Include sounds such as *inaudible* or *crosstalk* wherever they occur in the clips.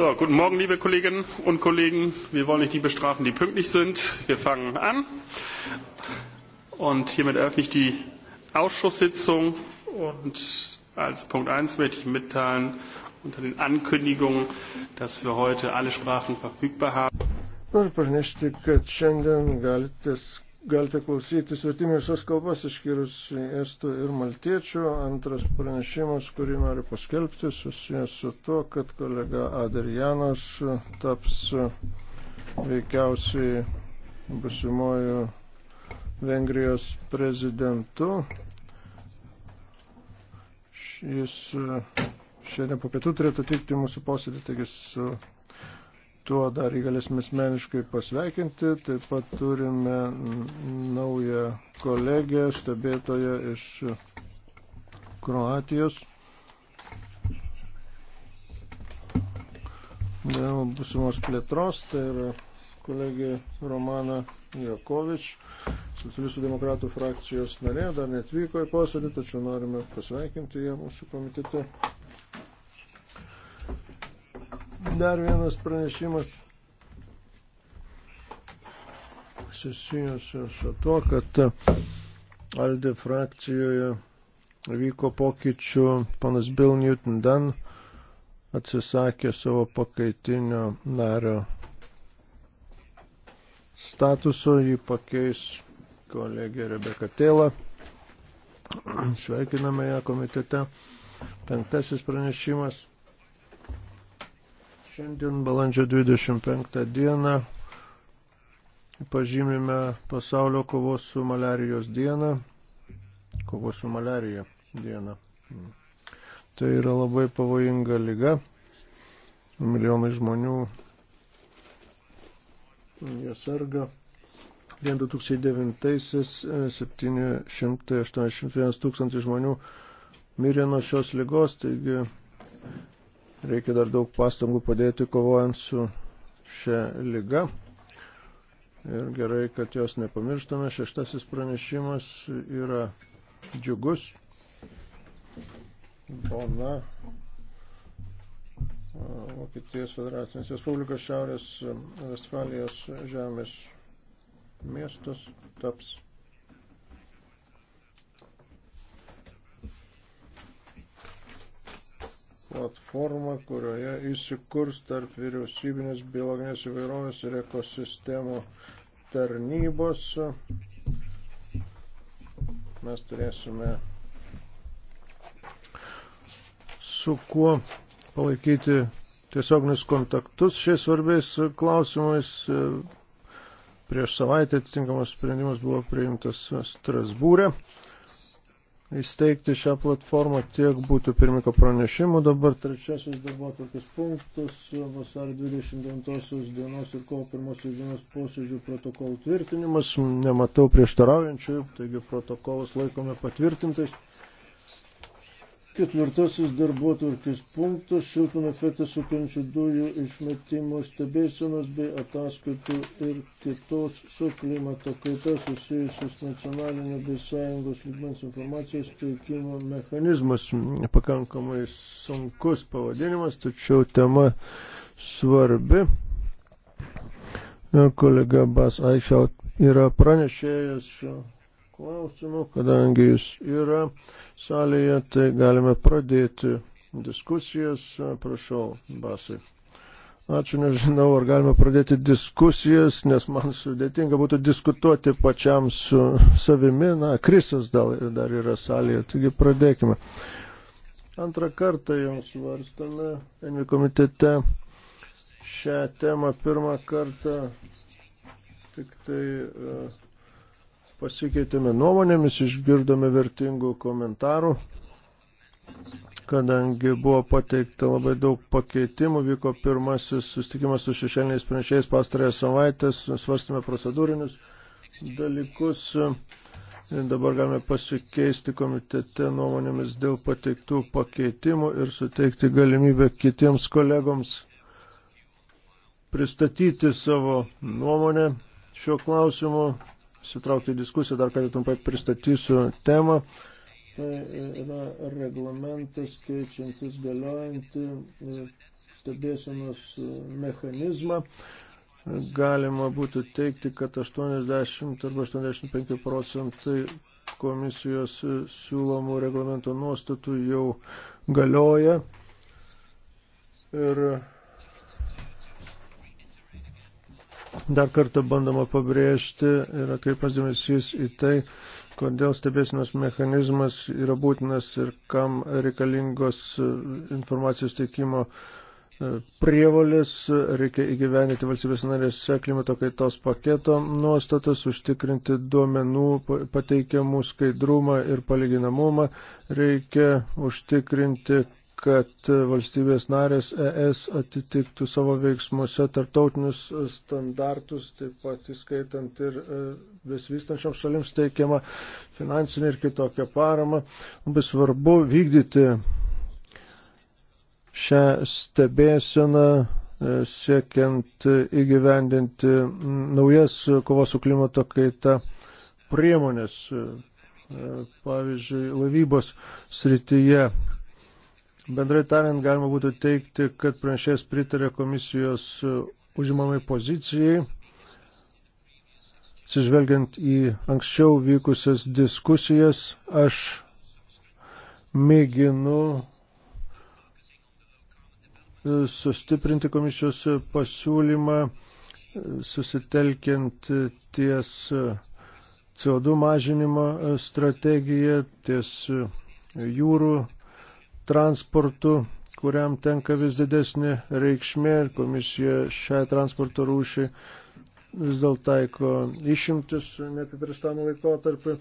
So, guten Morgen, liebe Kolleginnen und Kollegen. Wir wollen nicht die bestrafen, die pünktlich sind. Wir fangen an. Und hiermit eröffne ich die Ausschusssitzung. Und als Punkt 1 möchte ich mitteilen, unter den Ankündigungen, dass wir heute alle Sprachen verfügbar haben. Noriu pranešti, kad šiandien galite Galite klausyti svetimų visas kalbas, išskyrus estų ir maltiečių. Antras pranešimas, kurį noriu paskelbti, susijęs su to, kad kolega Adrianas taps veikiausiai busimuoju Vengrijos prezidentu. Jis šiandien po pietų turėtų atvykti į mūsų posėdį, taigi su tuo dar jį galėsime asmeniškai pasveikinti. Taip pat turime naują kolegę, stebėtoją iš Kroatijos. Dėl būsimos plėtros, tai yra kolegė Romana Jakovič, socialistų demokratų frakcijos narė, dar netvyko į posėdį, tačiau norime pasveikinti ją mūsų komitete. Dar vienas pranešimas susijęs su to, kad Alde frakcijoje vyko pokyčių, panas Bill Newton Dunn atsisakė savo pakaitinio nario statuso, jį pakeis kolegė Rebeka Tėla. Sveikiname ją komitete. Penktasis pranešimas Šiandien balandžio 25 dieną pažymime pasaulio kovos su malarijos dieną, kovos su malarija dieną. Tai yra labai pavojinga lyga. Milijonai žmonių jie serga. Vien 2009-aisiais 781 e, tūkstantis žmonių mirė nuo šios lygos, taigi Reikia dar daug pastangų padėti kovojant su šia lyga. Ir gerai, kad jos nepamirštame. Šeštasis pranešimas yra džiugus. Bona. Vokietijos federacinės Respublikos Šiaurės Vestfalijos žemės miestas taps platformą, kurioje įsikurs tarp vyriausybinės biologinės įvairovės ir ekosistemų tarnybos. Mes turėsime su kuo palaikyti tiesioginius kontaktus šiais svarbiais klausimais. Prieš savaitę atitinkamas sprendimas buvo priimtas Strasbūrė. E įsteigti šią platformą, tiek būtų pirmiko pranešimų. Dabar trečiasis darbo tokius punktus, vasario 29 dienos ir kovo 1 dienos posėdžių protokolų tvirtinimas. Nematau prieštaraujančių, taigi protokolus laikome patvirtintais. Ketvirtasis darbotvarkės punktas - šiltnamio efektą sukeliančių dujų išmetimo stebėsenos bei ataskaitų ir kitos su klimato kaita susijusios nacionalinio bei sąjungos lygmens informacijos teikimo mechanizmas. Pakankamai sunkus pavadinimas, tačiau tema svarbi. Kolega Bas Aišiaut yra pranešėjas šio klausimų, kadangi jis yra salėje, tai galime pradėti diskusijas. Prašau, Basai. Ačiū, nežinau, ar galima pradėti diskusijas, nes man sudėtinga būtų diskutuoti pačiam su savimi. Na, Krisas dar, dar yra salėje, taigi pradėkime. Antrą kartą jau svarstame Envi komitete šią temą pirmą kartą tik tai uh, pasikeitėme nuomonėmis, išgirdome vertingų komentarų, kadangi buvo pateikta labai daug pakeitimų, vyko pirmasis sustikimas su šešėliniais pranešėjais pastarąją savaitę, svarstėme procedūrinius dalykus. Dabar galime pasikeisti komitete nuomonėmis dėl pateiktų pakeitimų ir suteikti galimybę kitiems kolegoms pristatyti savo nuomonę šiuo klausimu sitraukti į diskusiją, dar kartą trumpai pristatysiu temą. Tai yra reglamentas keičiantis galiojantį e, stebėsenos e, mechanizmą. Galima būtų teikti, kad 80 arba 85 procentai komisijos e, siūlomų reglamento nuostatų jau galioja. Ir dar kartą bandoma pabrėžti ir atkreipas dėmesys į tai, kodėl stebėsinos mechanizmas yra būtinas ir kam reikalingos e, informacijos teikimo e, prievolės, reikia įgyveninti valstybės narėse klimato kaitos paketo nuostatas, užtikrinti duomenų pateikiamų skaidrumą ir palyginamumą, reikia užtikrinti, kad valstybės narės ES atitiktų savo veiksmuose tarptautinius standartus, taip pat įskaitant ir e, besvystančiam šalims teikiamą finansinį ir kitokią paramą. Labai svarbu vykdyti šią stebėseną e, siekiant įgyvendinti naujas kovos su klimato kaita priemonės, e, pavyzdžiui, laivybos srityje Bendrai tariant, galima būtų teikti, kad pranešėjas pritarė komisijos e, užimamai pozicijai, atsižvelgiant į anksčiau vykusias diskusijas, aš mėginu e, sustiprinti komisijos pasiūlymą, e, susitelkiant ties CO2 mažinimo strategiją, ties jūrų transportu, kuriam tenka vis didesnė reikšmė ir komisija šią transporto rūšį vis dėl taiko išimtis neapibristamu laikotarpiu.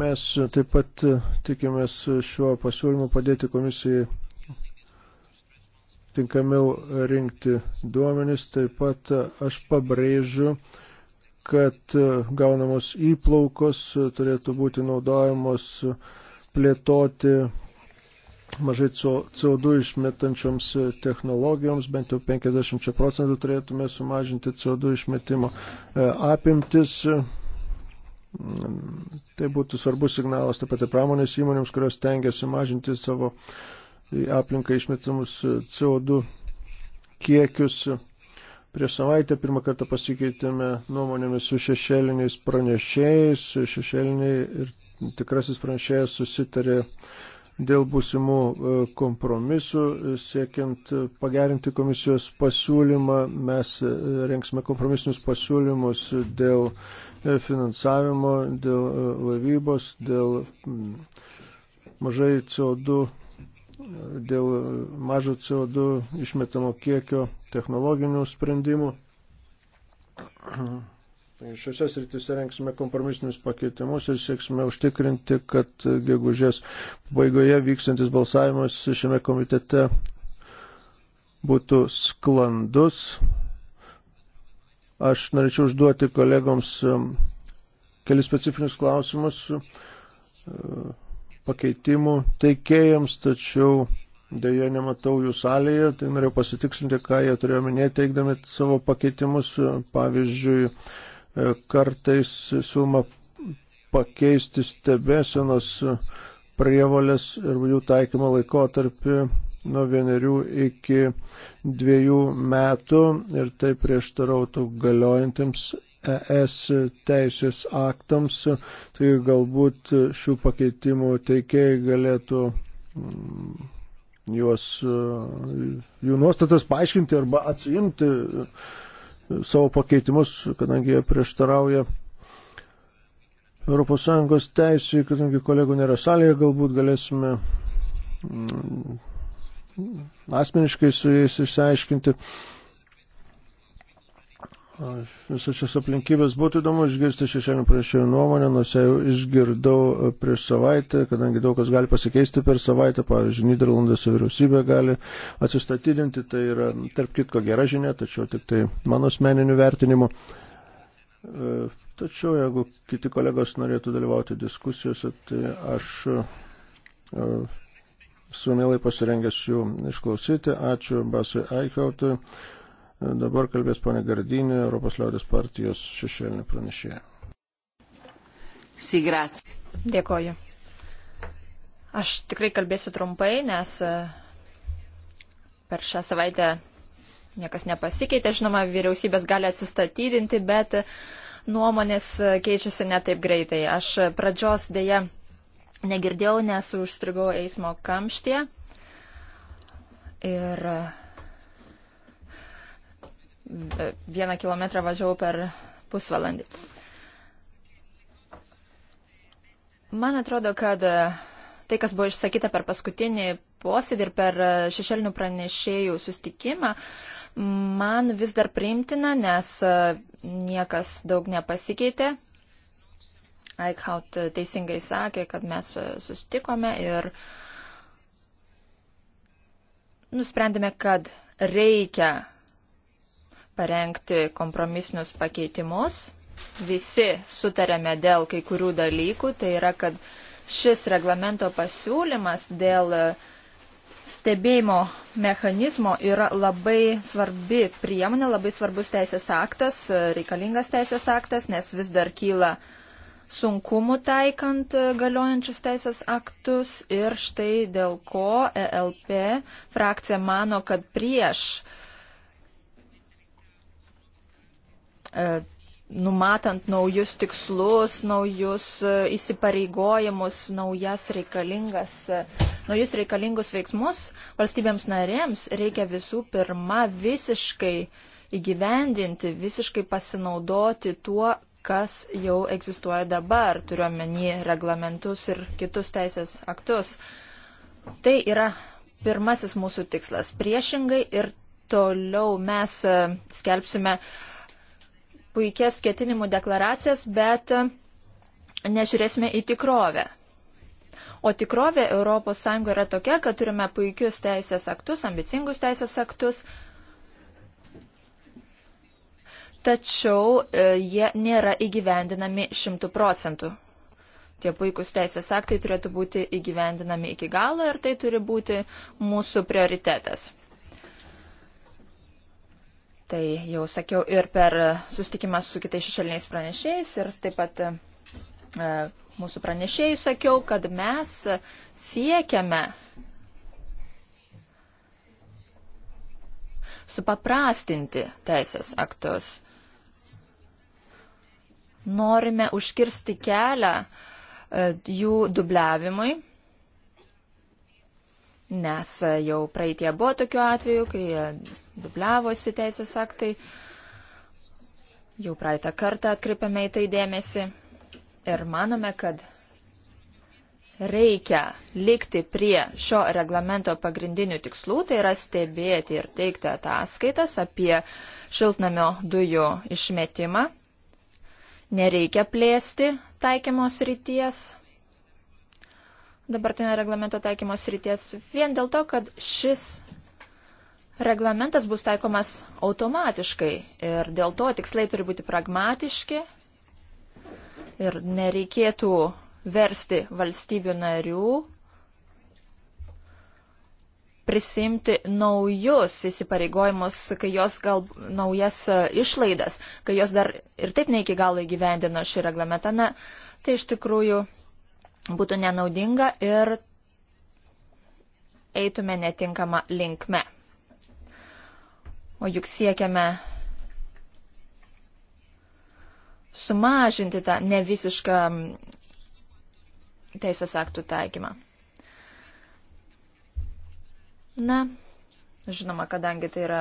Mes taip pat tikimės šiuo pasiūlymu padėti komisijai tinkamiau rinkti duomenis. Taip pat aš pabrėžiu, kad gaunamos įplaukos turėtų būti naudojamos plėtoti mažai CO2 išmetančioms e, technologijoms, bent jau 50 procentų turėtume sumažinti CO2 išmetimo e, apimtis. E, tai būtų svarbus signalas taip pat ir pramonės įmonėms, kurios tengiasi mažinti savo aplinką išmetamus CO2 kiekius. Prieš savaitę pirmą kartą pasikeitėme nuomonėmis su šešėliniais pranešėjais. Šešėliniai ir tikrasis pranešėjas susitarė uh, dėl būsimų e, kompromisų, e, siekiant e, pagerinti komisijos pasiūlymą, mes rengsime kompromisinius pasiūlymus dėl finansavimo, dėl laivybos, dėl mm, mažai CO2 dėl mažo CO2 išmetamo kiekio technologinių sprendimų. Šiuose srityse renksime kompromisinius pakeitimus ir sieksime užtikrinti, kad gegužės baigoje vykstantis balsavimas šiame komitete būtų sklandus. Aš norėčiau užduoti kolegoms um, kelis specifinius klausimus uh, pakeitimų teikėjams, tačiau Deja, nematau jų salėje, tai norėjau pasitikslinti, ką jie turėjo minėti, teikdami savo pakeitimus. Pavyzdžiui, kartais siūloma pakeisti stebėsenos prievolės ir jų taikymo laikotarpį nuo vienerių iki dviejų metų ir tai prieštarautų galiojantiems ES teisės aktams, tai galbūt šių pakeitimų teikėjai galėtų mm, juos, jų nuostatas paaiškinti arba atsiimti savo pakeitimus, kadangi jie prieštarauja ES teisui, kadangi kolegų nėra salėje, galbūt galėsime mm, asmeniškai su jais išsiaiškinti visas šias aplinkybės. Būtų įdomu išgirsti šešėlių priešėjų nuomonę, nors jau išgirdau e, prieš savaitę, kadangi daug kas gali pasikeisti per savaitę, pavyzdžiui, Niderlandose vyriausybė gali atsistatydinti, tai yra, tarp kitko, gera žinia, tačiau tik tai mano asmeniniu vertinimu. E, tačiau jeigu kiti kolegos norėtų dalyvauti diskusijose, tai aš e, su mielai pasirengęs jų išklausyti. Ačiū Basui Aikautui. Dabar kalbės ponė Gardinė, Europos liaudės partijos šešėlinė pranešėja. Sigrat. Dėkoju. Aš tikrai kalbėsiu trumpai, nes e, per šią savaitę niekas nepasikeitė. Žinoma, vyriausybės gali atsistatydinti, bet nuomonės e, keičiasi ne taip greitai. Aš pradžios dėje negirdėjau, nes užstrigau eismo kamštie. Ir e, vieną kilometrą važiavau per pusvalandį. Man atrodo, kad e, tai, kas buvo išsakyta per paskutinį posėdį ir per e, šešėlinių pranešėjų sustikimą, man vis dar priimtina, nes e, niekas daug nepasikeitė. Aikhaut teisingai sakė, kad mes sustikome ir nusprendėme, kad reikia parengti kompromisinius pakeitimus. Visi sutarėme dėl kai kurių dalykų, tai yra, kad šis reglamento pasiūlymas dėl stebėjimo mechanizmo yra labai svarbi priemonė, labai svarbus teisės aktas, reikalingas teisės aktas, nes vis dar kyla sunkumų taikant galiojančius teisės aktus ir štai dėl ko ELP frakcija mano, kad prieš uh, E, numatant naujus tikslus, naujus e, įsipareigojimus, naujas reikalingas, e, naujus reikalingus veiksmus, valstybėms narėms reikia visų pirma visiškai įgyvendinti, visiškai pasinaudoti tuo, kas jau egzistuoja dabar, turiuomenį reglamentus ir kitus teisės aktus. Tai yra pirmasis mūsų tikslas. Priešingai ir toliau mes skelbsime uh, puikias ketinimų deklaracijas, bet e, nežiūrėsime į tikrovę. O tikrovė ES yra tokia, kad turime puikius teisės aktus, ambicingus teisės aktus, tačiau e, jie nėra įgyvendinami šimtų procentų. Tie puikūs teisės aktai turėtų būti įgyvendinami iki galo ir tai turi būti mūsų prioritetas. Tai jau sakiau ir per susitikimą su kitais šešėliniais pranešėjais ir taip pat e, mūsų pranešėjai sakiau, kad mes siekiame supaprastinti teisės aktus. Norime užkirsti kelią e, jų dubliavimui, nes jau praeitie buvo tokiu atveju, kai e, dubliavosi teisės aktai. Jau praeitą kartą atkreipiame į tai dėmesį ir manome, kad reikia likti prie šio reglamento pagrindinių tikslų, tai yra stebėti ir teikti ataskaitas apie šiltnamio dujų išmetimą. Nereikia plėsti taikymos ryties, dabartinio reglamento taikymos ryties, vien dėl to, kad šis reglamentas bus taikomas automatiškai ir dėl to tikslai turi būti pragmatiški ir nereikėtų versti valstybių narių prisimti naujus įsipareigojimus, kai jos gal naujas e, išlaidas, kai jos dar ir taip ne iki galo įgyvendino šį reglamentą, na, tai iš tikrųjų būtų nenaudinga ir eitume netinkamą linkme. O juk siekiame sumažinti tą nevisišką teisės aktų taikymą. Na, žinoma, kadangi tai yra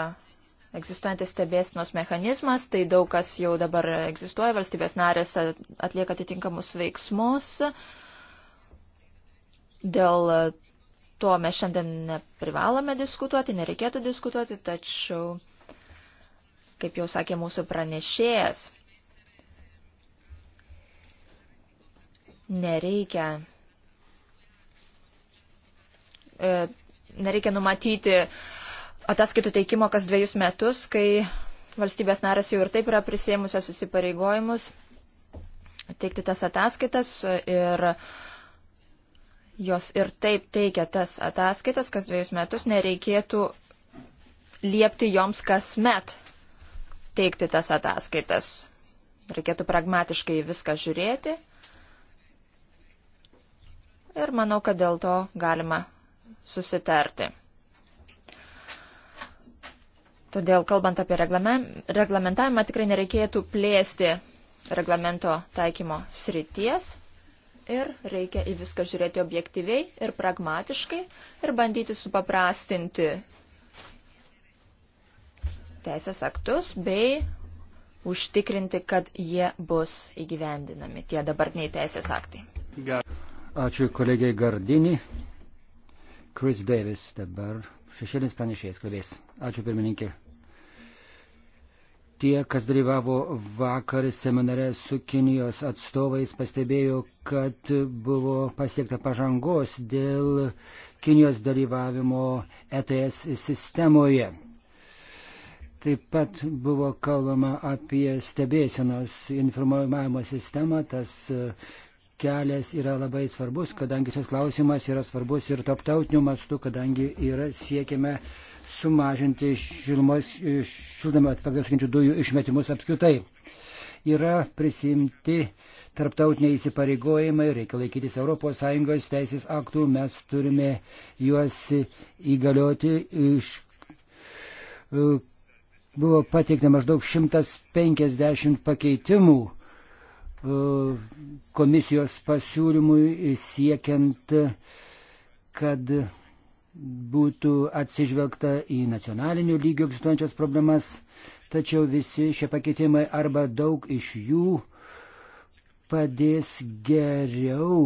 egzistuojantis stebėsinos mechanizmas, tai daug kas jau dabar egzistuoja, valstybės narės atlieka atitinkamus veiksmus. Dėl to mes šiandien neprivalome diskutuoti, nereikėtų diskutuoti, tačiau kaip jau sakė mūsų pranešėjas, nereikia, e, nereikia numatyti ataskaitų teikimo kas dviejus metus, kai valstybės naras jau ir taip yra prisėmusios įsipareigojimus teikti tas ataskaitas ir jos ir taip teikia tas ataskaitas kas dviejus metus, nereikėtų liepti joms kasmet teikti tas ataskaitas. Reikėtų pragmatiškai viską žiūrėti. Ir manau, kad dėl to galima susitarti. Todėl, kalbant apie reglamentavimą, tikrai nereikėtų plėsti reglamento taikymo srities ir reikia į viską žiūrėti objektyviai ir pragmatiškai ir bandyti supaprastinti teisės aktus bei užtikrinti, kad jie bus įgyvendinami, tie dabartiniai teisės aktai. Ačiū kolegiai Gardinį. Chris Davis dabar šešėlis pranešėjas kalbės. Ačiū pirmininkė. Tie, kas dalyvavo vakar seminare su Kinijos atstovais, pastebėjo, kad buvo pasiekta pažangos dėl Kinijos dalyvavimo ETS sistemoje. Taip pat buvo kalbama apie stebėsenos informavimo sistemą. Tas e, kelias yra labai svarbus, kadangi šis klausimas yra svarbus ir taptautiniu mastu, kadangi yra siekiame sumažinti šilumos, e, šildomio efektą sukinčių dujų išmetimus apskritai. Yra prisimti tarptautiniai įsipareigojimai, reikia laikytis ES teisės aktų, mes turime juos įgalioti iš e, Buvo pateikta maždaug 150 pakeitimų e, komisijos pasiūlymui siekiant, kad būtų atsižvelgta į nacionalinių lygių egzistuojančias problemas, tačiau visi šie pakeitimai arba daug iš jų padės geriau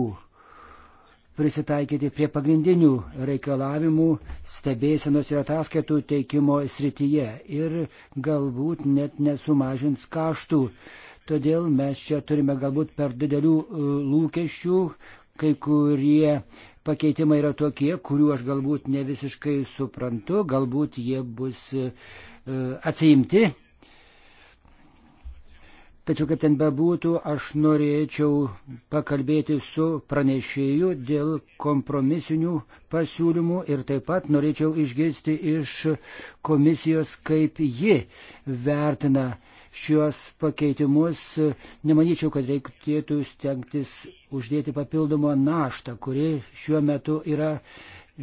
prisitaikyti prie pagrindinių reikalavimų stebėsenos ir ataskaitų teikimo srityje ir galbūt net nesumažins kaštų. Todėl mes čia turime galbūt per didelių e, lūkesčių, kai kurie pakeitimai yra tokie, kurių aš galbūt ne visiškai suprantu, galbūt jie bus e, atsiimti Tačiau kaip ten bebūtų, aš norėčiau pakalbėti su pranešėju dėl kompromisinių pasiūlymų ir taip pat norėčiau išgirsti iš komisijos, kaip ji vertina šiuos pakeitimus. Nemanyčiau, kad reikėtų stengtis uždėti papildomą naštą, kuri šiuo metu yra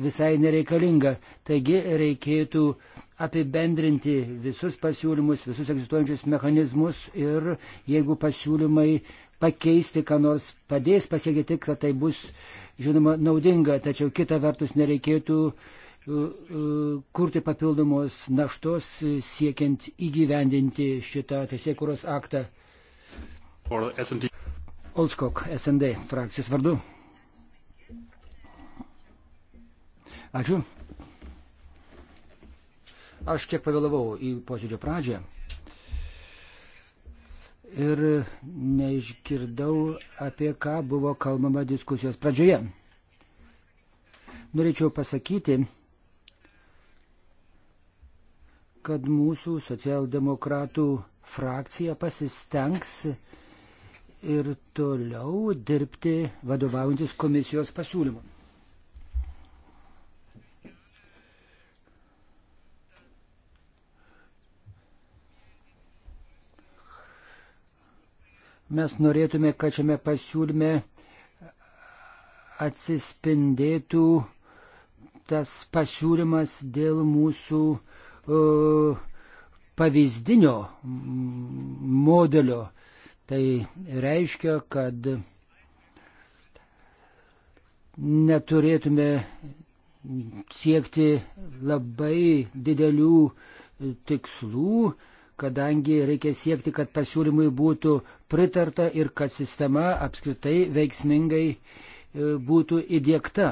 visai nereikalinga. Taigi reikėtų apibendrinti visus pasiūlymus, visus egzistuojančius mechanizmus ir jeigu pasiūlymai pakeisti, ką nors padės pasiekti tikslą, tai bus, žinoma, naudinga, tačiau kita vertus nereikėtų uh, uh, kurti papildomos naštos uh, siekiant įgyvendinti šitą teisėkuros aktą. Olskok, SND frakcijos vardu. Ačiū. Aš kiek pavėlavau į posėdžio pradžią ir neišgirdau, apie ką buvo kalbama diskusijos pradžioje. Norėčiau pasakyti, kad mūsų socialdemokratų frakcija pasistengs ir toliau dirbti vadovaujantis komisijos pasiūlymu. Mes norėtume, kad šiame pasiūlyme atsispindėtų tas pasiūlymas dėl mūsų uh, pavyzdinio modelio. Tai reiškia, kad neturėtume siekti labai didelių tikslų, kadangi reikia siekti, kad pasiūlymui būtų pritarta ir kad sistema apskritai veiksmingai e, būtų įdėkta.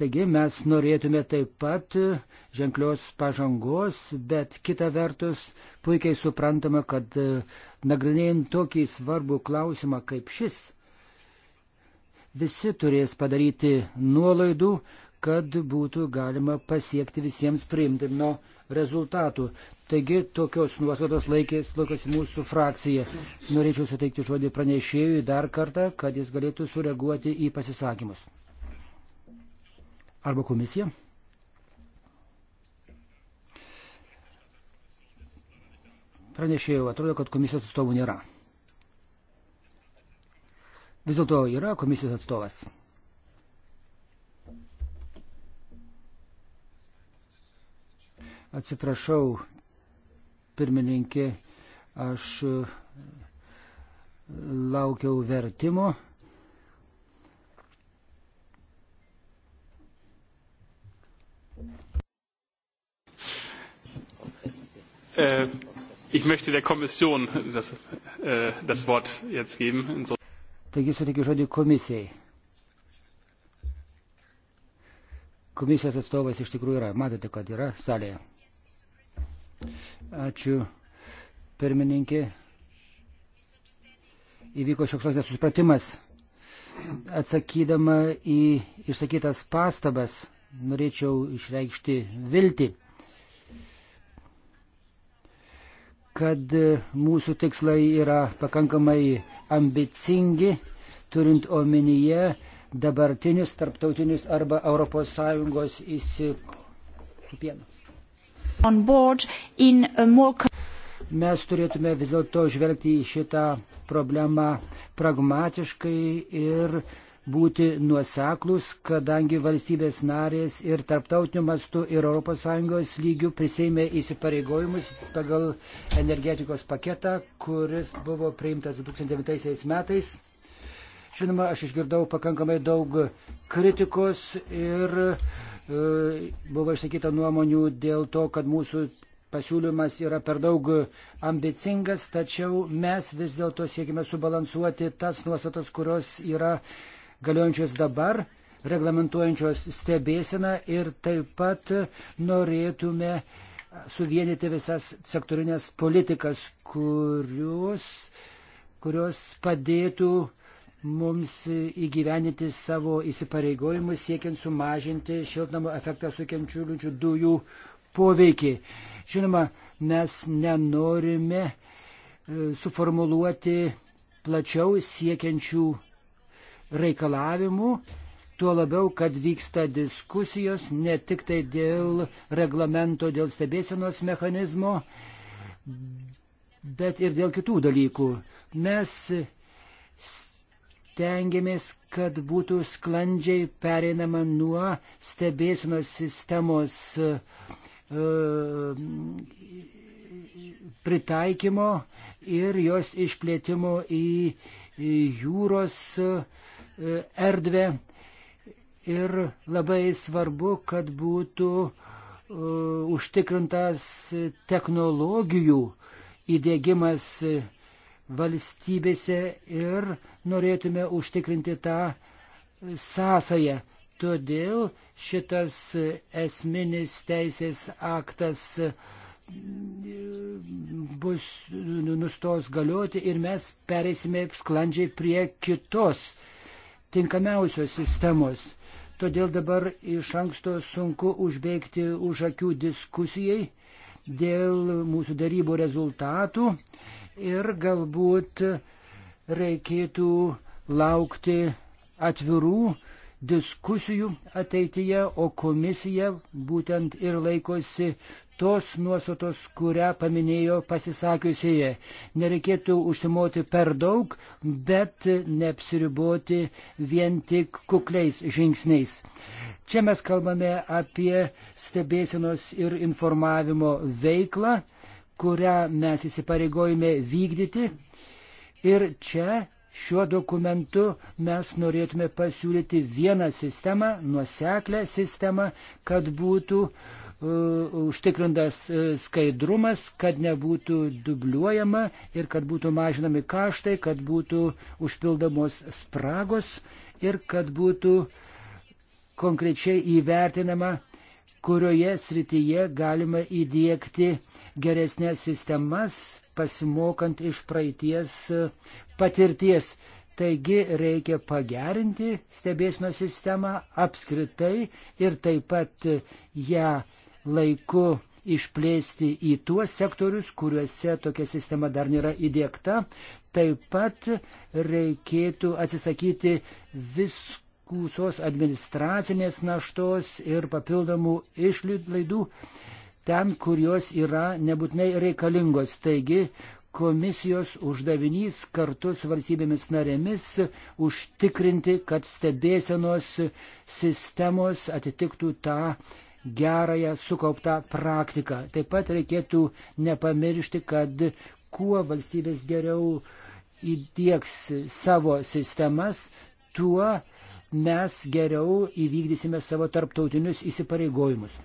Taigi mes norėtume taip pat e, ženklios pažangos, bet kita vertus puikiai suprantama, kad e, nagrinėjant tokį svarbų klausimą kaip šis, visi turės padaryti nuolaidų, kad būtų galima pasiekti visiems priimtino no rezultatų. Taigi tokios nuostatos laikės laikosi mūsų frakcija. Norėčiau suteikti žodį pranešėjui dar kartą, kad jis galėtų sureaguoti į pasisakymus. Arba komisija. Pranešėjau, atrodo, kad komisijos atstovų nėra. Vis dėlto yra komisijos atstovas. Atsiprašau, pirmininkė, aš e, laukiau vertimo. Äh, ich möchte der Kommission das, äh, das Wort jetzt geben. Taigi suteikiu žodį komisijai. Komisijos atstovas iš tikrųjų yra, matote, kad yra salėje. Ačiū, pirmininkė. Įvyko šioks toks nesusipratimas. Atsakydama į išsakytas pastabas, norėčiau išreikšti viltį, kad mūsų tikslai yra pakankamai ambicingi, turint omenyje dabartinius tarptautinius arba ES įsikūrimus su pienu. More... Mes turėtume vis dėlto žvelgti į šitą problemą pragmatiškai ir būti nuoseklus, kadangi valstybės narės ir tarptautiniu mastu ir ES lygių prisėmė įsipareigojimus pagal energetikos paketą, kuris buvo priimtas 2009 metais. Žinoma, aš išgirdau pakankamai daug kritikos ir uh, E, buvo išsakyta nuomonių dėl to, kad mūsų pasiūlymas yra per daug ambicingas, tačiau mes vis dėlto siekime subalansuoti tas nuostatas, kurios yra galiojančios dabar, reglamentuojančios stebėseną ir taip pat norėtume suvienyti visas sektorinės politikas, kurios, kurios padėtų uh, mums įgyveninti savo įsipareigojimus siekiant sumažinti šiltnamo efektą sukenčių liūčių dujų poveikį. Žinoma, mes nenorime e, suformuluoti plačiau siekiančių reikalavimų, tuo labiau, kad vyksta diskusijos ne tik tai dėl reglamento, dėl stebėsenos mechanizmo, bet ir dėl kitų dalykų. Mes tengiamės, kad būtų sklandžiai pereinama nuo stebėsinos sistemos e, pritaikymo ir jos išplėtimo į jūros e, erdvę. Ir labai svarbu, kad būtų e, užtikrintas technologijų įdėgymas valstybėse ir norėtume užtikrinti tą sąsają. Todėl šitas esminis teisės aktas mm, bus nu, nustos galioti ir mes pereisime sklandžiai prie kitos tinkamiausios sistemos. Todėl dabar iš anksto sunku užbėgti už akių diskusijai dėl mūsų darybų rezultatų ir galbūt reikėtų laukti atvirų diskusijų ateityje, o komisija būtent ir laikosi tos nuostatos, kurią paminėjo pasisakiusieji. Nereikėtų užsimoti per daug, bet neapsiriboti vien tik kukliais žingsniais. Čia mes kalbame apie stebėsinos ir informavimo veiklą kurią mes įsipareigojame vykdyti. Ir čia šiuo dokumentu mes norėtume pasiūlyti vieną sistemą, nuoseklę sistemą, kad būtų uh, užtikrintas uh, skaidrumas, kad nebūtų dubliuojama ir kad būtų mažinami kaštai, kad būtų užpildomos spragos ir kad būtų konkrečiai įvertinama, kurioje srityje galima įdėkti uh, geresnės sistemas, pasimokant iš praeities e, patirties. Taigi reikia pagerinti stebėsino sistemą apskritai ir taip pat e, ją laiku išplėsti į tuos sektorius, kuriuose tokia sistema dar nėra įdėkta. Taip pat reikėtų atsisakyti visko kūsos administracinės naštos ir papildomų išlaidų ten, kur jos yra nebūtinai reikalingos. Taigi, komisijos uždavinys kartu su valstybėmis narėmis užtikrinti, kad stebėsenos sistemos atitiktų tą gerąją sukauptą praktiką. Taip pat reikėtų nepamiršti, kad kuo valstybės geriau įdėks savo sistemas, tuo mes geriau įvykdysime savo tarptautinius įsipareigojimus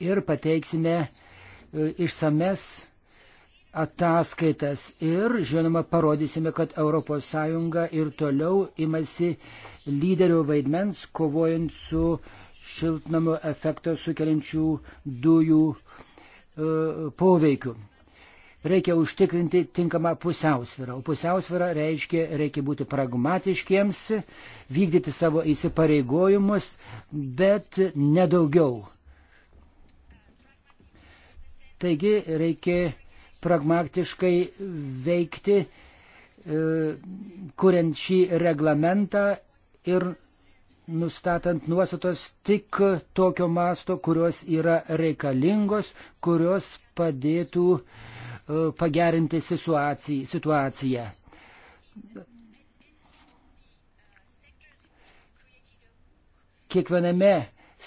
ir pateiksime e, išsames ataskaitas ir, žinoma, parodysime, kad ES ir toliau imasi lyderio vaidmens, kovojant su šiltnamo efekto sukeliančių dujų e, poveikiu. Reikia užtikrinti tinkamą pusiausvyrą, o pusiausvyrą reiškia, reikia būti pragmatiškiems, vykdyti savo įsipareigojimus, bet nedaugiau. Taigi reikia pragmatiškai veikti, e, kuriant šį reglamentą ir nustatant nuostatos tik tokio masto, kurios yra reikalingos, kurios padėtų e, pagerinti situaciją. Kiekviename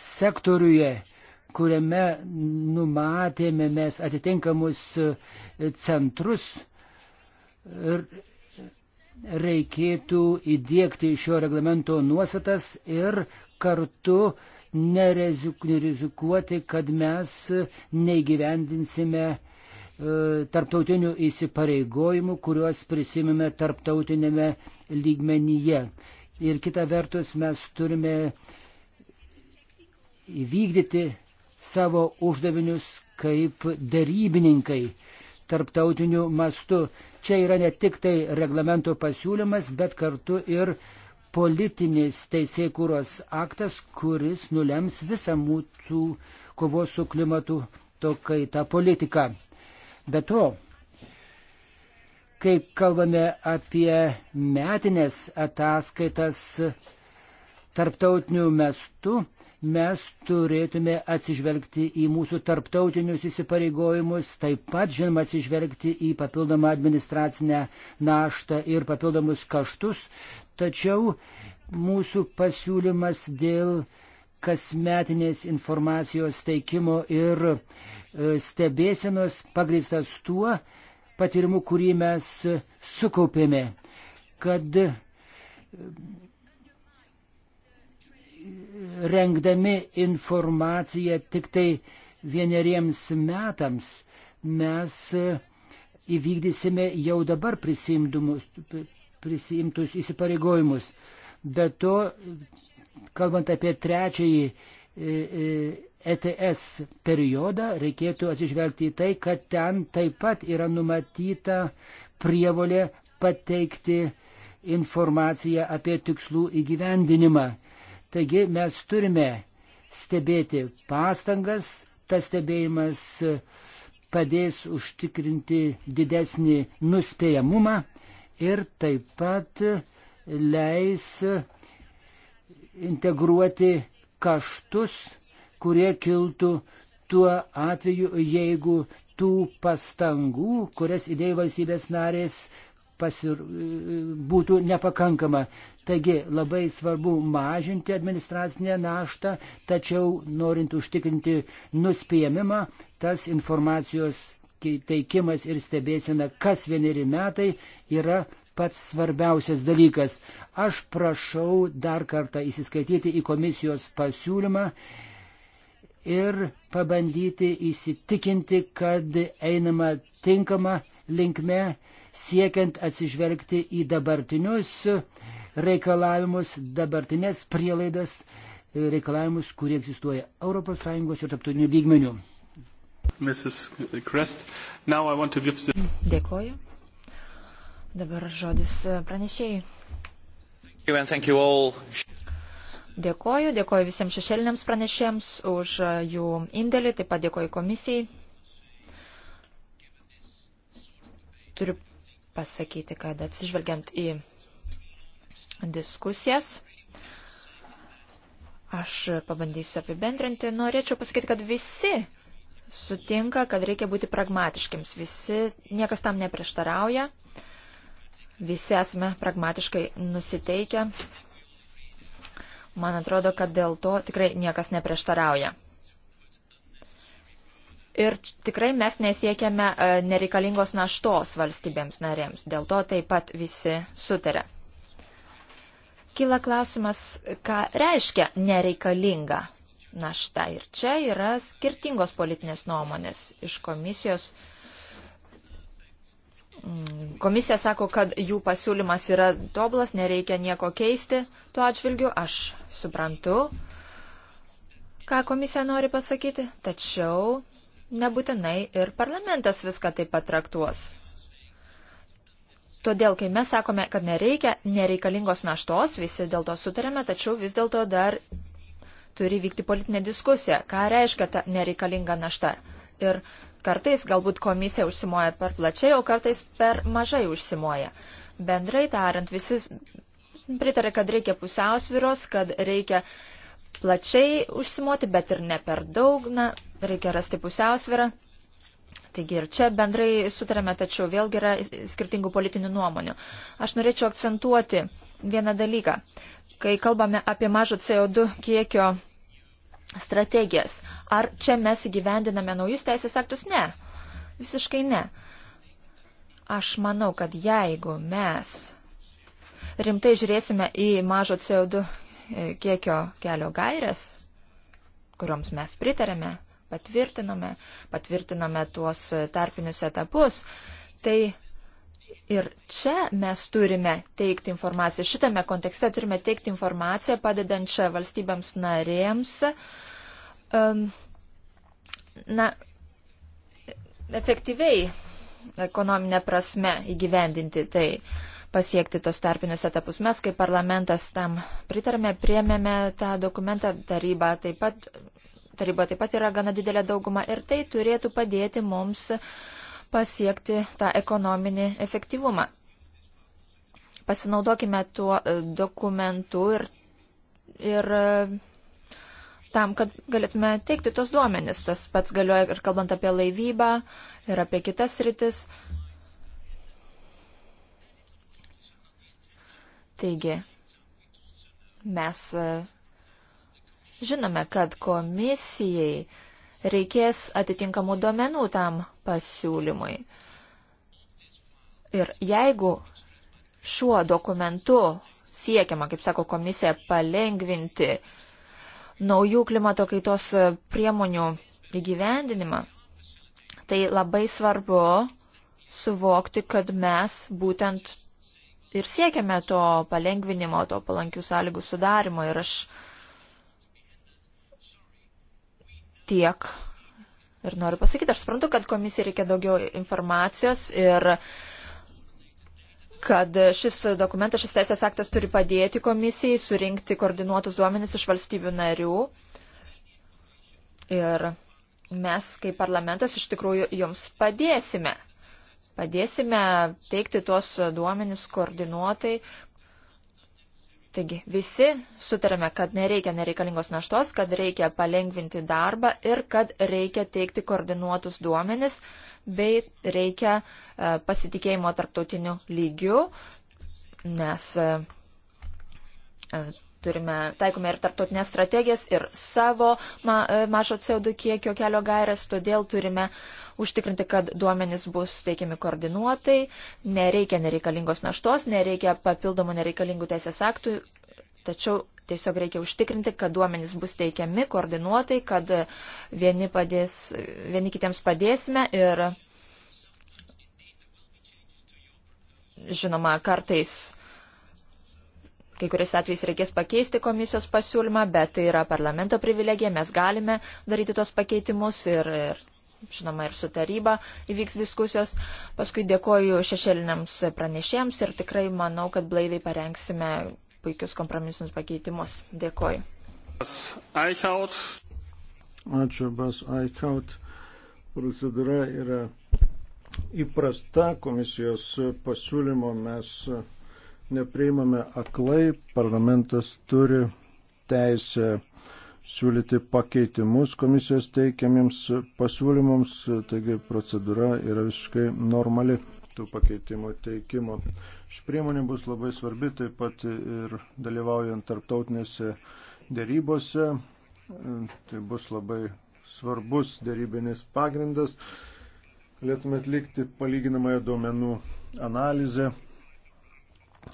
sektoriuje kuriame numatėme mes atitinkamus e, centrus, reikėtų įdėkti šio reglamento nuostatas ir kartu nerizikuoti, kad mes neįgyvendinsime e, tarptautinių įsipareigojimų, kuriuos prisimėme tarptautinėme lygmenyje. Ir kita vertus mes turime įvykdyti savo uždavinius kaip darybininkai tarptautiniu mastu. Čia yra ne tik tai reglamento pasiūlymas, bet kartu ir politinis teisėkūros aktas, kuris nulems visą mūsų kovos su klimatu to kaita politiką. Be to, kai kalbame apie metinės ataskaitas tarptautinių mestų, mes turėtume atsižvelgti į mūsų tarptautinius įsipareigojimus, taip pat, žinoma, atsižvelgti į papildomą administracinę naštą ir papildomus kaštus, tačiau mūsų pasiūlymas dėl kasmetinės informacijos teikimo ir e, stebėsenos pagristas tuo patirimu, kurį mes sukaupėme, kad rengdami informaciją tik tai vieneriems metams, mes e, įvykdysime jau dabar prisimtus įsipareigojimus. Be to, kalbant apie trečiąjį ETS e, e periodą, reikėtų atsižvelgti į tai, kad ten taip pat yra numatyta prievolė pateikti informaciją apie tikslų įgyvendinimą. Taigi mes turime stebėti pastangas, tas stebėjimas padės užtikrinti didesnį nuspėjamumą ir taip pat leis integruoti kaštus, kurie kiltų tuo atveju, jeigu tų pastangų, kurias įdėjo valstybės narės, pasir... būtų nepakankama. Taigi labai svarbu mažinti administracinę naštą, tačiau norint užtikrinti nuspėjimą, tas informacijos teikimas ir stebėsina, kas vieneri metai yra pats svarbiausias dalykas. Aš prašau dar kartą įsiskaityti į komisijos pasiūlymą ir pabandyti įsitikinti, kad einama tinkama linkme siekiant atsižvelgti į dabartinius reikalavimus, dabartinės prielaidas, reikalavimus, kurie egzistuoja ES ir taptutinių lygmenių. Give... Dėkoju. Dabar žodis e, pranešėjai. Dėkoju, dėkoju visiems šešėliniams pranešėjams už e, jų indėlį, taip pat dėkoju komisijai. Turiu pasakyti, kad atsižvelgiant į diskusijas, aš pabandysiu apibendrinti, norėčiau pasakyti, kad visi sutinka, kad reikia būti pragmatiškiams. Visi, niekas tam neprieštarauja. Visi esame pragmatiškai nusiteikę. Man atrodo, kad dėl to tikrai niekas neprieštarauja. Ir tikrai mes nesiekiame e, nereikalingos naštos valstybėms narėms. Dėl to taip pat visi sutarė. Kila klausimas, ką reiškia nereikalinga našta. Ir čia yra skirtingos politinės nuomonės iš komisijos. Mm, komisija sako, kad jų pasiūlymas yra tobulas, nereikia nieko keisti tuo atžvilgiu. Aš suprantu, ką komisija nori pasakyti, tačiau nebūtinai ir parlamentas viską taip pat traktuos. Todėl, kai mes sakome, kad nereikia nereikalingos naštos, visi dėl to sutarėme, tačiau vis dėlto dar turi vykti politinė diskusija, ką reiškia ta nereikalinga našta. Ir kartais galbūt komisija užsimoja per plačiai, o kartais per mažai užsimoja. Bendrai tariant, visi pritarė, kad reikia pusiausviros, kad reikia uh, plačiai užsimoti, bet ir ne per daug, na, reikia rasti pusiausvirą. Taigi ir čia bendrai sutarėme, tačiau vėlgi yra skirtingų politinių nuomonių. Aš norėčiau akcentuoti vieną dalyką. Kai kalbame apie mažo CO2 kiekio strategijas, ar čia mes įgyvendiname naujus teisės aktus? Ne. Visiškai ne. Aš manau, kad jeigu mes rimtai žiūrėsime į mažo CO2 kiekio kelio gairias, kuriuoms mes pritarėme, patvirtinome, patvirtinome tuos tarpinius etapus, tai ir čia mes turime teikti informaciją, šitame kontekste turime teikti informaciją padedančią valstybėms narėms. Um, na, efektyviai ekonominė prasme įgyvendinti tai. Uh, pasiekti tos tarpinius etapus. Mes kaip parlamentas tam pritarėme, priemėme tą dokumentą, taryba taip pat, taryba taip pat yra gana didelė dauguma ir tai turėtų padėti mums pasiekti tą ekonominį efektyvumą. Pasinaudokime tuo e, dokumentu ir, ir e, tam, kad galėtume teikti tos duomenis. Tas pats galioja ir kalbant apie laivybą, ir apie kitas rytis. Taigi, mes e, žinome, kad komisijai reikės atitinkamų duomenų tam pasiūlymui. Ir jeigu šiuo dokumentu siekiama, kaip sako komisija, palengvinti naujų klimato kaitos priemonių įgyvendinimą, tai labai svarbu suvokti, kad mes būtent ir siekiame to palengvinimo, to palankių sąlygų sudarimo ir aš tiek. Ir noriu pasakyti, aš suprantu, kad komisija reikia daugiau informacijos ir kad šis dokumentas, šis teisės aktas turi padėti komisijai surinkti koordinuotus duomenis iš valstybių narių. Ir mes kaip parlamentas iš tikrųjų jums padėsime. Padėsime teikti tuos duomenis koordinuotai. Taigi visi sutarėme, kad nereikia nereikalingos naštos, kad reikia palengvinti darbą ir kad reikia teikti koordinuotus duomenis bei reikia e, pasitikėjimo tarptautiniu lygiu, nes e, turime, taikome ir tarptautinės strategijas, ir savo ma, e, mažo CO2 kiekio kelio gairias, todėl turime užtikrinti, kad duomenys bus teikiami koordinuotai, nereikia nereikalingos naštos, nereikia papildomų nereikalingų teisės aktų, tačiau tiesiog reikia užtikrinti, kad duomenys bus teikiami koordinuotai, kad vieni, padės, vieni kitiems padėsime ir žinoma, kartais Kai kuris atvejais reikės pakeisti komisijos pasiūlymą, bet tai yra parlamento privilegija, mes galime daryti tos pakeitimus ir, ir žinoma, ir su taryba įvyks diskusijos. Paskui dėkoju šešėliniams pranešėjams ir tikrai manau, kad blaiviai parengsime puikius kompromisinius pakeitimus. Dėkoju. Ačiū, Bas Aikaut. Procedūra yra įprasta komisijos pasiūlymo. Mes nepriimame aklai, parlamentas turi teisę siūlyti pakeitimus komisijos teikiamiems pasiūlymams, taigi procedūra yra visiškai normali tų pakeitimų teikimo. Ši priemonė bus labai svarbi taip pat ir dalyvaujant tarptautinėse dėrybose. Tai bus labai svarbus dėrybinis pagrindas. Galėtume atlikti palyginamąją duomenų analizę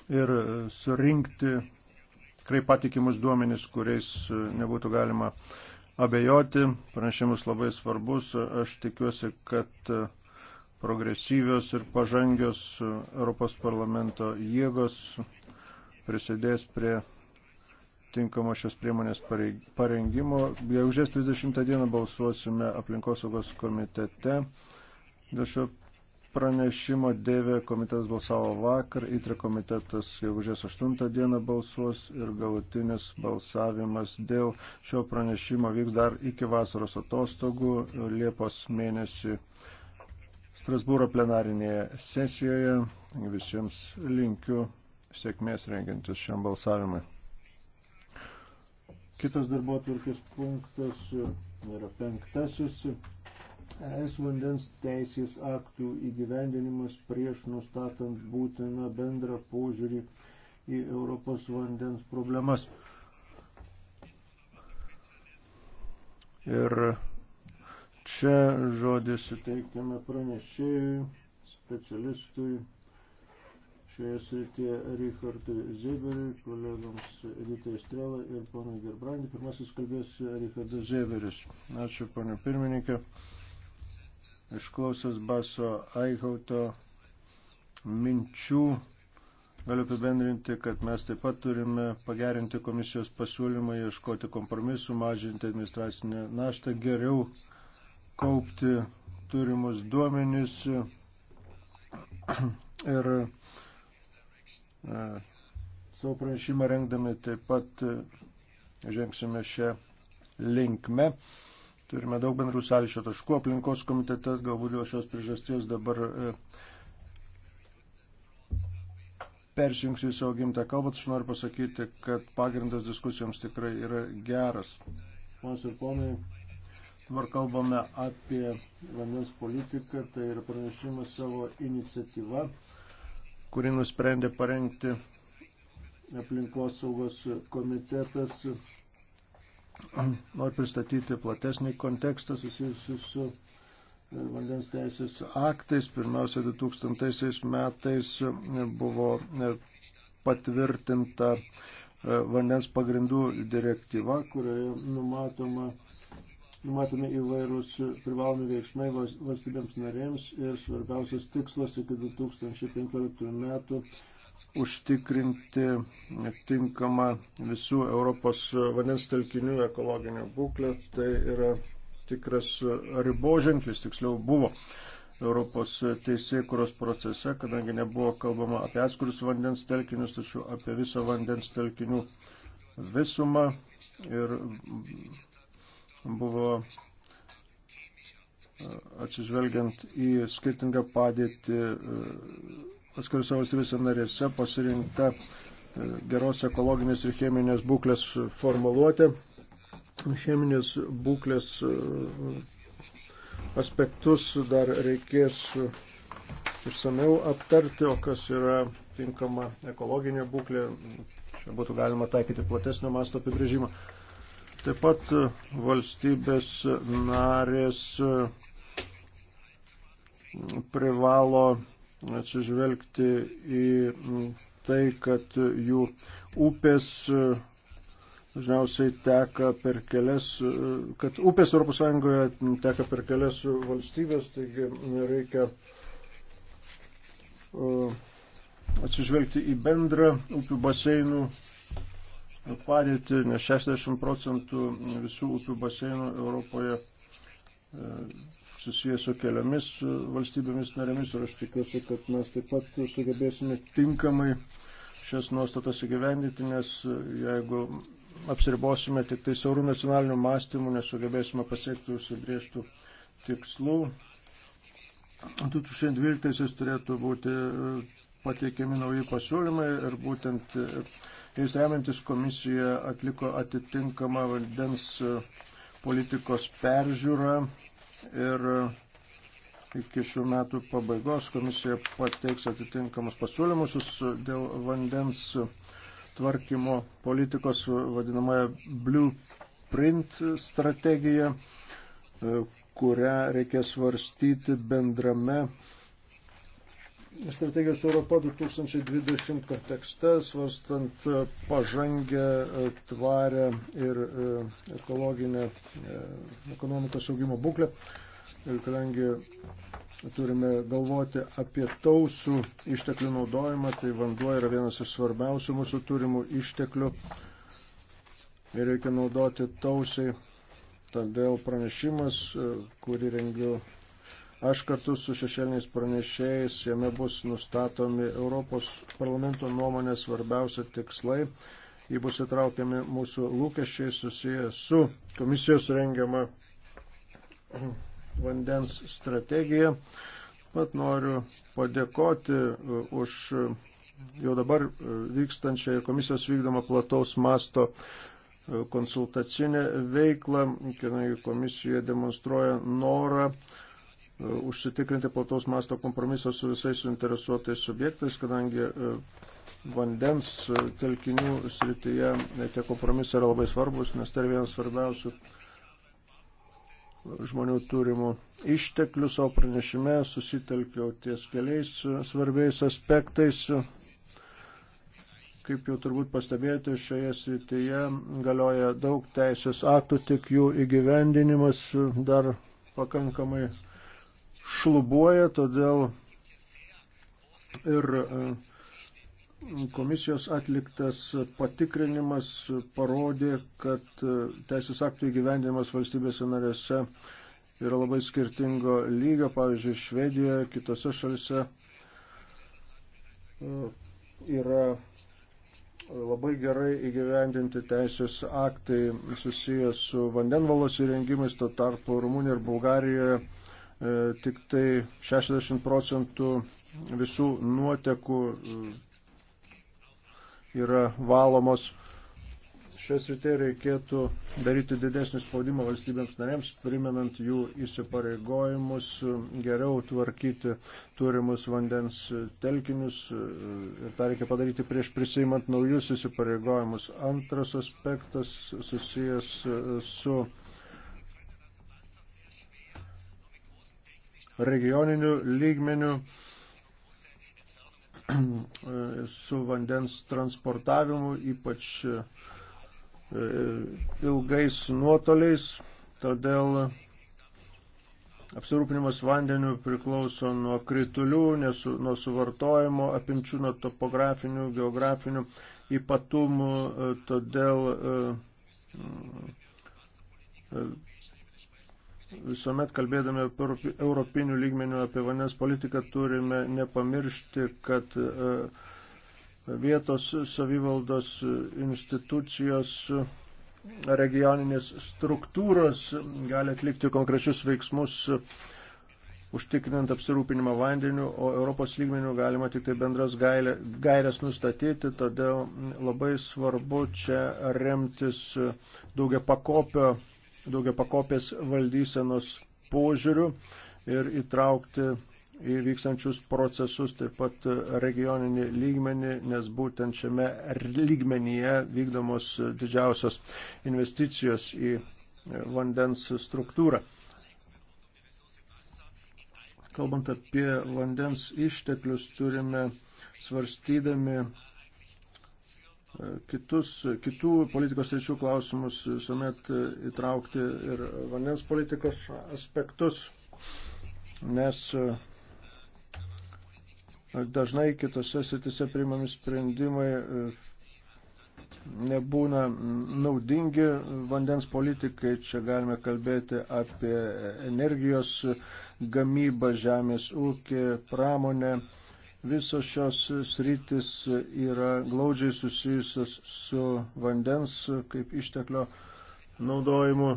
ir e, surinkti tikrai patikimus duomenis, kuriais e, nebūtų galima abejoti. Pranešimus labai svarbus. Aš tikiuosi, kad e, progresyvios ir pažangios Europos parlamento jėgos prisidės prie tinkamo šios priemonės parengimo. Gegužės 30 dieną balsuosime aplinkosaugos komitete dėl šio pranešimo dėvė komitetas balsavo vakar, įtrė komitetas gegužės 8 dieną balsuos ir galutinis balsavimas dėl šio pranešimo vyks dar iki vasaros atostogų Liepos mėnesį Strasbūro plenarinėje sesijoje. Visiems linkiu sėkmės rengiantis šiam balsavimui. Kitas darbo atvarkės punktas yra penktasis. Es vandens teisės aktų įgyvendinimas prieš nustatant būtiną bendrą požiūrį į Europos vandens problemas. Ir čia žodį suteikiame pranešėjui, specialistui šioje srityje Richardui Zeberiui, kolegoms Editai Strelą ir ponui Gerbrandį. Pirmasis kalbės Richardas Zeberis. Ačiū, ponio pirmininkė išklausęs baso Aihauto minčių, galiu apibendrinti, kad mes taip pat turime pagerinti komisijos pasiūlymą, ieškoti kompromisų, mažinti administracinę naštą, geriau kaupti turimus duomenys *clears throat* ir e, savo pranešimą rengdami taip pat e, žengsime šią linkmę. Turime daug bendrų sąlyčio taškų aplinkos komitete, galbūt dėl šios priežasties dabar e, persijungsiu į savo gimtą kalbą, aš noriu pasakyti, kad pagrindas diskusijoms tikrai yra geras. Ponas ir ponai, dabar kalbame apie vandens politiką, tai yra pranešimas savo iniciatyva, kurį nusprendė parengti aplinkos saugos komitetas Noriu pristatyti platesnį kontekstą susijusiu su e, vandens teisės aktais. Pirmiausia, 2000 metais e, buvo e, patvirtinta vandens pagrindų direktyva, kurioje numatoma, numatomi įvairūs privalomi veiksmai valstybėms narėms ir svarbiausias tikslas iki 2015 metų užtikrinti tinkamą visų Europos vandens telkinių ekologinę būklę. Tai yra tikras riboženklis, tiksliau buvo Europos teisėkuros procese, kadangi nebuvo kalbama apie atskirus vandens telkinius, tačiau apie visą vandens telkinių visumą ir buvo e, atsižvelgiant į skirtingą padėtį e, atskirose valstybėse narėse pasirinkta e, geros ekologinės ir cheminės būklės formuluotė. Cheminės būklės e, aspektus dar reikės e, išsameu aptarti, o kas yra tinkama ekologinė būklė, čia būtų galima taikyti platesnio masto apibrėžimą. Taip pat valstybės narės privalo atsižvelgti į tai, kad jų upės e, dažniausiai teka per kelias, e, kad upės ES teka per kelias valstybės, taigi reikia e, atsižvelgti į bendrą upių baseinų padėtį, nes 60 procentų visų upių baseinų Europoje susijęs su keliomis e, valstybėmis narėmis ir aš tikiuosi, kad mes taip pat sugebėsime tinkamai šias nuostatas įgyvendyti, nes e, jeigu apsiribosime tik tai siaurų nacionalinių mąstymų, nesugebėsime pasiekti užsibriežtų tikslų. 2012 turėtų būti e, pateikiami nauji pasiūlymai ir būtent jais remiantis komisija atliko atitinkamą vandens politikos peržiūrą ir iki šių metų pabaigos komisija pateiks atitinkamus pasiūlymus dėl vandens tvarkymo politikos vadinamąją blueprint strategiją, e, kurią reikės svarstyti bendrame strategijos Europa 2020 kontekste, svarstant e, pažangę, e, tvarę ir e, ekologinę ekonomikos augimo būklę. Ir kadangi turime galvoti apie tausų išteklių naudojimą, tai vanduo yra vienas iš svarbiausių mūsų turimų išteklių ir reikia naudoti tausiai. Todėl pranešimas, kurį rengiu Aš kartu su šešėliniais pranešėjais jame bus nustatomi Europos parlamento nuomonės svarbiausia tikslai. Jį bus įtraukiami mūsų lūkesčiai susiję su komisijos rengiama vandens strategija. Pat noriu padėkoti e, už e, jau dabar e, vykstančią ir komisijos vykdomą plataus masto konsultacinę veiklą, kadangi komisija demonstruoja norą E, užsitikrinti plataus masto kompromiso su visais suinteresuotais subjektais, kadangi e, vandens e, telkinių srityje tie kompromisai yra labai svarbus, nes tai yra vienas svarbiausių žmonių turimų išteklių savo pranešime, susitelkiau ties keliais svarbiais aspektais. Kaip jau turbūt pastebėjote, šioje srityje galioja daug teisės aktų, tik jų įgyvendinimas dar pakankamai šlubuoja, todėl ir e, komisijos atliktas patikrinimas parodė, kad e, teisės aktų įgyvendinimas valstybėse narėse yra labai skirtingo lygio, pavyzdžiui, Švedijoje, kitose šalise e, yra labai gerai įgyvendinti teisės aktai susijęs su vandenvalos įrengimais, to tarpu Rumunijoje ir Bulgarijoje E, tik tai 60 procentų visų nuotekų e, yra valomos. Šios rytė reikėtų daryti didesnį spaudimą valstybėms narėms, primenant jų įsipareigojimus, e, geriau tvarkyti turimus vandens telkinius ir tą reikia padaryti prieš prisimant naujus įsipareigojimus. Antras aspektas susijęs su regioniniu lygmeniu su vandens transportavimu, ypač e, ilgais nuotoliais, todėl apsirūpinimas vandeniu priklauso nuo kritulių, nesu, nuo suvartojimo apimčių, nuo topografinių, geografinių ypatumų, todėl e, e, visuomet kalbėdami apie europinių lygmenių apie vandens politiką turime nepamiršti, kad e, vietos savivaldos institucijos regioninės struktūros gali atlikti konkrečius veiksmus užtikrinant apsirūpinimą vandeniu, o Europos lygmenių galima tik tai bendras gairias nustatyti, todėl labai svarbu čia remtis daugia pakopio daugia pakopės valdysenos požiūrių ir įtraukti įvykstančius procesus, taip pat regioninį lygmenį, nes būtent šiame lygmenyje vykdomos didžiausios investicijos į vandens struktūrą. Kalbant apie vandens išteklius, turime svarstydami kitus, kitų politikos ryčių klausimus visuomet įtraukti ir vandens politikos aspektus, nes e, dažnai kitose sritise priimami sprendimai e, nebūna naudingi vandens politikai. Čia galime kalbėti apie energijos gamybą, žemės ūkį, pramonę Visos šios sritis yra glaudžiai susijusios su vandens kaip išteklio naudojimu.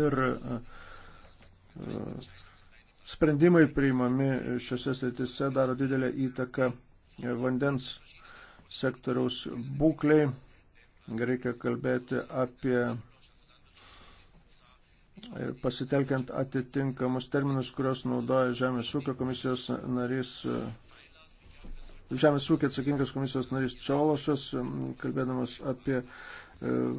Ir e, sprendimai priimami šiose sritise daro didelę įtaką vandens sektoriaus būklei. Reikia kalbėti apie ir pasitelkiant atitinkamus terminus, kurios naudoja Žemės ūkio komisijos narys. E, Žemės ūkio atsakingas komisijos narys Čiološas, e, kalbėdamas apie e,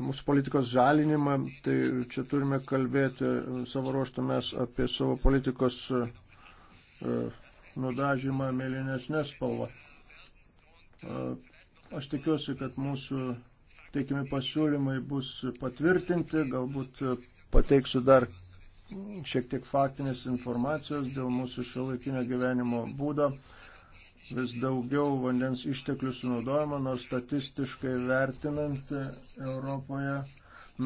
mūsų politikos žalinimą, tai čia turime kalbėti savo ruoštų mes apie savo politikos nudažymą mėlynesnė spalva. Aš tikiuosi, kad mūsų teikiami pasiūlymai bus patvirtinti, galbūt pateiksiu dar šiek tiek faktinės informacijos dėl mūsų šiuolaikinio gyvenimo būdo. Vis daugiau vandens išteklių sunaudojama, nors statistiškai vertinant Europoje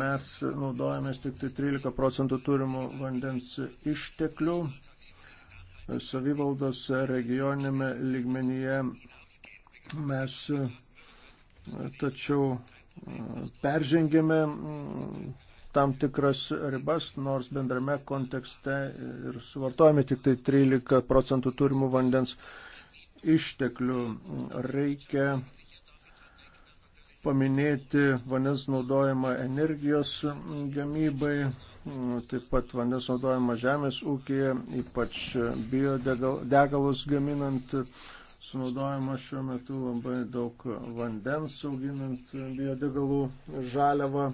mes naudojamės tik tai 13 procentų turimų vandens išteklių. Savivaldos regioninėme lygmenyje mes tačiau peržengėme tam tikras ribas, nors bendrame kontekste ir suvartojame tik tai 13 procentų turimų vandens išteklių. Reikia paminėti vandens naudojimą energijos gamybai, taip pat vandens naudojimą žemės ūkėje, ypač biodegalus gaminant sunaudojama šiuo metu labai daug vandens auginant biodegalų žaliavą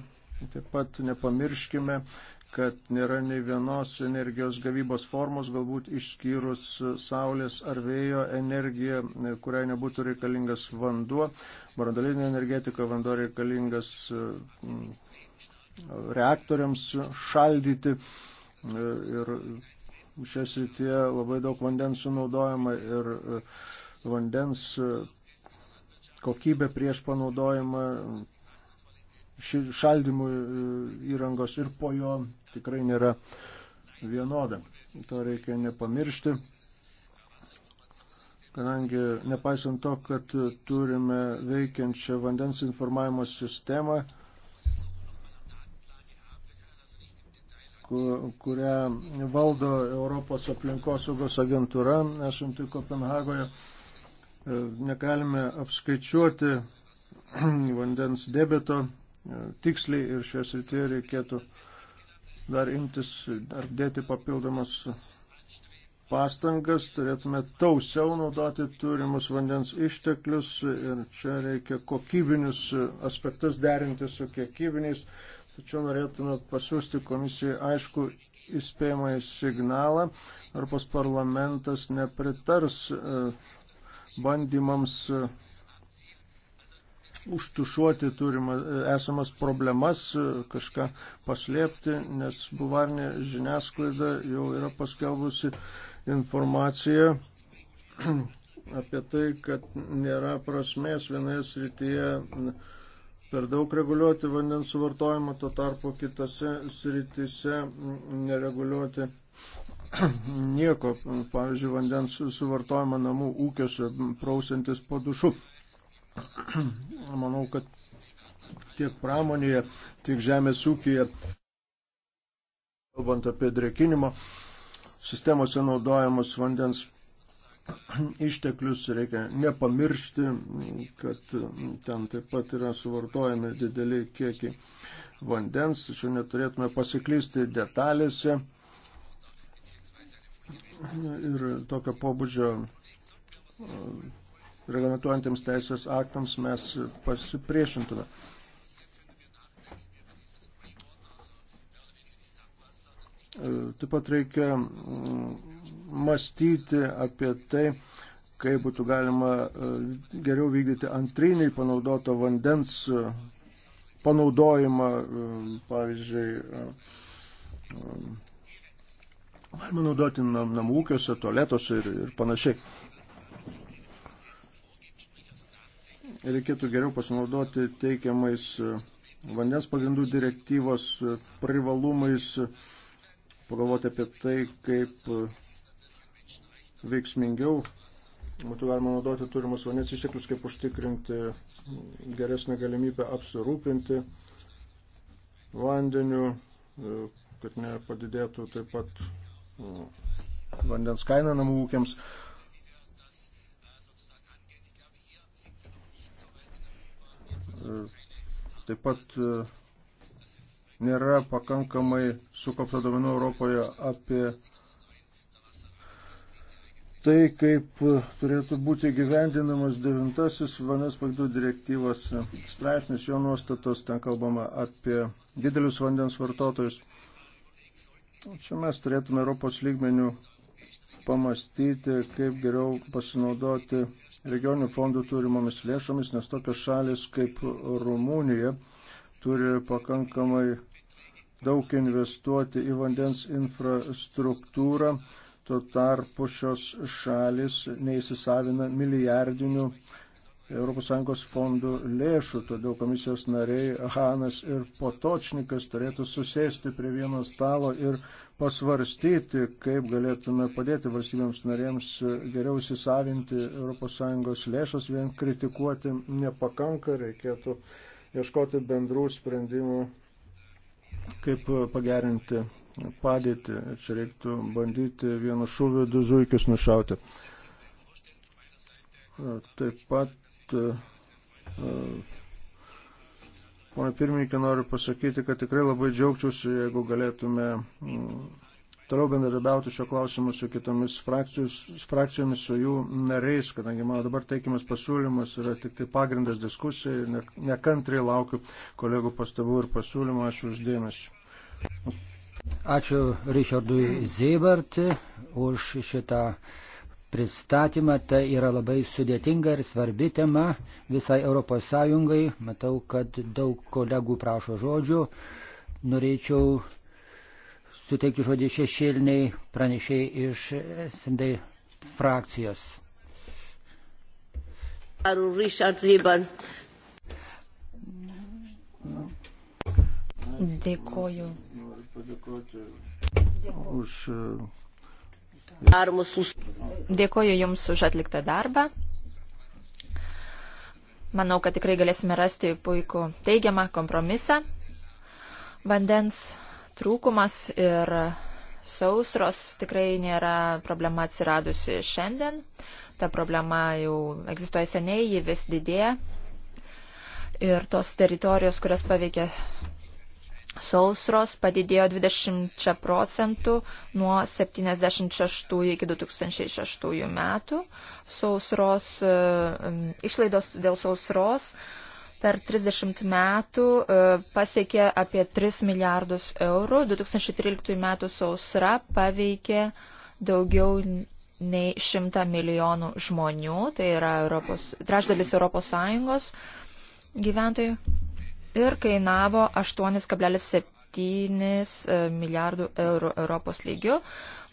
Taip pat nepamirškime, kad nėra nei vienos energijos gavybos formos, galbūt išskyrus saulės ar vėjo energiją, kuriai nebūtų reikalingas vanduo. Brandalinė energetika vanduo reikalingas mm, reaktoriams šaldyti ir šią srityje labai daug vandens sunaudojama ir e, vandens e, kokybė prieš panaudojimą šaldymų e, įrangos ir po jo tikrai nėra vienoda. To reikia nepamiršti, kadangi nepaisant to, kad turime veikiančią vandens informavimo sistemą, kurią valdo Europos aplinkosaugos agentūra, esanti Kopenhagoje, e, negalime apskaičiuoti *clears throat* vandens debito E, tiksliai ir šioje srityje reikėtų dar imtis, dar dėti papildomas pastangas, turėtume tausiau naudoti turimus vandens išteklius ir čia reikia kokybinius aspektus derinti su kiekybiniais, tačiau norėtume pasiūsti komisijai aišku įspėjimąjį signalą, ar pas parlamentas nepritars e, bandymams e, užtušuoti turima, esamas problemas, kažką paslėpti, nes buvarnė žiniasklaida jau yra paskelbusi informaciją *clears throat* apie tai, kad nėra prasmės vienoje srityje per daug reguliuoti vandens suvartojimą, tuo tarpu kitose srityse nereguliuoti *clears throat* nieko, pavyzdžiui, vandens suvartojimą namų ūkiuose, prausiantis po dušu. Manau, kad tiek pramonėje, tiek žemės ūkėje, kalbant apie drekinimo sistemose naudojamus vandens išteklius, reikia nepamiršti, kad ten taip pat yra suvartojami dideli kiekiai vandens, tačiau neturėtume pasiklysti detalėse ir tokio pobūdžio reglamentuojantiems teisės aktams mes pasipriešintume. Taip pat reikia mm, mąstyti apie tai, kaip būtų galima e, geriau vykdyti antriniai panaudoto vandens e, panaudojimą, e, pavyzdžiui, galima naudoti namų ūkiuose, tualetuose ir, ir panašiai. reikėtų geriau pasinaudoti teikiamais e, vandens pagrindų direktyvos e, privalumais, e, pagalvoti apie tai, kaip veiksmingiau būtų galima naudoti turimus vandens išteklius, kaip užtikrinti geresnę galimybę apsirūpinti vandeniu, kad nepadidėtų taip pat vandens kaina namų ūkiams. Taip pat e, nėra pakankamai sukaupta duomenų Europoje apie tai, kaip e, turėtų būti gyvendinamas devintasis vandens pagrindų direktyvos straipsnis, jo nuostatos, ten kalbama apie didelius vandens vartotojus. Čia mes turėtume Europos lygmenių pamastyti, kaip geriau pasinaudoti regioninių fondų turimomis lėšomis, nes tokios šalis kaip Rumunija turi pakankamai daug investuoti į vandens infrastruktūrą, tuo tarpu šios šalis neįsisavina milijardinių ES fondų lėšų, todėl komisijos nariai Hanas ir Potočnikas turėtų susėsti prie vieno stalo ir pasvarstyti, kaip galėtume padėti valstybėms narėms geriau įsisavinti ES lėšas, vien kritikuoti nepakanka, reikėtų ieškoti bendrų sprendimų, kaip pagerinti padėtį. Čia reiktų bandyti vienu šūviu du zuikius nušauti. Taip pat E, e, pone pirmininkė, noriu pasakyti, kad tikrai labai džiaugčiausi, jeigu galėtume toliau bendradarbiauti šio klausimu su kitomis frakcijomis, su jų nariais, kadangi mano dabar teikiamas pasiūlymas yra tik tai pagrindas diskusijai ir nekantriai laukiu kolegų pastabų ir pasiūlymų. Ačiū uždėmesi. Ačiū Richardui Zebert už šitą pristatymą. Tai yra labai sudėtinga ir svarbi tema visai ES. Matau, kad daug kolegų prašo žodžių. Norėčiau suteikti žodį šešėliniai pranešiai iš SND frakcijos. Ar Richard Ziban? Dėkoju. Dėkoju. Už Dėkoju Jums už atliktą darbą. Manau, kad tikrai galėsime rasti puikų teigiamą kompromisą. Vandens trūkumas ir sausros tikrai nėra problema atsiradusi šiandien. Ta problema jau egzistuoja seniai, ji vis didėja. Ir tos teritorijos, kurias paveikia sausros padidėjo 20 procentų nuo 76 iki 2006 metų. Sausros, išlaidos dėl sausros per 30 metų e, pasiekė apie 3 milijardus eurų. 2013 metų sausra paveikė daugiau nei 100 milijonų žmonių, tai yra Europos, trešdalis Europos Sąjungos gyventojų ir kainavo 8,7 e, milijardų eurų Europos lygių.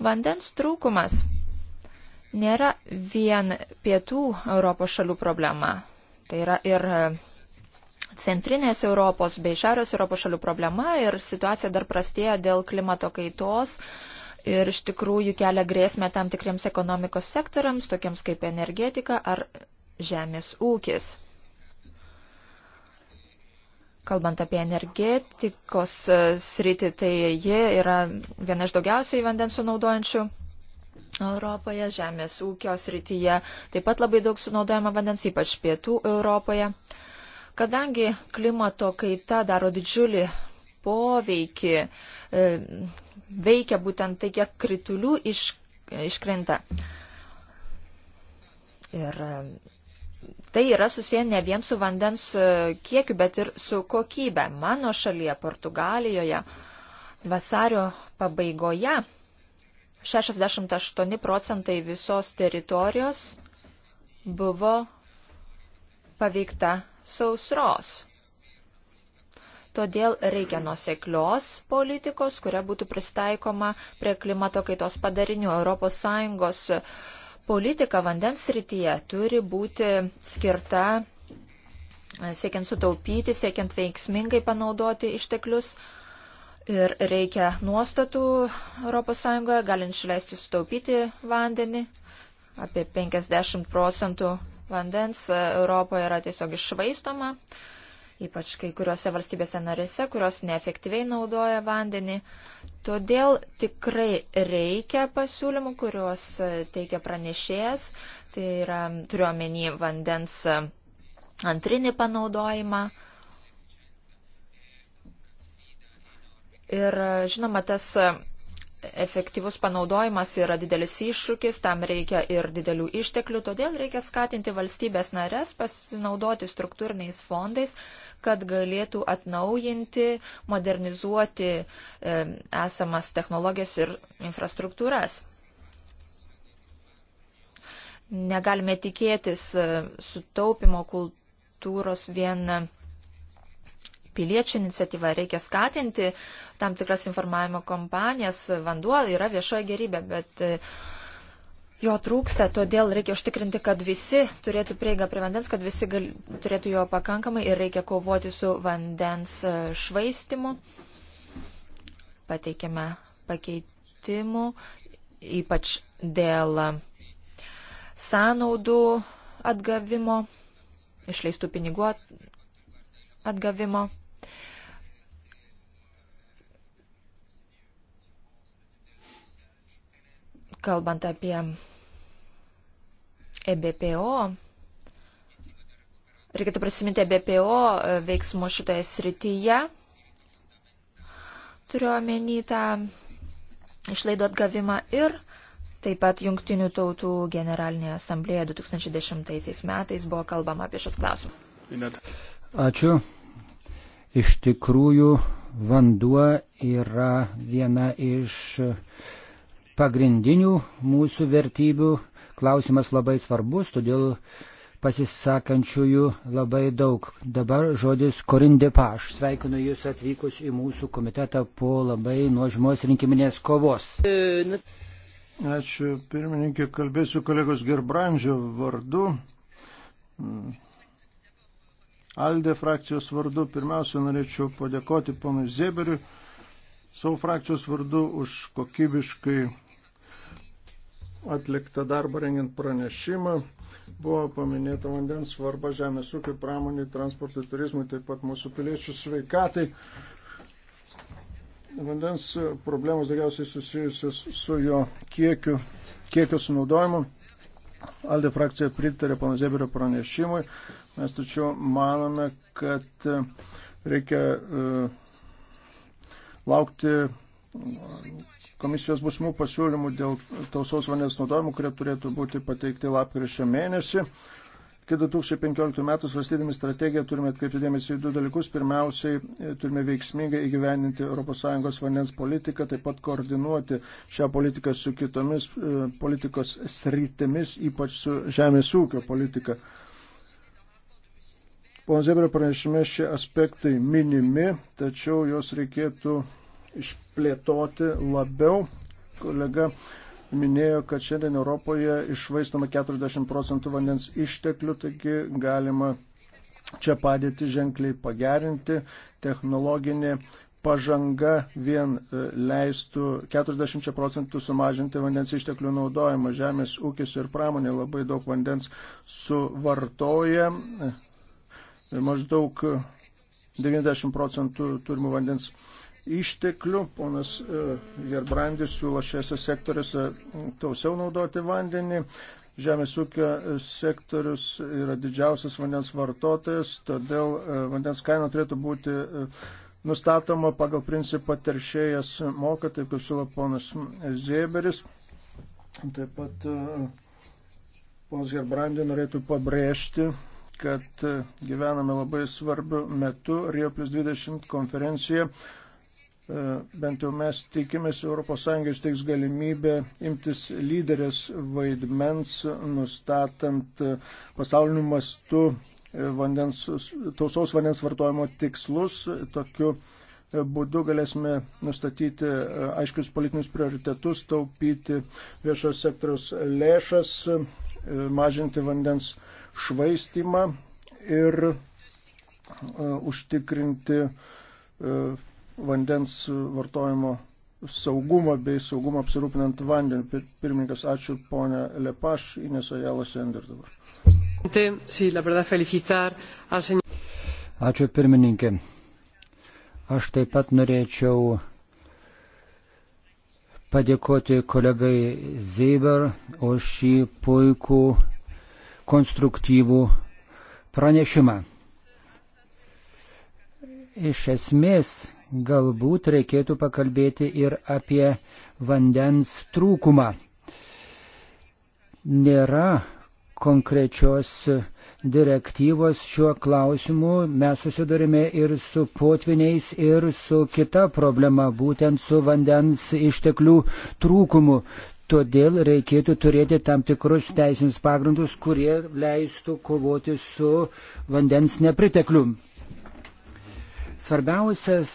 Vandens trūkumas nėra vien pietų Europos šalių problema. Tai yra ir e, centrinės Europos bei šiaurės Europos šalių problema ir situacija dar prastėja dėl klimato kaitos ir iš tikrųjų kelia grėsmę tam tikriems ekonomikos sektoriams, tokiems kaip energetika ar žemės ūkis. Kalbant apie energetikos e, sritį, tai ji yra viena iš daugiausiai vandens sunaudojančių Europoje, žemės ūkio srityje. Taip pat labai daug sunaudojama vandens, ypač pietų Europoje. Kadangi klimato kaita daro didžiulį poveikį, e, veikia būtent tai, kiek kritulių iš, iškrenta. Ir tai yra susiję ne vien su vandens e, kiekiu, bet ir su kokybe. Mano šalyje, Portugalijoje, vasario pabaigoje 68 procentai visos teritorijos buvo paveikta sausros. Todėl reikia nuseklios politikos, kuria būtų pristaikoma prie klimato kaitos padarinių. ES politika vandens rytyje turi būti skirta e, siekiant sutaupyti, siekiant veiksmingai panaudoti išteklius. Ir reikia nuostatų ES galinčių leisti sutaupyti vandenį. Apie 50 procentų vandens e, Europoje yra tiesiog išvaistoma. Uh, ypač kai kuriuose valstybėse narėse, kurios neefektyviai naudoja vandenį. Todėl tikrai reikia pasiūlymų, kuriuos e, teikia pranešėjas, tai yra turiuomenį vandens e, antrinį panaudojimą. Ir e, žinoma, tas efektyvus panaudojimas yra didelis iššūkis, tam reikia ir didelių išteklių, todėl reikia skatinti valstybės narės pasinaudoti struktūriniais fondais, kad galėtų atnaujinti, modernizuoti e, esamas technologijas ir infrastruktūras. Negalime tikėtis e, sutaupimo kultūros vien piliečių iniciatyva, reikia skatinti tam tikras informavimo kompanijas. Vanduo yra viešoji gerybė, bet e, jo trūksta, todėl reikia užtikrinti, kad visi turėtų prieigą prie vandens, kad visi gal, turėtų jo pakankamai ir reikia kovoti su vandens e, švaistimu. Pateikėme pakeitimų, ypač dėl e, sąnaudų atgavimo, išleistų pinigų atgavimo. Kalbant apie EBPO, reikėtų prisiminti EBPO e, veiksmų šitoje srityje. Turiu omeny tą išlaidų atgavimą ir taip pat Junktinių tautų generalinėje asamblėje 2010 metais buvo kalbama apie šios klausimus. Ačiū. Iš tikrųjų, vanduo yra viena iš pagrindinių mūsų vertybių. Klausimas labai svarbus, todėl pasisakančiųjų labai daug. Dabar žodis Korindepa. Aš sveikinu Jūs atvykus į mūsų komitetą po labai nuožmos rinkiminės kovos. Ačiū, pirmininkė, kalbėsiu kolegos Gerbrandžio vardu. Alde frakcijos vardu. Pirmiausia, norėčiau padėkoti ponui Zeberiui savo frakcijos vardu už kokybiškai atliktą darbą rengiant pranešimą. Buvo paminėta vandens svarba žemės ūkio pramoniai, transportui, turizmui, taip pat mūsų piliečių sveikatai. Vandens problemos daugiausiai susijusios su jo kiekiu, kiekio sunaudojimu. Alde frakcija pritarė pana Zeberio pranešimui, Mes tačiau manome, kad e, reikia e, laukti komisijos būsimų pasiūlymų dėl tausos vandens naudojimų, kurie turėtų būti pateikti lapkričio mėnesį. Iki 2015 metų svarstydami strategiją turime atkreipti dėmesį į du dalykus. Pirmiausiai, e, turime veiksmingai įgyveninti ES vandens politiką, taip pat koordinuoti šią politiką su kitomis politikos sritimis, ypač su žemės ūkio politika. Pono Zebrio pranešime šie aspektai minimi, tačiau juos reikėtų išplėtoti labiau. Kolega minėjo, kad šiandien Europoje išvaistoma 40 procentų vandens išteklių, taigi galima čia padėti ženkliai pagerinti. Technologinė pažanga vien e, leistų 40 procentų sumažinti vandens išteklių naudojimą. Žemės ūkis ir pramonė labai daug vandens suvartoja maždaug 90 procentų turimų vandens išteklių. Ponas e, Gerbrandis siūlo šiose sektoriuose tausiau naudoti vandenį. Žemės ūkio sektorius yra didžiausias vandens vartotojas, todėl e, vandens kaina turėtų būti e, nustatoma pagal principą teršėjas moka, taip kaip siūlo ponas Zėberis. Taip pat ponas Gerbrandi norėtų pabrėžti, kad gyvename labai svarbiu metu. Rio plus 20 konferencija, e, bent jau mes tikimės, ES teiks galimybę imtis lyderės vaidmens, nustatant e, pasauliniu mastu e, vandens, tausaus vandens vartojimo tikslus. Tokiu būdu galėsime nustatyti aiškius politinius prioritetus, taupyti viešos sektoriaus lėšas, mažinti vandens vartojimą švaistimą ir e, užtikrinti e, vandens vartojimo saugumą bei saugumą apsirūpinant vandenį. Pirmininkas, ačiū ponė Lepaš, Ineso Jalas Ender dabar. Ačiū pirmininkė. Aš taip pat norėčiau padėkoti kolegai Zeiber už šį puikų konstruktyvų pranešimą. Iš esmės, galbūt reikėtų pakalbėti ir apie vandens trūkumą. Nėra konkrečios direktyvos šiuo klausimu. Mes susidurime ir su potviniais, ir su kita problema, būtent su vandens išteklių trūkumu. Todėl reikėtų turėti tam tikrus teisinius pagrindus, kurie leistų kovoti su vandens nepritekliu. Svarbiausias,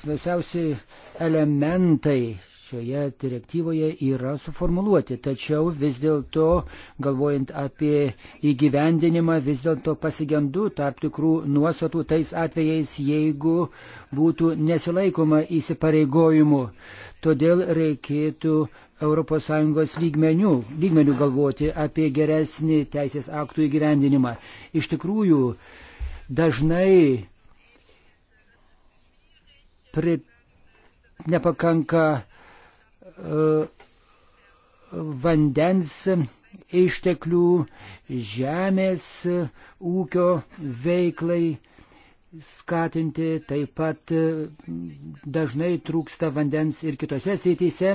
svarbiausi elementai šioje direktyvoje yra suformuluoti, tačiau vis dėlto, galvojant apie įgyvendinimą, vis dėlto pasigendu tarp tikrų nuostatų tais atvejais, jeigu būtų nesilaikoma įsipareigojimu. Todėl reikėtų ES lygmenių, lygmenių galvoti apie geresnį teisės aktų įgyvendinimą. Iš tikrųjų, dažnai pri, nepakanka uh, vandens išteklių, žemės ūkio veiklai, skatinti, taip pat e, dažnai trūksta vandens ir kitose srityse,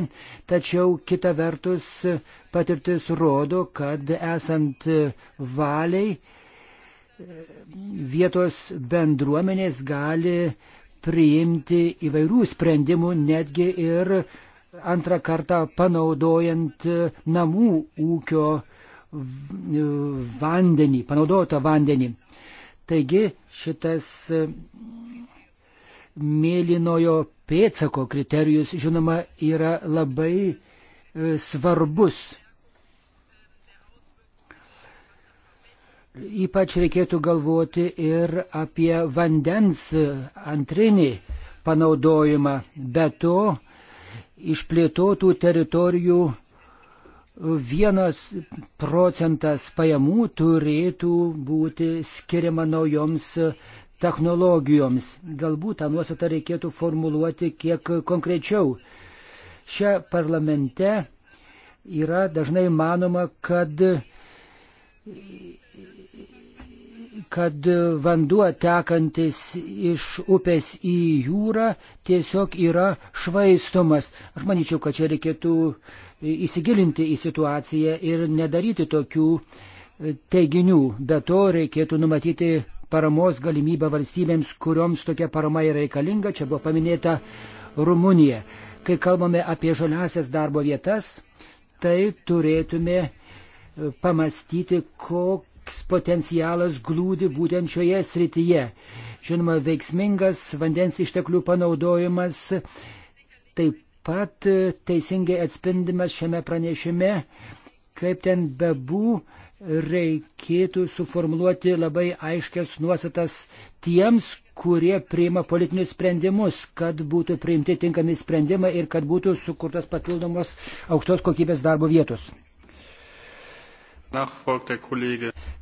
tačiau kita vertus e, patirtis rodo, kad esant e, valiai vietos bendruomenės gali priimti įvairių sprendimų, netgi ir antrą kartą panaudojant namų ūkio vandenį, panaudotą vandenį. Taigi šitas e, mėlynojo pėtsako kriterijus, žinoma, yra labai e, svarbus. Ypač reikėtų galvoti ir apie vandens antrinį panaudojimą, be to išplėtotų teritorijų vienas procentas pajamų turėtų būti skiriama naujoms technologijoms. Galbūt tą nuostatą reikėtų formuluoti kiek konkrečiau. Čia parlamente yra dažnai manoma, kad kad vanduo tekantis iš upės į jūrą tiesiog yra švaistomas. Aš manyčiau, kad čia reikėtų įsigilinti į situaciją ir nedaryti tokių e, teiginių. Be to reikėtų numatyti paramos galimybę valstybėms, kurioms tokia parama yra reikalinga. Čia buvo paminėta Rumunija. Kai kalbame apie žaliasias darbo vietas, tai turėtume e, pamastyti, kokią koks potencialas glūdi būtent šioje srityje. Žinoma, veiksmingas vandens išteklių panaudojimas taip pat teisingai atspindimas šiame pranešime, kaip ten bebū, reikėtų suformuoluoti labai aiškias nuostatas tiems, kurie priima politinius sprendimus, kad būtų priimti tinkami sprendimai ir kad būtų sukurtas papildomos aukštos kokybės darbo vietos.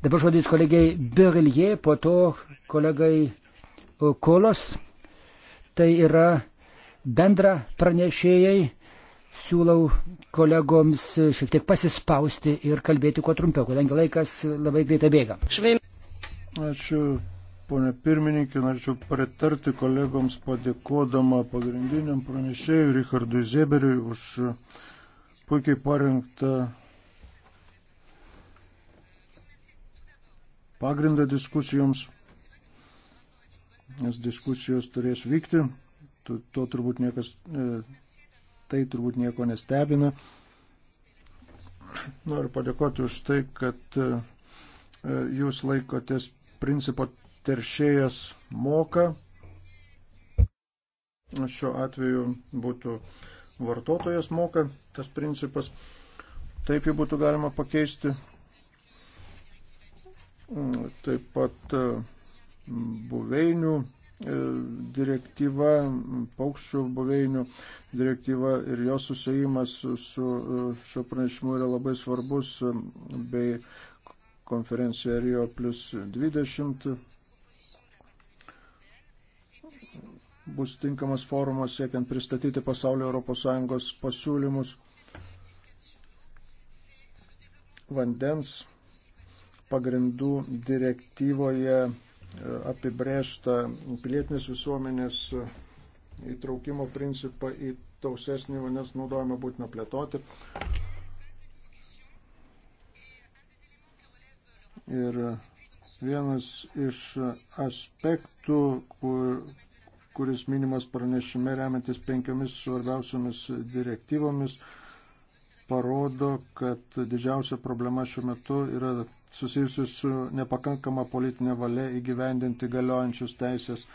Dabar žodis kolegiai Berilie, po to kolegai Kolos. Tai yra bendra pranešėjai. Siūlau kolegoms šiek tiek pasispausti ir kalbėti kuo trumpiau, kadangi laikas labai greitai bėga. Ačiū, ponė pirmininkė, norėčiau pritarti kolegoms padėkodama pagrindiniam pranešėjui Richardui Zeberiui už puikiai parengtą pagrindą diskusijoms, nes diskusijos turės vykti, to, to turbūt niekas, e, tai turbūt nieko nestebina. Noriu padėkoti už tai, kad e, e, jūs laikotės principo teršėjas moka. Šiuo atveju būtų vartotojas moka tas principas. Taip jį būtų galima pakeisti taip pat e, buveinių e, direktyva, paukščių buveinių direktyva ir jos susijimas su e, šio pranešimu yra labai svarbus, bei konferencija Rio plus 20 bus tinkamas forumas siekiant pristatyti pasaulio ES pasiūlymus vandens pagrindų direktyvoje e, apibrėžtą pilietinės visuomenės e, įtraukimo principą į tausesnį vandens naudojimą būtina plėtoti. Ir vienas iš aspektų, kur, kuris minimas pranešime remiantis penkiomis svarbiausiomis direktyvomis, parodo, kad didžiausia problema šiuo metu yra susijusių su nepakankama politinė valia įgyvendinti galiojančius teisės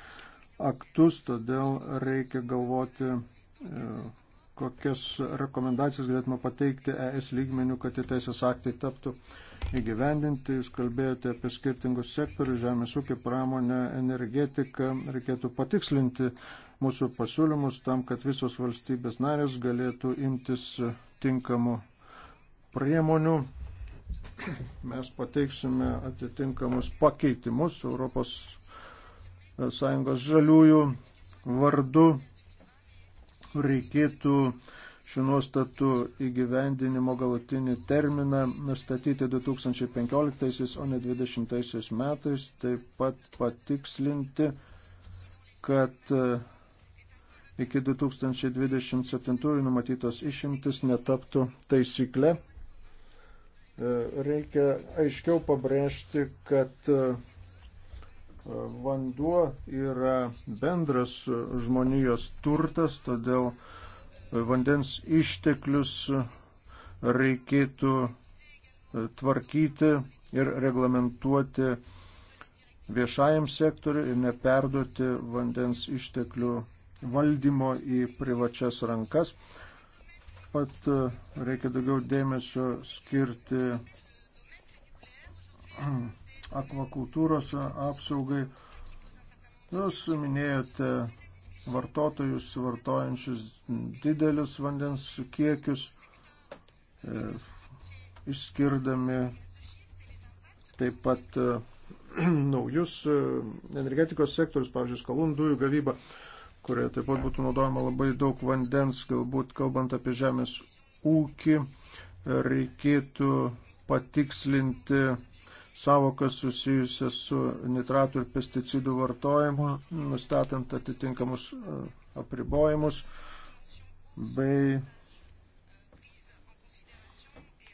aktus, todėl reikia galvoti, e, kokias rekomendacijas galėtume pateikti ES lygmenių, kad tie teisės aktai taptų įgyvendinti. Jūs kalbėjote apie skirtingus sektorius, žemės ūkį, pramonę, energetiką. Reikėtų patikslinti mūsų pasiūlymus tam, kad visos valstybės narės galėtų imtis tinkamų priemonių mes pateiksime atitinkamus pakeitimus Europos Sąjungos žaliųjų vardu. Reikėtų šių nuostatų įgyvendinimo galutinį terminą nustatyti 2015, o ne 2020 metais, taip pat patikslinti, kad e, iki 2027 numatytos išimtis netaptų taisykle. E, reikia aiškiau pabrėžti, kad e, vanduo yra bendras žmonijos turtas, todėl e, vandens išteklius reikėtų tvarkyti ir reglamentuoti viešajam sektoriu ir neperduoti vandens išteklių valdymo į privačias rankas pat e, reikia daugiau dėmesio skirti *clears throat* akvakultūros apsaugai. Jūs minėjote vartotojus, vartojančius didelius vandens kiekius, e, išskirdami taip pat e, *clears throat* naujus energetikos sektorius, pavyzdžiui, skalūnų dujų gavybą kurioje taip pat būtų naudojama labai daug vandens, galbūt kalbant apie žemės ūkį, reikėtų patikslinti savokas susijusias su nitratų ir pesticidų vartojimu, nustatant atitinkamus e, apribojimus bei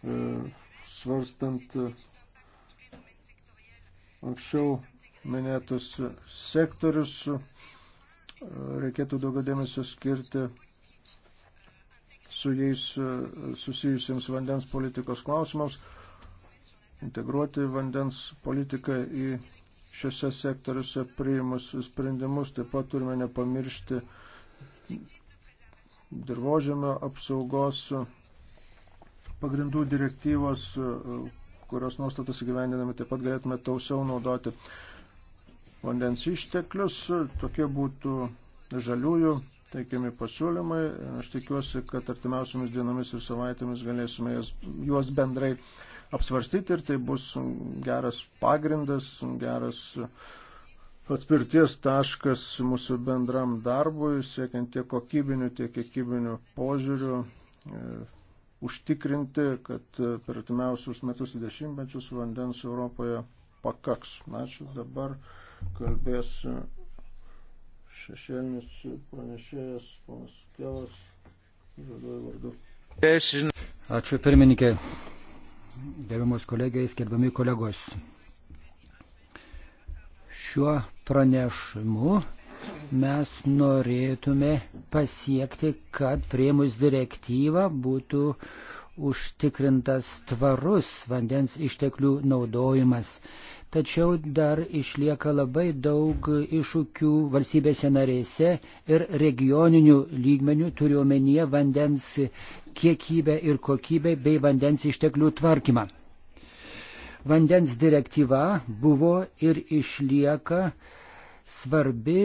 e, svarstant e, anksčiau minėtus sektorius reikėtų daugiau dėmesio skirti su jais e, susijusiems vandens politikos klausimams, integruoti vandens politiką į šiuose sektoriuose priimus sprendimus. Taip pat turime nepamiršti dirbožėmio apsaugos pagrindų direktyvos, e, kurios nuostatas įgyvendinami taip pat galėtume tausiau naudoti vandens išteklius. Tokie būtų žaliųjų teikiami pasiūlymai. Aš tikiuosi, kad artimiausiamis dienomis ir savaitėmis galėsime juos bendrai apsvarstyti ir tai bus geras pagrindas, geras atspirties taškas mūsų bendram darbui, siekiant tiek kokybinių, tiek kiekybinių požiūrių e, užtikrinti, kad per artimiausius metus dešimtmečius vandens Europoje pakaks. Ačiū dabar kalbės šešėlinis pranešėjas, ponas Kelas, žodžiu vardu. Ačiū pirmininkė, gerbiamos kolegijais, gerbiami kolegos. Šiuo pranešimu mes norėtume pasiekti, kad prieimus direktyvą būtų užtikrintas tvarus vandens išteklių naudojimas tačiau dar išlieka labai daug iššūkių valstybėse narėse ir regioninių lygmenių turiuomenyje vandens kiekybę ir kokybę bei vandens išteklių tvarkymą. Vandens direktyva buvo ir išlieka svarbi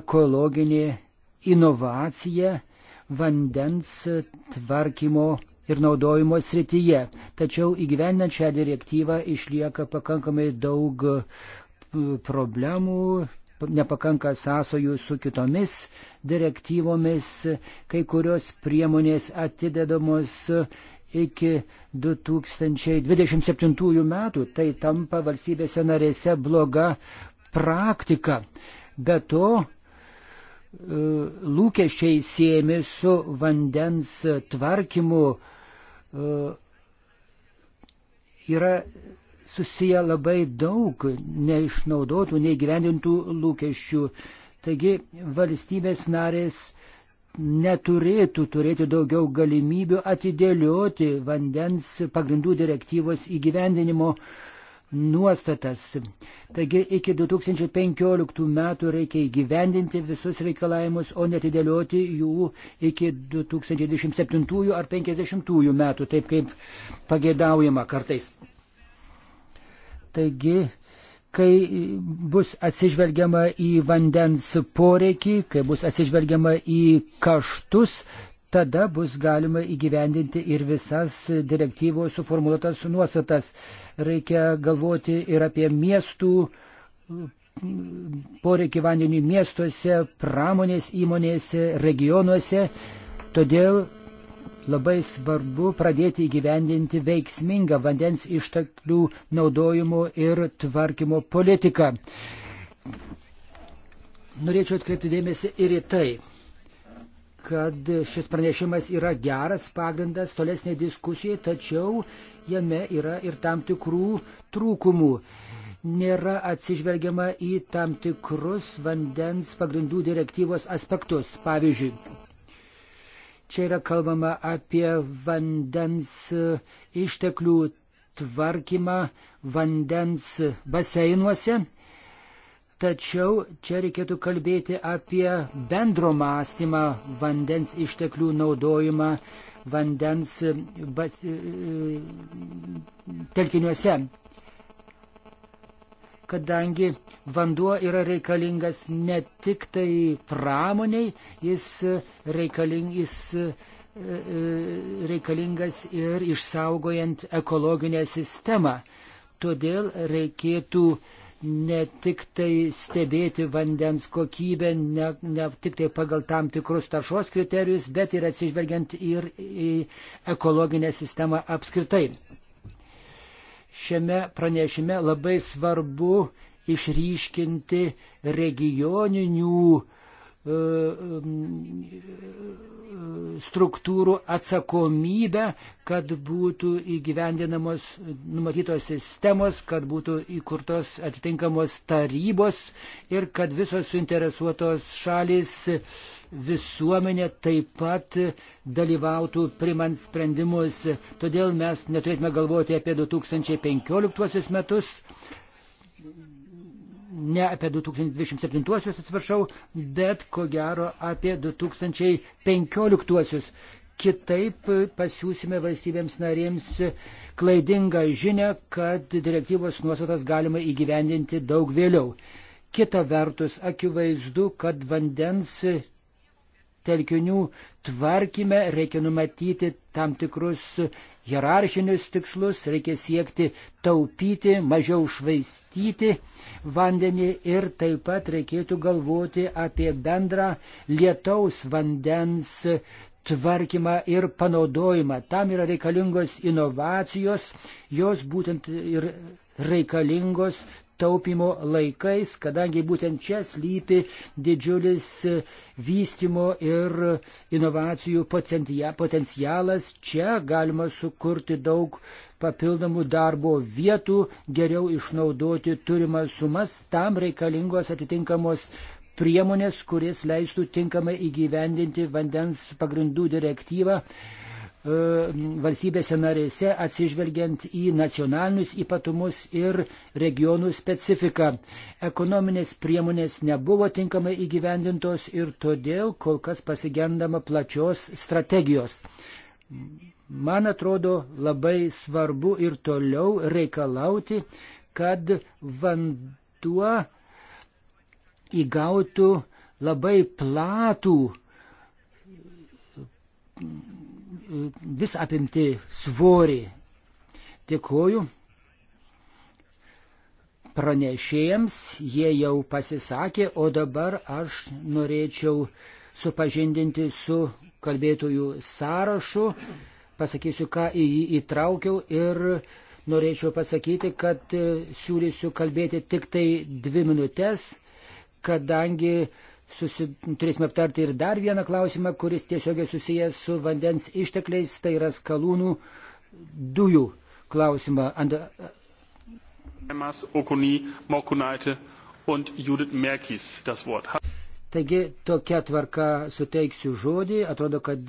ekologinė inovacija vandens tvarkymo ir naudojimo srityje. Tačiau įgyvendinant šią direktyvą išlieka pakankamai daug e, problemų, nepakanka sąsojų su kitomis direktyvomis, kai kurios priemonės atidedamos iki 2027 metų. Tai tampa valstybėse narėse bloga praktika. Be to, e, lūkesčiai siejami su vandens tvarkymu, E, yra susiję labai daug neišnaudotų, neįgyvendintų lūkesčių. Taigi valstybės narės neturėtų turėti daugiau galimybių atidėlioti vandens pagrindų direktyvos įgyvendinimo uh, nuostatas. Taigi iki 2015 metų reikia įgyvendinti visus reikalavimus, o netidėlioti jų iki 2027 ar 50 metų, taip kaip pagėdaujama kartais. Taigi, kai bus atsižvelgiama į vandens poreikį, kai bus atsižvelgiama į kaštus, tada bus galima įgyvendinti ir visas direktyvos suformuotas nuostatas. Reikia galvoti ir apie miestų poreikį vandeniui miestuose, pramonės įmonėse, regionuose. Todėl labai svarbu pradėti įgyvendinti veiksmingą vandens išteklių naudojimo ir tvarkymo politiką. Norėčiau atkreipti dėmesį ir į tai, kad šis pranešimas yra geras pagrindas tolesnė diskusijai, tačiau jame yra ir tam tikrų trūkumų. Nėra atsižvelgiama į tam tikrus vandens pagrindų direktyvos aspektus. Pavyzdžiui, čia yra kalbama apie vandens e, išteklių tvarkymą vandens baseinuose Tačiau čia reikėtų kalbėti apie bendro mąstymą, vandens išteklių naudojimą, vandens bas, e, telkiniuose. Kadangi vanduo yra reikalingas ne tik tai pramoniai, jis, reikaling, jis e, e, reikalingas ir išsaugojant ekologinę sistemą. Todėl reikėtų uh, ne tik tai stebėti vandens kokybę, ne, ne tik tai pagal tam tikrus taršos kriterijus, bet ir atsižvelgiant ir į ekologinę sistemą apskritai. Šiame pranešime labai svarbu išryškinti regioninių E, e, struktūrų atsakomybę, kad būtų įgyvendinamos numatytos sistemos, kad būtų įkurtos atitinkamos tarybos ir kad visos suinteresuotos šalis visuomenė taip pat dalyvautų primant sprendimus. Todėl mes neturėtume galvoti apie 2015 metus, ne apie 2027-uosius atsiprašau, bet ko gero apie 2015-uosius. Kitaip pasiūsime valstybėms narėms klaidingą žinę, kad direktyvos nuostatas galima įgyvendinti daug vėliau. Kita vertus, akivaizdu, kad vandens telkinių tvarkyme reikia numatyti tam tikrus hierarchinius tikslus, reikia siekti taupyti, mažiau švaistyti vandenį ir taip pat reikėtų galvoti apie bendrą lietaus vandens tvarkymą ir panaudojimą. Tam yra reikalingos inovacijos, jos būtent ir reikalingos taupimo laikais, kadangi būtent čia slypi didžiulis vystimo ir inovacijų potencialas. Čia galima sukurti daug papildomų darbo vietų, geriau išnaudoti turimas sumas, tam reikalingos atitinkamos priemonės, kuris leistų tinkamai įgyvendinti vandens pagrindų direktyvą E, valstybėse narėse atsižvelgiant į nacionalinius ypatumus ir regionų specifiką. Ekonominės priemonės nebuvo tinkamai įgyvendintos ir todėl kol kas pasigendama plačios strategijos. Man atrodo labai svarbu ir toliau reikalauti, kad vanduo įgautų labai platų vis apimti svorį. Dėkuoju pranešėjams, jie jau pasisakė, o dabar aš norėčiau supažindinti su kalbėtojų sąrašu, pasakysiu, ką į jį įtraukiau ir norėčiau pasakyti, kad siūlysiu kalbėti tik tai dvi minutės, kadangi uh, susi... turėsime aptarti ir dar vieną klausimą, kuris tiesiogiai susijęs su vandens ištekliais, tai yra skalūnų dujų klausimą. And... Taigi tokia tvarka suteiksiu žodį. Atrodo, kad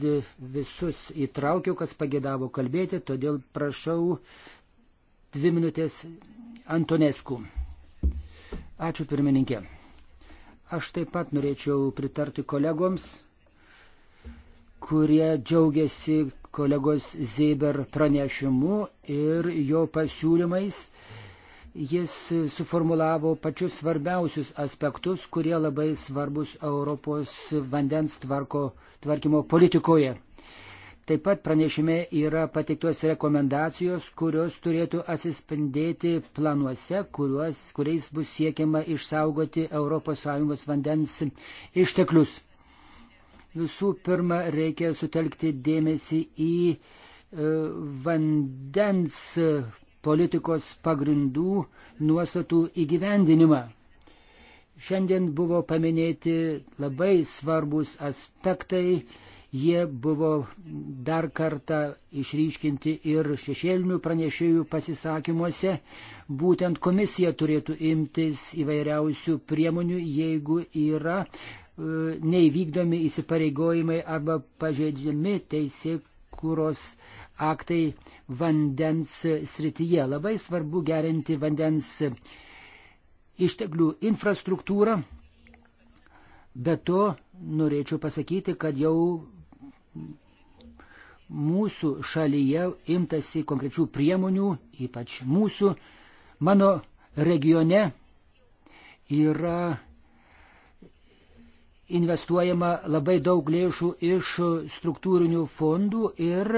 visus įtraukiau, kas pagėdavo kalbėti, todėl prašau dvi minutės Antonesku. Ačiū pirmininkė. Aš taip pat norėčiau pritarti kolegoms, kurie džiaugiasi kolegos Zeiber pranešimu ir jo pasiūlymais. Jis suformulavo pačius svarbiausius aspektus, kurie labai svarbus Europos vandens tvarko, tvarkymo politikoje. Taip pat pranešime yra pateiktos rekomendacijos, kurios turėtų atsispindėti planuose, kuriuos, kuriais bus siekiama išsaugoti ES vandens išteklius. Visų pirma, reikia sutelkti dėmesį į e, vandens politikos pagrindų nuostatų įgyvendinimą. Šiandien buvo paminėti labai svarbus aspektai, Jie buvo dar kartą išryškinti ir šešėlinių pranešėjų pasisakymuose. Būtent komisija turėtų imtis įvairiausių priemonių, jeigu yra e, neįvykdomi įsipareigojimai arba pažeidžiami teisėkūros aktai vandens srityje. Labai svarbu gerinti vandens išteklių infrastruktūrą. Be to norėčiau pasakyti, kad jau mūsų šalyje imtasi konkrečių priemonių, ypač mūsų, mano regione yra investuojama labai daug lėšų iš struktūrinių fondų ir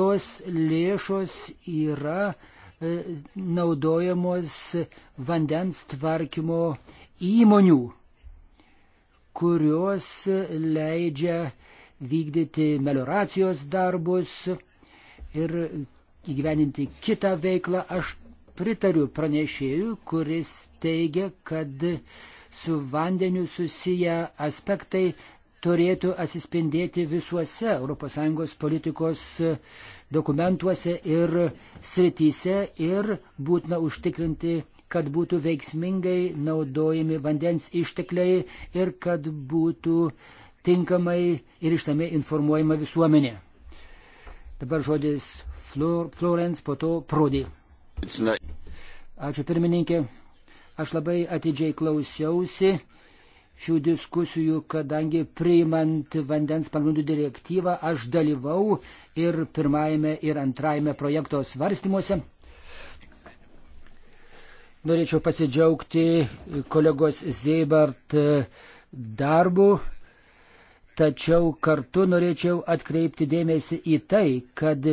tos lėšos yra e, naudojamos vandens tvarkymo įmonių, kurios leidžia vykdyti melioracijos darbus ir įgyveninti kitą veiklą. Aš pritariu pranešėjui, kuris teigia, kad su vandeniu susiję aspektai turėtų atsispindėti visuose ES politikos dokumentuose ir srityse ir būtina užtikrinti, kad būtų veiksmingai naudojami vandens ištekliai ir kad būtų uh, tinkamai ir išsamei informuojama visuomenė. Dabar žodis Flor, Florence, po to Prodi. Ačiū pirmininkė. Aš labai atidžiai klausiausi šių diskusijų, kadangi priimant vandens pagrindų direktyvą aš dalyvau ir pirmajame ir antrajame projekto svarstymuose. Norėčiau pasidžiaugti kolegos Zeibart darbu Tačiau kartu norėčiau atkreipti dėmesį į tai, kad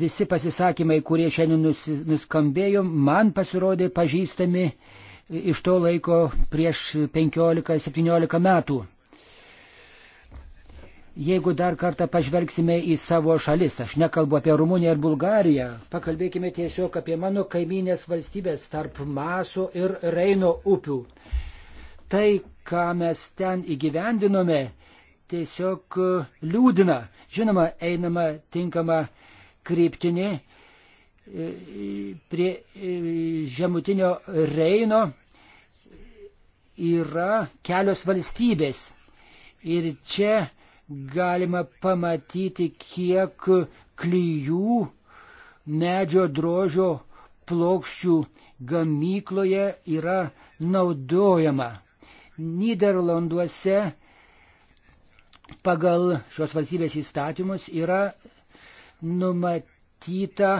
visi pasisakymai, kurie šiandien nuskambėjo, man pasirodė pažįstami iš to laiko prieš 15-17 metų. Jeigu dar kartą pažvelgsime į savo šalis, aš nekalbu apie Rumuniją ir Bulgariją, pakalbėkime tiesiog apie mano kaiminės valstybės tarp Maso ir Reino upių. Tai, ką mes ten įgyvendinome, tiesiog e, liūdina. Žinoma, einama tinkama kryptinė e, prie e, žemutinio Reino yra kelios valstybės. Ir čia galima pamatyti, kiek klyjų medžio drožio plokščių gamykloje yra naudojama. Niderlanduose pagal šios valstybės įstatymus yra numatyta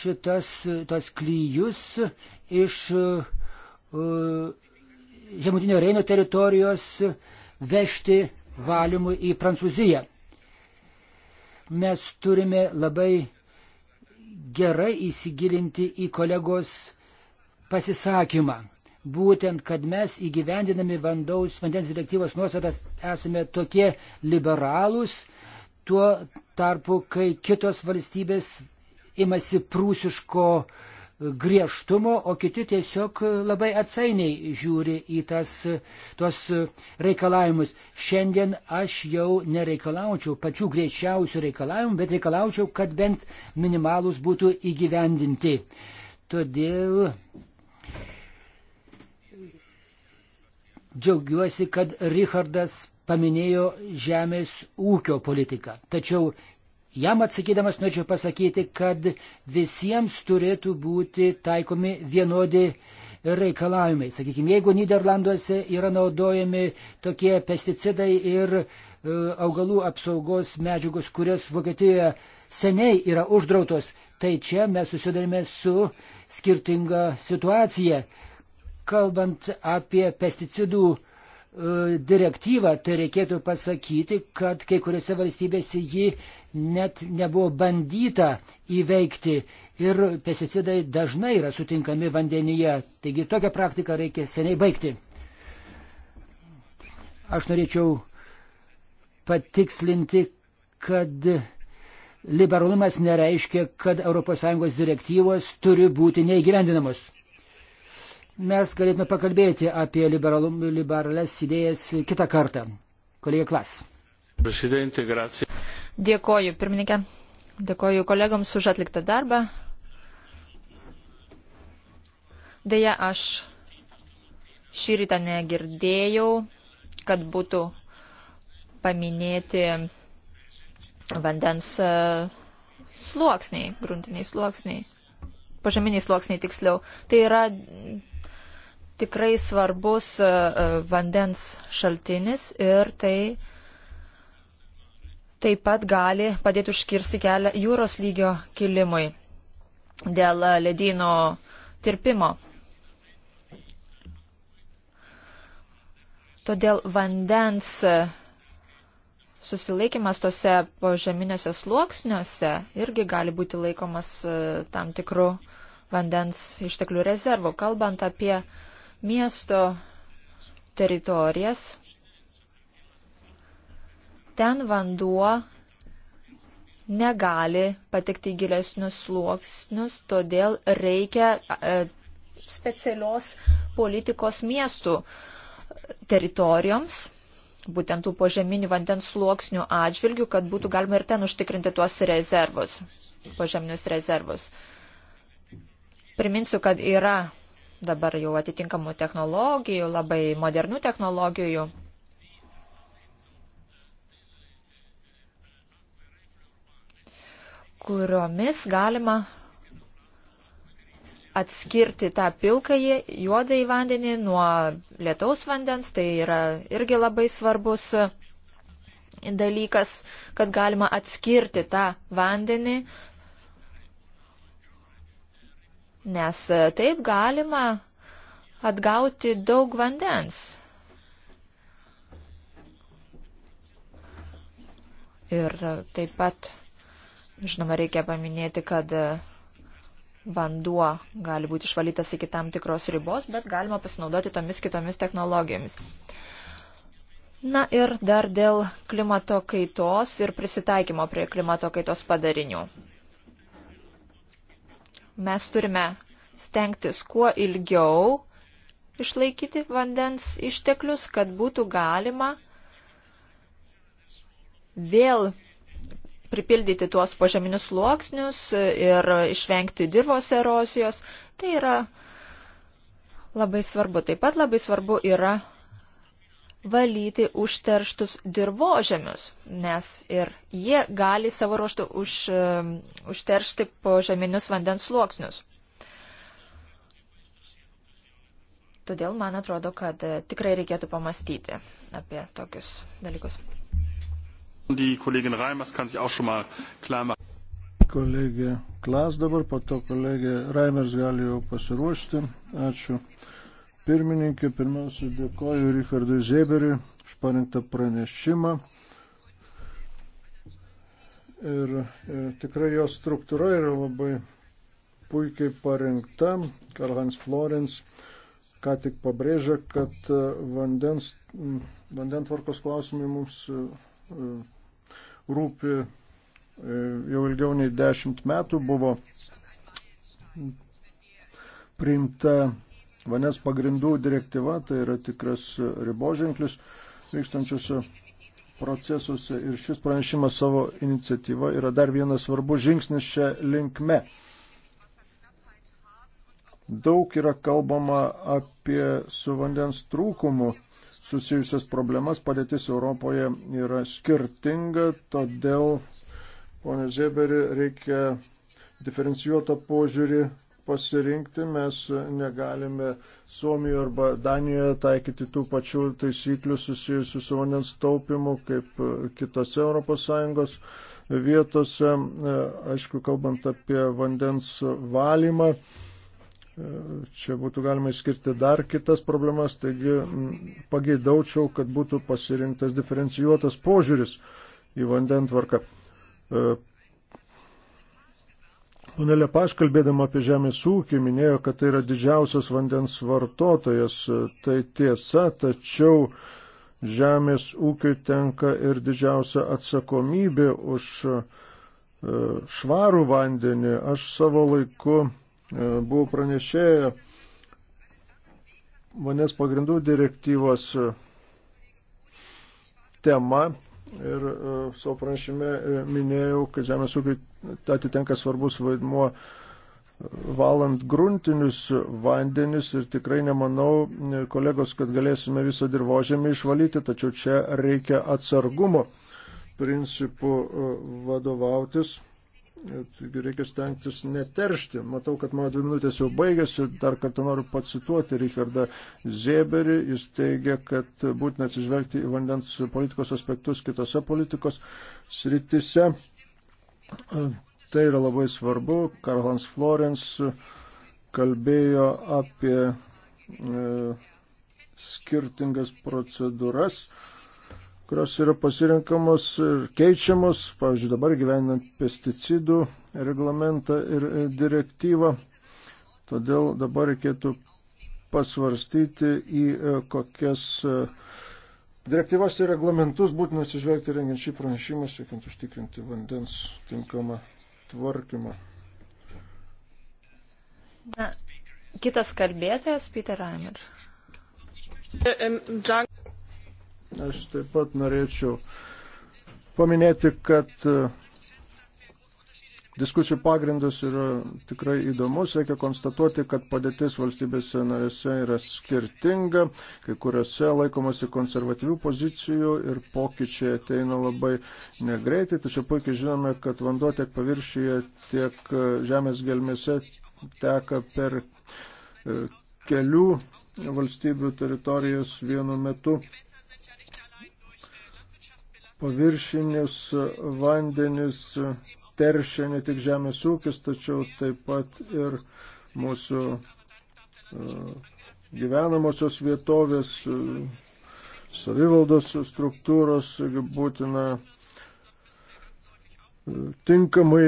šitas tos klyjus iš uh, Žemutinio Reino teritorijos vežti valymui į Prancūziją. Mes turime labai gerai įsigilinti į kolegos pasisakymą būtent, kad mes įgyvendinami vandaus, vandens direktyvos nuostatas esame tokie liberalūs, tuo tarpu, kai kitos valstybės imasi prūsiško griežtumo, o kiti tiesiog labai atsainiai žiūri į tas, tuos reikalavimus. Šiandien aš jau nereikalaučiau pačių griežčiausių reikalavimų, bet reikalaučiau, kad bent minimalus būtų įgyvendinti. Todėl Džiaugiuosi, kad Richardas paminėjo žemės ūkio politiką. Tačiau jam atsakydamas norėčiau pasakyti, kad visiems turėtų būti taikomi vienodi reikalavimai. Sakykime, jeigu Niderlanduose yra naudojami tokie pesticidai ir e, augalų apsaugos medžiagos, kurios Vokietijoje seniai yra uždrautos, tai čia mes susidarime su skirtinga situacija. Kalbant apie pesticidų e, direktyvą, tai reikėtų pasakyti, kad kai kuriuose valstybėse ji net nebuvo bandyta įveikti ir pesticidai dažnai yra sutinkami vandenyje. Taigi tokią praktiką reikia seniai baigti. Aš norėčiau patikslinti, kad liberalumas nereiškia, kad ES direktyvos turi būti neįgyvendinamos mes galėtume pakalbėti apie liberalum, liberales idėjas kitą kartą. Kolegė Klas. Dėkoju, pirmininkė. Dėkoju kolegams už atliktą darbą. Deja, aš šį rytą negirdėjau, kad būtų paminėti vandens e, sluoksniai, gruntiniai sluoksniai, pažeminiai sluoksniai tiksliau. Tai yra tikrai svarbus e, e, vandens šaltinis ir tai taip pat gali padėti užkirsti kelią jūros lygio kilimui dėl e, ledyno tirpimo. Todėl vandens susilaikimas tose požeminėse sluoksniuose irgi gali būti laikomas tam tikru vandens išteklių rezervu. Kalbant apie miesto teritorijas. Ten vanduo negali patekti gilesnius sluoksnius, todėl reikia e, specialios politikos miestų teritorijoms, būtent tų požeminių vandens sluoksnių atžvilgių, kad būtų galima ir ten užtikrinti tuos rezervus, požeminius rezervus. Priminsiu, kad yra dabar jau atitinkamų technologijų, labai modernių technologijų. kuriomis galima atskirti tą pilkąjį, juodąjį vandenį nuo lietaus vandens, tai yra irgi labai svarbus dalykas, kad galima atskirti tą vandenį nes e, taip galima atgauti daug vandens. Ir e, taip pat, žinoma, reikia paminėti, kad e, vanduo gali būti išvalytas iki tam tikros ribos, bet galima pasinaudoti tomis kitomis technologijomis. Na ir dar dėl klimato kaitos ir prisitaikymo prie klimato kaitos padarinių. Mes turime stengtis kuo ilgiau išlaikyti vandens išteklius, kad būtų galima vėl pripildyti tuos požeminius sluoksnius ir išvengti dirvos erozijos. Tai yra labai svarbu. Taip pat labai svarbu yra valyti užterštus dirbožemius, nes ir jie gali savo ruoštų už, um, užteršti požeminius vandens sluoksnius. Todėl man atrodo, kad e, tikrai reikėtų pamastyti apie tokius dalykus. Kolegė Klas dabar, po to kolegė Raimers gali jau pasiruošti. Ačiū pirmininkė. Pirmiausia, dėkoju Richardui Zeberiui už parinktą pranešimą. Ir, ir e, tikrai jo struktūra yra labai puikiai parinkta. Karlhans Florens ką tik pabrėžia, kad e, vandens, vandentvarkos klausimai mums e, rūpi jau ilgiau nei dešimt metų. Buvo priimta vandens pagrindų direktyva, tai yra tikras riboženklis vykstančiuose procesuose ir šis pranešimas savo iniciatyva yra dar vienas svarbus žingsnis šią linkme. Daug yra kalbama apie su vandens trūkumu susijusias problemas, padėtis Europoje yra skirtinga, todėl, ponė Zeberi, reikia diferencijuotą požiūrį pasirinkti, mes negalime Suomijoje arba Danijoje taikyti tų pačių taisyklių susijusių su vandens taupimu kaip kitose ES vietose. Aišku, kalbant apie vandens valymą, čia būtų galima išskirti dar kitas problemas, taigi pageidaučiau, kad būtų pasirinktas diferencijuotas požiūris į vandentvarką. Pane Lepaš, kalbėdama apie žemės ūkį, minėjo, kad tai yra didžiausias vandens vartotojas. Tai tiesa, tačiau žemės ūkiui tenka ir didžiausia atsakomybė už e, švarų vandenį. Aš savo laiku e, buvau pranešėję vandens pagrindų direktyvos e, tema ir e, savo pranešime e, minėjau, kad žemės ūkiai atitenka svarbus vaidmuo e, valant gruntinius vandenis ir tikrai nemanau, kolegos, kad galėsime visą dirbožėmį išvalyti, tačiau čia reikia atsargumo principų vadovautis Taigi reikia stengtis neteršti. Matau, kad mano dvi minutės jau baigėsi. Dar kartą noriu pacituoti Richardą Zėberį. Jis teigia, kad būtina atsižvelgti į vandens politikos aspektus kitose politikos sritise. Tai yra labai svarbu. Karlans Florence kalbėjo apie e, skirtingas procedūras. E, kurios yra pasirinkamos ir keičiamos, pavyzdžiui, dabar gyvenant pesticidų reglamentą ir direktyvą. Todėl dabar reikėtų pasvarstyti, į e, kokias e, direktyvas ir tai reglamentus būtina atsižvelgti rengiant šį pranešimą, siekiant užtikrinti vandens tinkamą tvarkymą. Na, kitas kalbėtojas, Peter Reimer. Aš taip pat norėčiau paminėti, kad e, diskusijų pagrindas yra tikrai įdomus. Reikia konstatuoti, kad padėtis valstybėse narėse yra skirtinga, kai kuriuose laikomasi konservatyvių pozicijų ir pokyčiai ateina labai negreitai. Tačiau puikiai žinome, kad vanduo tiek paviršyje, tiek e, žemės gelmėse teka per e, kelių valstybių teritorijas vienu metu paviršinius vandenis teršia ne tik žemės ūkis, tačiau taip pat ir mūsų e, gyvenamosios vietovės, e, savivaldos struktūros, būtina e, tinkamai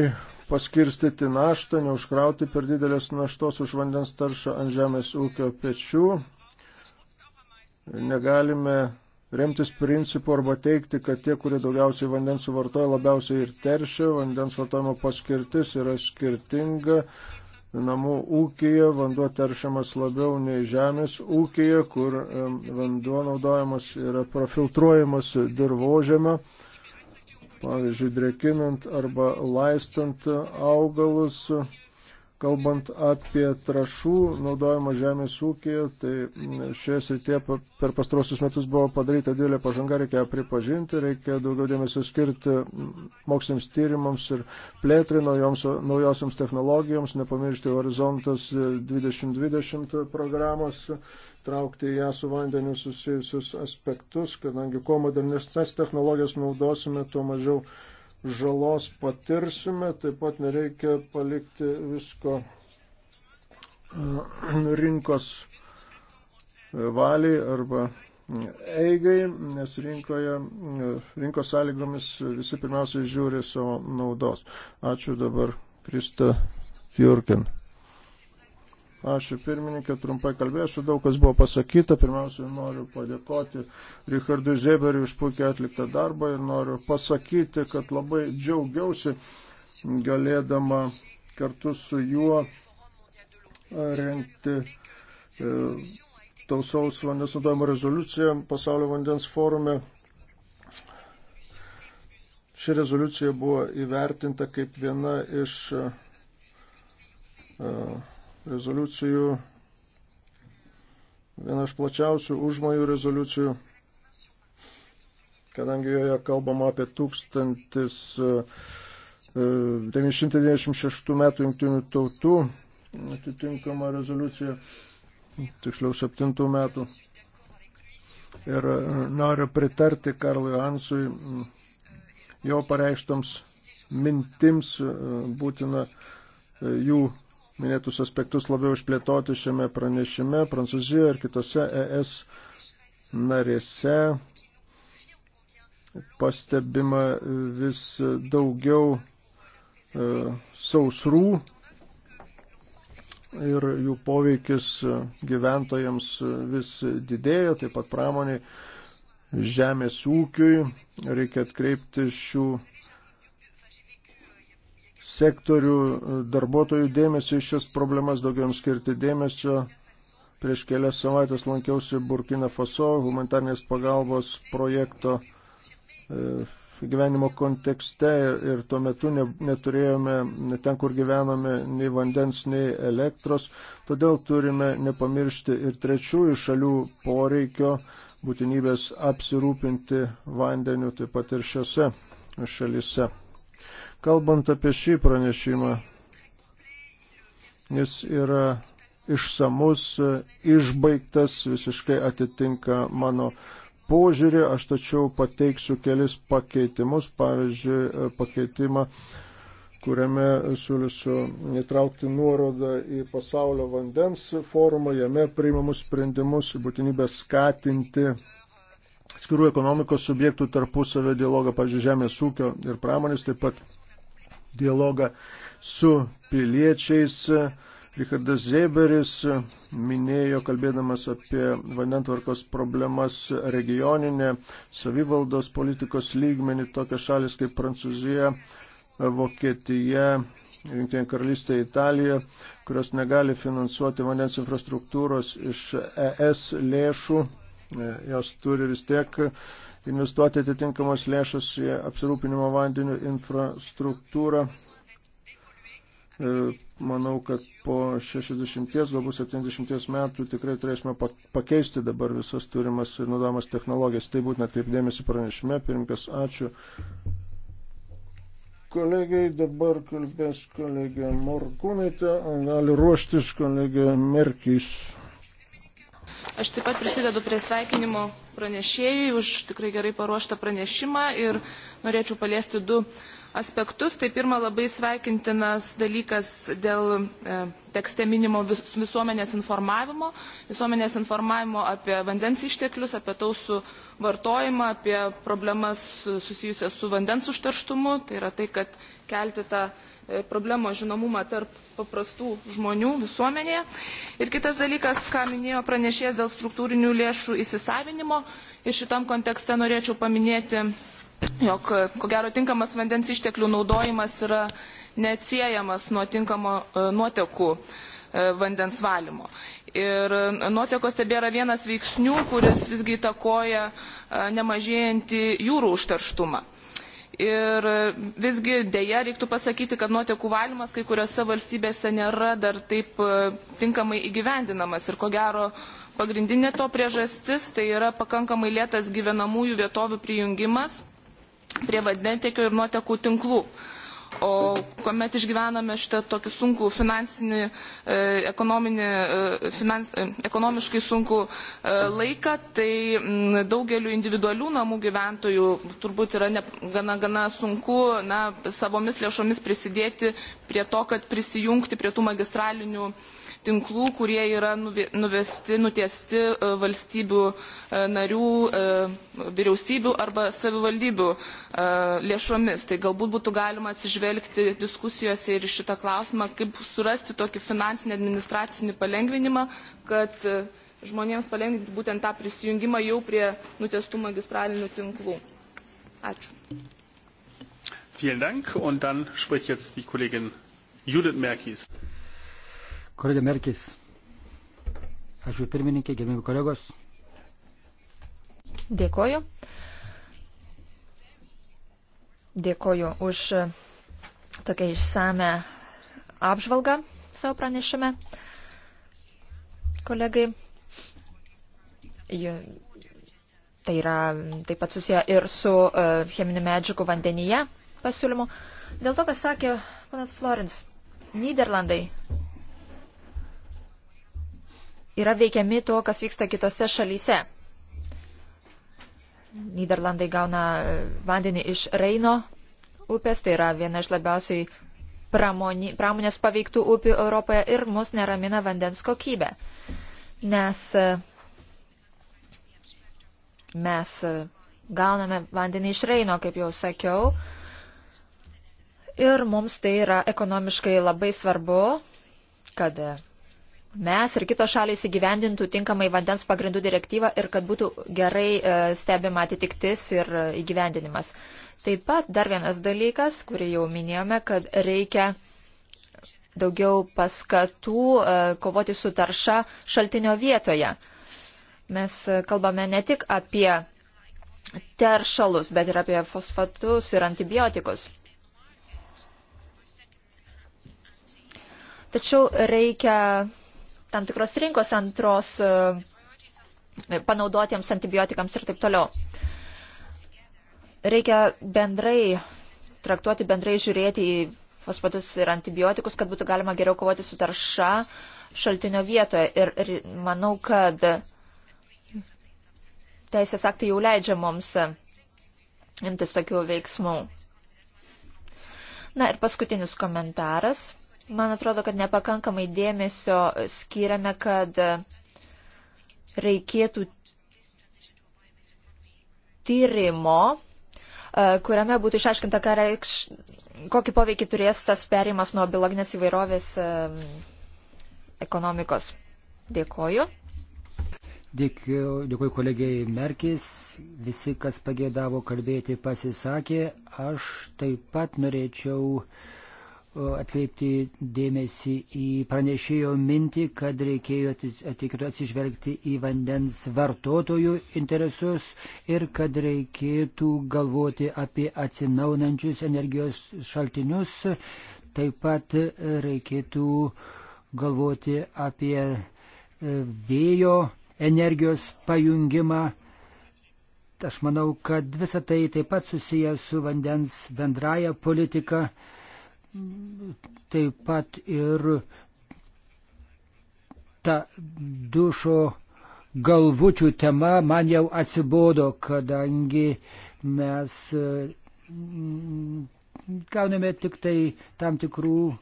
paskirstyti naštą, neužkrauti per didelės naštos už vandens taršą ant žemės ūkio pečių. Negalime remtis principu arba teikti, kad tie, kurie daugiausiai vandens suvartoja, labiausiai ir teršia, vandens vartojimo paskirtis yra skirtinga. Namų ūkija vanduo teršiamas labiau nei žemės ūkija, kur vanduo naudojamas yra profiltruojamas dirbožėme pavyzdžiui, drekinant arba laistant augalus, Kalbant apie trašų naudojimą žemės ūkiją, tai šioje srityje per pastarosius metus buvo padaryta didelė pažanga, reikia pripažinti, reikia daugiau dėmesio skirti moksliniams tyrimams ir plėtrai naujoms, naujosiams technologijoms, nepamiršti horizontas 2020 programos, traukti ją su vandeniu susijusius aspektus, kadangi kuo modernesnės technologijas naudosime, tuo mažiau žalos patirsime, taip pat nereikia palikti visko e, *clears throat* rinkos e, valiai arba eigai, nes rinkoje, e, rinkos sąlygomis visi pirmiausiai žiūri savo naudos. Ačiū dabar Krista Fjurken. Ačiū pirmininkė, trumpai kalbėsiu, daug kas buvo pasakyta. Pirmiausia, noriu padėkoti Richardui Zeberiui už puikiai atliktą darbą ir noriu pasakyti, kad labai džiaugiausi galėdama kartu su juo rengti e, tausaus vandens naudojimo rezoliuciją pasaulio vandens forume. Ši rezoliucija buvo įvertinta kaip viena iš e, rezoliucijų, viena iš plačiausių užmojų rezoliucijų, kadangi joje kalbama apie 1996 e, metų jungtinių tautų atitinkamą rezoliuciją, tiksliau 7 metų. Ir e, noriu pritarti Karlui Hansui jo pareištoms mintims e, būtina jų minėtus aspektus labiau išplėtoti šiame pranešime Prancūzijoje ir kitose ES narėse. Pastebima vis daugiau e, sausrų ir jų poveikis gyventojams vis didėjo, taip pat pramoniai, žemės ūkiui. Reikia atkreipti šių sektorių e, darbuotojų dėmesio iš šias problemas daugiau skirti dėmesio. Prieš kelias savaitės lankiausi Burkina Faso humanitarnės pagalbos projekto e, gyvenimo kontekste ir, ir tuo metu ne, neturėjome ten, kur gyvenome, nei vandens, nei elektros. Todėl turime nepamiršti ir trečiųjų šalių poreikio būtinybės apsirūpinti vandeniu taip pat ir šiose šalise. Kalbant apie šį pranešimą, jis yra išsamus, išbaigtas, visiškai atitinka mano požiūrį, aš tačiau pateiksiu kelis pakeitimus, pavyzdžiui, pakeitimą, kuriame siūlysiu įtraukti nuorodą į pasaulio vandens forumą, jame priimamus sprendimus, būtinybę skatinti skirų ekonomikos subjektų tarpusavio dialogą, pavyzdžiui, žemės ūkio ir pramonės, taip pat dialogą su piliečiais. Richardas Zeberis minėjo, kalbėdamas apie vandentvarkos problemas regioninė, savivaldos politikos lygmenį, tokias šalis kaip Prancūzija, Vokietija, Junktinė karalystė Italija, kurios negali finansuoti vandens infrastruktūros iš ES lėšų, E, jos turi vis tiek investuoti atitinkamas lėšas į apsirūpinimo vandeniu infrastruktūrą. E, manau, kad po 60, galbūt 70 metų tikrai turėsime pakeisti dabar visas turimas ir naudojamas technologijas. Tai būtent atkreipdėmėsi pranešime. Pirmkas, ačiū. Kolegai dabar kalbės kolegė Morkūnaitė, gali ruoštis kolegė Merkys. Aš taip pat prisidedu prie sveikinimo pranešėjui už tikrai gerai paruoštą pranešimą ir norėčiau paliesti du aspektus. Tai pirma labai sveikintinas dalykas dėl e, tekste minimo vis, visuomenės informavimo, visuomenės informavimo apie vandens išteklius, apie tausų vartojimą, apie problemas susijusias su vandens užterštumu. Tai yra tai, kad kelti tą ta E, problemos žinomumą tarp paprastų žmonių visuomenėje. Ir kitas dalykas, ką minėjo pranešėjas dėl struktūrinių lėšų įsisavinimo. Ir šitam kontekste norėčiau paminėti, jog ko gero tinkamas vandens išteklių naudojimas yra neatsiejamas nuo tinkamo e, nuotekų e, vandens valymo. Ir nuotekos tebėra vienas veiksnių, kuris visgi įtakoja nemažėjantį jūrų užterštumą. Ir visgi dėja reiktų pasakyti, kad nuotekų valymas kai kuriuose valstybėse nėra dar taip e, tinkamai įgyvendinamas. Ir ko gero pagrindinė to priežastis tai yra pakankamai lėtas gyvenamųjų vietovių prijungimas prie vandentiekio ir nuotekų tinklų. O kuomet išgyvename šitą tokį sunkų finansinį, e, ekonominį, e, finans, e, ekonomiškai sunkų laiką, tai mm, daugeliu individualių namų gyventojų turbūt yra ne, gana, gana sunku na, savomis lėšomis prisidėti prie to, kad prisijungti prie tų magistralinių uh, tinklų, kurie yra nuvesti, nutiesti e, valstybių e, narių, e, vyriausybių arba savivaldybių lėšomis. Tai galbūt būtų galima atsižvelgti diskusijose ir šitą klausimą, kaip surasti tokį finansinį administracinį palengvinimą, kad žmonėms palengvinti būtent tą prisijungimą jau prie nutestų magistralinių tinklų. Ačiū. Vielen Dank und dann spricht jetzt die Kollegin Judith Merkis. Kolegė Merkis. Ačiū pirmininkė, gerbimi kolegos. Dėkoju. Dėkoju už tokią išsame apžvalgą savo pranešime. Kolegai, tai yra taip pat susiję ir su e, cheminių medžiagų vandenyje pasiūlymu. Dėl to, kas sakė panas Florins, Niderlandai yra veikiami to, kas vyksta kitose šalyse. Niderlandai gauna e, vandenį iš Reino upės, tai yra viena iš labiausiai pramoni, pramonės paveiktų upių Europoje ir mus neramina vandens kokybė. Nes e, mes e, gauname vandenį iš Reino, kaip jau sakiau, ir mums tai yra ekonomiškai labai svarbu, kad mes ir kitos šalys įgyvendintų tinkamai vandens pagrindų direktyvą ir kad būtų gerai e, stebima atitiktis ir e, įgyvendinimas. Taip pat dar vienas dalykas, kurį jau minėjome, kad reikia daugiau paskatų e, kovoti su tarša šaltinio vietoje. Mes kalbame ne tik apie teršalus, bet ir apie fosfatus ir antibiotikus. Tačiau reikia tam tikros rinkos antros e, panaudotiems antibiotikams ir taip toliau. Reikia bendrai traktuoti, bendrai žiūrėti į fosfatus ir antibiotikus, kad būtų galima geriau kovoti su tarša šaltinio vietoje. Ir, ir manau, kad teisės aktai jau leidžia mums imtis tokių veiksmų. Na ir paskutinis komentaras. Man atrodo, kad nepakankamai dėmesio skiriame, kad reikėtų tyrimo, e, kuriame būtų išaiškinta, ką reikš, kokį poveikį turės tas perimas nuo biologinės įvairovės e, ekonomikos. Dėkoju. Dėkiu, dėkuoju kolegijai Merkis, visi, kas pagėdavo kalbėti, pasisakė. Aš taip pat norėčiau uh, atkreipti dėmesį į pranešėjo mintį, kad reikėjo reikėtų atsižvelgti į vandens vartotojų interesus ir kad reikėtų galvoti apie atsinaunančius energijos šaltinius. Taip pat e, reikėtų galvoti apie e, vėjo energijos pajungimą Aš manau, kad visa tai taip pat susiję su vandens bendraja politika taip pat ir ta dušo galvučių tema man jau atsibodo, kadangi mes mm, gauname tik tai tam tikrų e,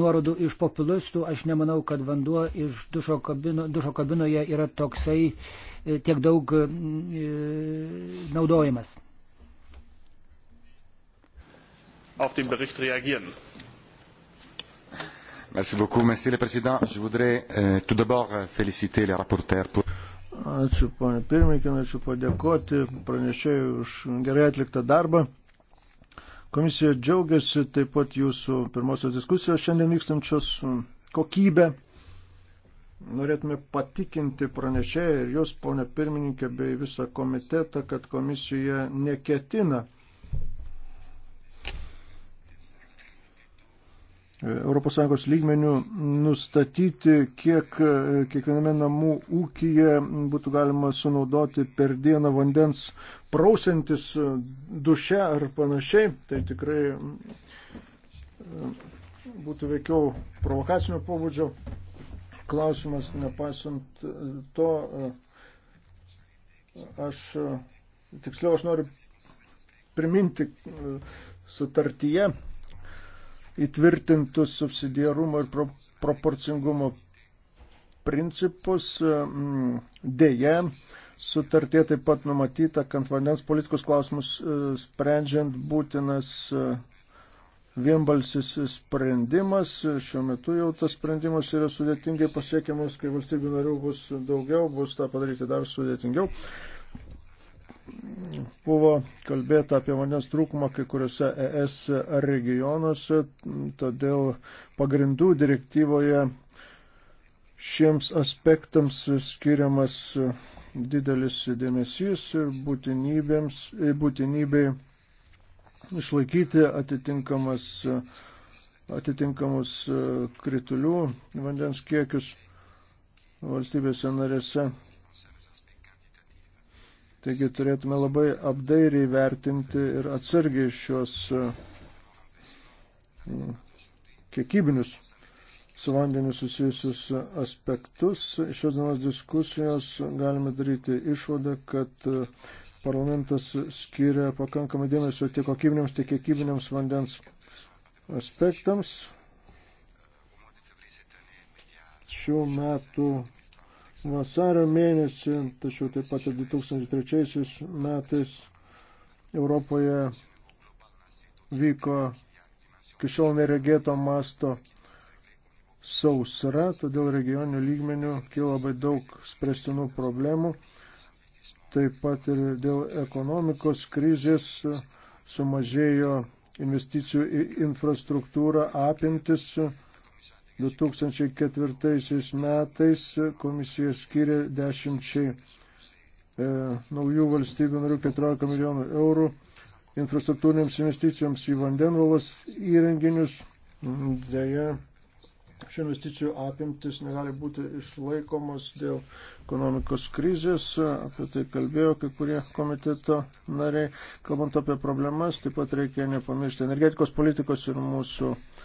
nuorodų iš populistų. Aš nemanau, kad vanduo iš dušo, kabino, dušo kabinoje yra toksai e, tiek daug mm, e, naudojamas. auf den Bericht reagieren. Merci beaucoup, Monsieur le Président. Je voudrais euh, tout d'abord euh, féliciter les rapporteurs pour. Ačiū, ponė pirmininkė, ačiū padėkoti pranešėjai už gerai atliktą darbą. Komisija džiaugiasi taip pat jūsų pirmosios diskusijos šiandien vykstančios kokybę. Norėtume patikinti pranešėją ir jūs, ponė pirmininkė, bei visą komitetą, kad komisija neketina ES lygmenių nustatyti, kiek e, kiekviename namų ūkyje būtų galima sunaudoti per dieną vandens prausintis e, duše ar panašiai, tai tikrai e, būtų veikiau provokacinio pobūdžio klausimas, nepaisant to, aš tiksliau aš noriu priminti sutartyje įtvirtintus subsidiarumo ir pro, proporcingumo principus. Mm, Deja, sutartie taip pat numatyta, kad vandens politikos klausimus e, sprendžiant būtinas e, vienbalsis sprendimas. Šiuo metu jau tas sprendimas yra sudėtingai pasiekiamas, kai valstybių narių bus daugiau, bus tą padaryti dar sudėtingiau buvo kalbėta apie vandens trūkumą kai kuriuose ES regionuose, todėl pagrindų direktyvoje šiems aspektams skiriamas didelis dėmesys ir būtinybei išlaikyti atitinkamas, atitinkamus kritulių vandens kiekius valstybėse narėse Taigi turėtume labai apdairiai vertinti ir atsargiai šios e, kiekybinius su vandeniu susijusius aspektus. Šios dienos diskusijos galime daryti išvadą, kad e, parlamentas skiria pakankamai dėmesio tiek kokybiniams, tiek kiekybiniams vandens aspektams. Šių metų vasario mėnesį, tačiau taip pat ir 2003 metais Europoje vyko iki šiol neregėto masto sausra, todėl regioninių lygmenių kilo labai daug spręstinų problemų. Taip pat ir dėl ekonomikos krizės sumažėjo investicijų į infrastruktūrą apimtis 2004 metais komisija skiria 10 e, naujų valstybių narių 14 milijonų eurų infrastruktūrinėms investicijoms į vandenvalos įrenginius. Deja, šių investicijų apimtis negali būti išlaikomos dėl ekonomikos krizės, apie tai kalbėjo kai kurie komiteto nariai. Kalbant apie problemas, taip pat reikia nepamiršti energetikos politikos ir mūsų uh,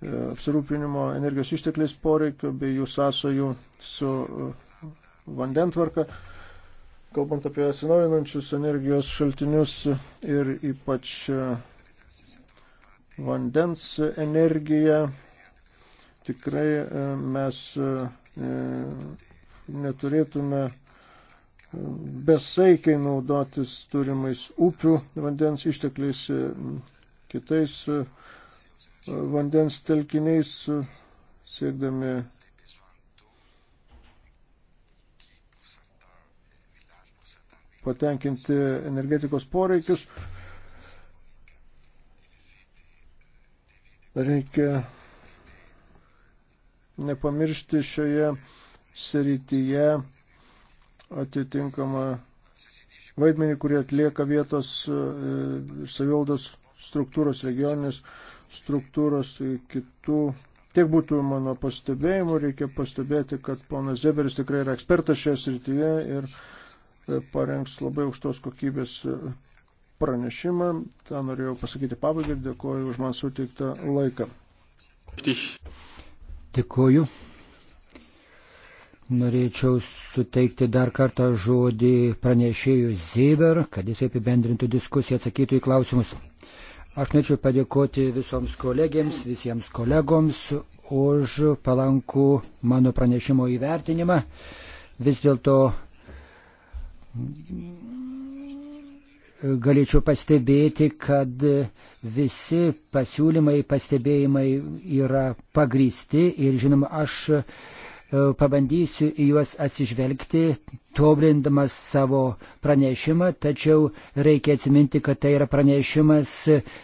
E, apsirūpinimo energijos ištekliais poreikio bei jų sąsojų su e, vandentvarka. Kalbant apie atsinaujinančius energijos šaltinius ir ypač e, vandens energiją, tikrai mes neturėtume besaikiai naudotis turimais upių vandens ištekliais kitais vandens telkiniais siekdami patenkinti energetikos poreikius. Reikia nepamiršti šioje srityje atitinkamą vaidmenį, kurį atlieka vietos e, savildos struktūros regioninės struktūros, e, kitų. Tiek būtų mano pastebėjimų, reikia pastebėti, kad ponas Zeberis tikrai yra ekspertas šioje srityje ir e, parengs labai aukštos kokybės e, pranešimą. Ta norėjau pasakyti pabaigą ir dėkoju už man suteiktą laiką. Dėkoju. Norėčiau suteikti dar kartą žodį pranešėjui Zeber, kad jis apibendrintų diskusiją, atsakytų į klausimus. Aš norėčiau padėkoti visoms kolegėms, visiems kolegoms už palankų mano pranešimo įvertinimą. Vis dėlto galėčiau pastebėti, kad visi pasiūlymai, pastebėjimai yra pagrysti ir žinoma, aš E, pabandysiu į juos atsižvelgti, tobulindamas savo pranešimą, tačiau reikia atsiminti, kad tai yra pranešimas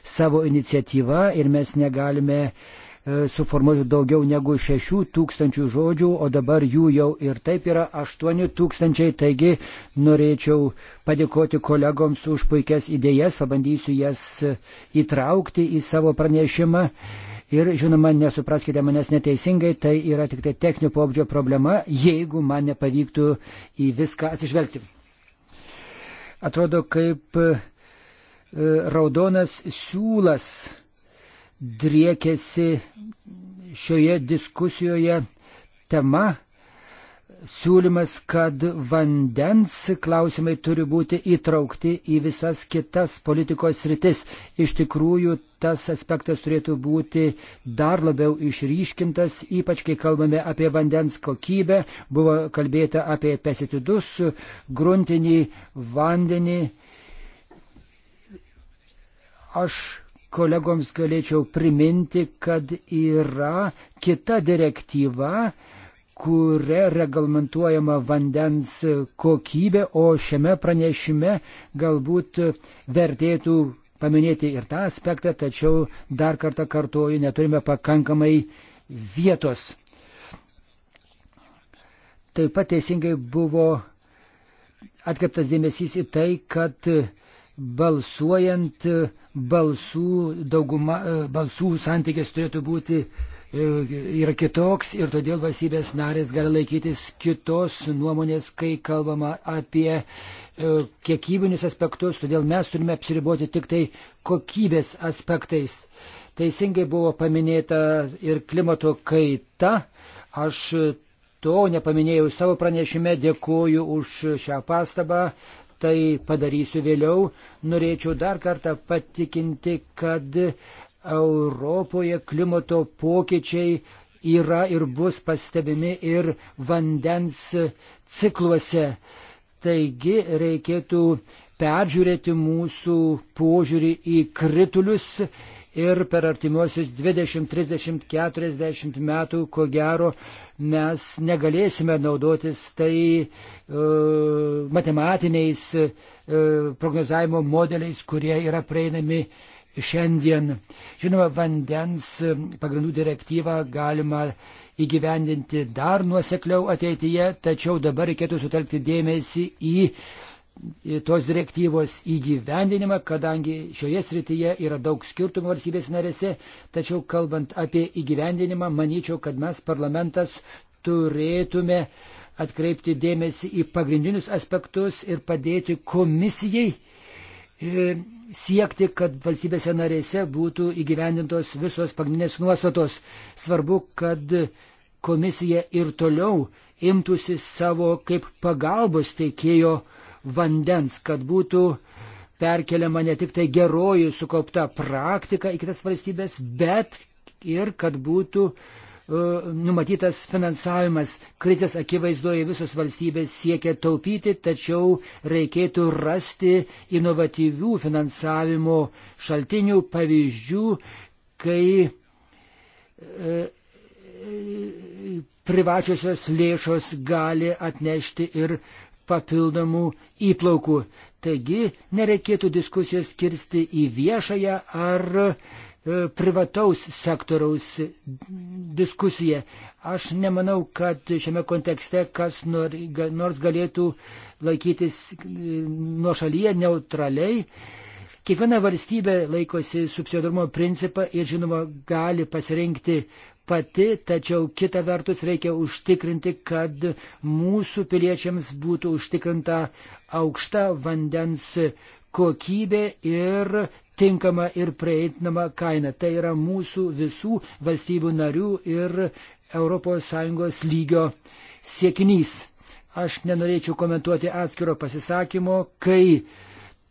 savo iniciatyva ir mes negalime e, suformuoti daugiau negu 6 tūkstančių žodžių, o dabar jų jau ir taip yra 8 tūkstančiai, taigi norėčiau padėkoti kolegoms už puikias idėjas, pabandysiu jas įtraukti į savo pranešimą. Ir žinoma, nesupraskite manęs neteisingai, tai yra tik tai techninio pobūdžio problema, jeigu man nepavyktų į viską atsižvelgti. Atrodo kaip e, raudonas siūlas driekėsi šioje diskusijoje tema, siūlymas, kad vandens klausimai turi būti įtraukti į visas kitas politikos rytis. Iš tikrųjų, tas aspektas turėtų būti dar labiau išryškintas, ypač kai kalbame apie vandens kokybę. Buvo kalbėta apie pesticidus, gruntinį vandenį. Aš kolegoms galėčiau priminti, kad yra kita direktyva, kuria reglamentuojama vandens kokybė, o šiame pranešime galbūt vertėtų paminėti ir tą aspektą, tačiau dar kartą kartuoju, neturime pakankamai vietos. Taip pat teisingai buvo atkreiptas dėmesys į tai, kad balsuojant balsų, dauguma, balsų santykis turėtų būti E, yra kitoks ir todėl valstybės narės gali laikytis kitos nuomonės, kai kalbama apie e, kiekybinius aspektus, todėl mes turime apsiriboti tik tai kokybės aspektais. Teisingai buvo paminėta ir klimato kaita. Aš to nepaminėjau savo pranešime, dėkoju už šią pastabą. Tai padarysiu vėliau. Norėčiau dar kartą patikinti, kad Europoje klimato pokyčiai yra ir bus pastebimi ir vandens cikluose. Taigi reikėtų peržiūrėti mūsų požiūrį į kritulius ir per artimuosius 20, 30, 40 metų, ko gero, mes negalėsime naudotis tai e, matematiniais e, prognozavimo modeliais, kurie yra prieinami šiandien. Žinoma, vandens e, pagrindų direktyvą galima įgyvendinti dar nuosekliau ateityje, tačiau dabar reikėtų sutelkti dėmesį į tos direktyvos įgyvendinimą, kadangi šioje srityje yra daug skirtumų valstybės narėse, tačiau kalbant apie įgyvendinimą, manyčiau, kad mes parlamentas turėtume atkreipti dėmesį į pagrindinius aspektus ir padėti komisijai e, siekti, kad valstybėse narėse būtų įgyvendintos visos pagrindinės nuostatos. Svarbu, kad komisija ir toliau imtųsi savo kaip pagalbos teikėjo vandens, kad būtų perkeliama ne tik tai geroji sukaupta praktika į kitas valstybės, bet ir kad būtų uh, E, numatytas finansavimas. Krizės akivaizdoje visos valstybės siekia taupyti, tačiau reikėtų rasti inovatyvių finansavimo šaltinių pavyzdžių, kai e, privačiosios lėšos gali atnešti ir papildomų įplaukų. Taigi nereikėtų diskusijos kirsti į viešąją ar E, privataus sektoriaus diskusija. Aš nemanau, kad šiame kontekste kas nors galėtų laikytis e, nuošalyje, neutraliai. Kiekviena valstybė laikosi subsidiarumo principą ir, žinoma, gali pasirinkti pati, tačiau kita vertus reikia užtikrinti, kad mūsų piliečiams būtų užtikrinta aukšta vandens kokybė ir tinkamą ir prieinamą kainą. Tai yra mūsų visų valstybių narių ir ES lygio siekinys. Aš nenorėčiau komentuoti atskiro pasisakymo, kai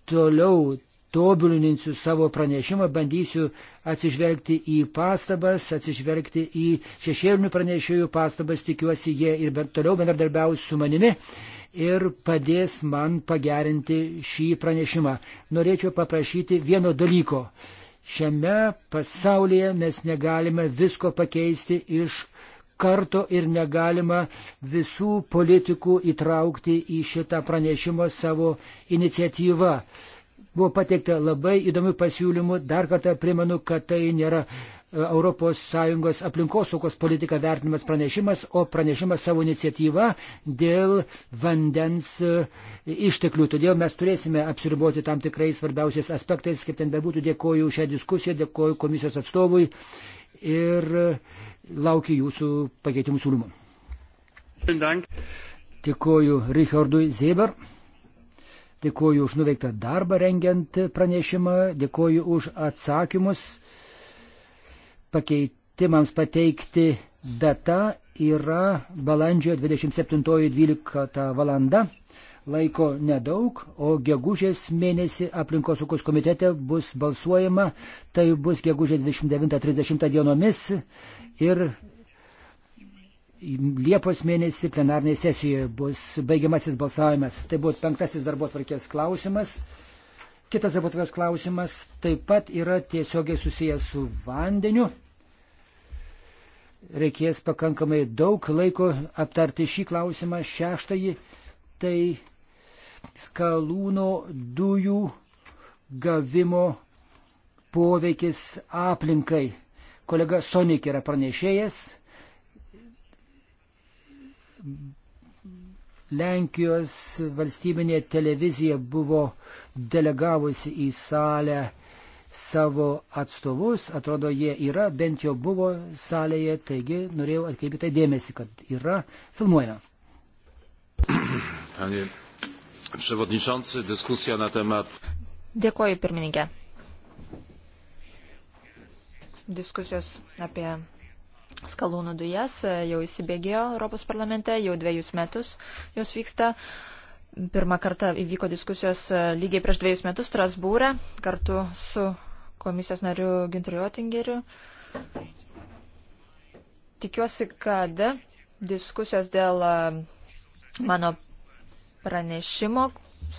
toliau tobulininsiu savo pranešimą, bandysiu atsižvelgti į pastabas, atsižvelgti į šešėlinių pranešėjų pastabas, tikiuosi jie ir toliau bendradarbiaus su manimi ir padės man pagerinti šį pranešimą. Norėčiau paprašyti vieno dalyko. Šiame pasaulyje mes negalime visko pakeisti iš karto ir negalima visų politikų įtraukti į šitą pranešimą savo iniciatyvą. Buvo pateikta labai įdomių pasiūlymų, dar kartą primenu, kad tai nėra ES aplinkosaugos politika vertinimas pranešimas, o pranešimas savo iniciatyva dėl vandens e, išteklių. Todėl mes turėsime apsiriboti tam tikrais svarbiausiais aspektais, kaip ten bebūtų. Dėkoju šią diskusiją, dėkoju komisijos atstovui ir laukiu jūsų pakeitimų siūlymų. Dėkoju Richardui Zeber. Dėkoju už nuveiktą darbą rengiant pranešimą, dėkoju už atsakymus pakeitimams pateikti data yra balandžio 27.12 valanda. Laiko nedaug, o gegužės mėnesį aplinkosaugos komitete bus balsuojama, tai bus gegužės 29-30 dienomis ir Liepos mėnesį plenarnėje sesijoje bus baigiamasis balsavimas. Tai buvo penktasis darbo tvarkės klausimas. Kitas darbo tvarkės klausimas taip pat yra tiesiogiai susijęs su vandeniu reikės pakankamai daug laiko aptarti šį klausimą. Šeštąjį tai skalūno dujų gavimo poveikis aplinkai. Kolega Sonik yra pranešėjas. Lenkijos valstybinė televizija buvo delegavusi į salę savo atstovus, atrodo, jie yra, bent jau buvo salėje, taigi norėjau atkreipti tai dėmesį, kad yra filmuojama. Panie Przewodniczący, dyskusja na temat. Dėkoju, pirmininkė. Diskusijos apie skalūnų dujas jau įsibėgėjo Europos parlamente, jau dviejus metus jos vyksta. Uh, Pirmą kartą įvyko diskusijos e, lygiai prieš dviejus metus Strasbūrė kartu su komisijos nariu Gintriu Otingeriu. Tikiuosi, kad diskusijos dėl e, mano pranešimo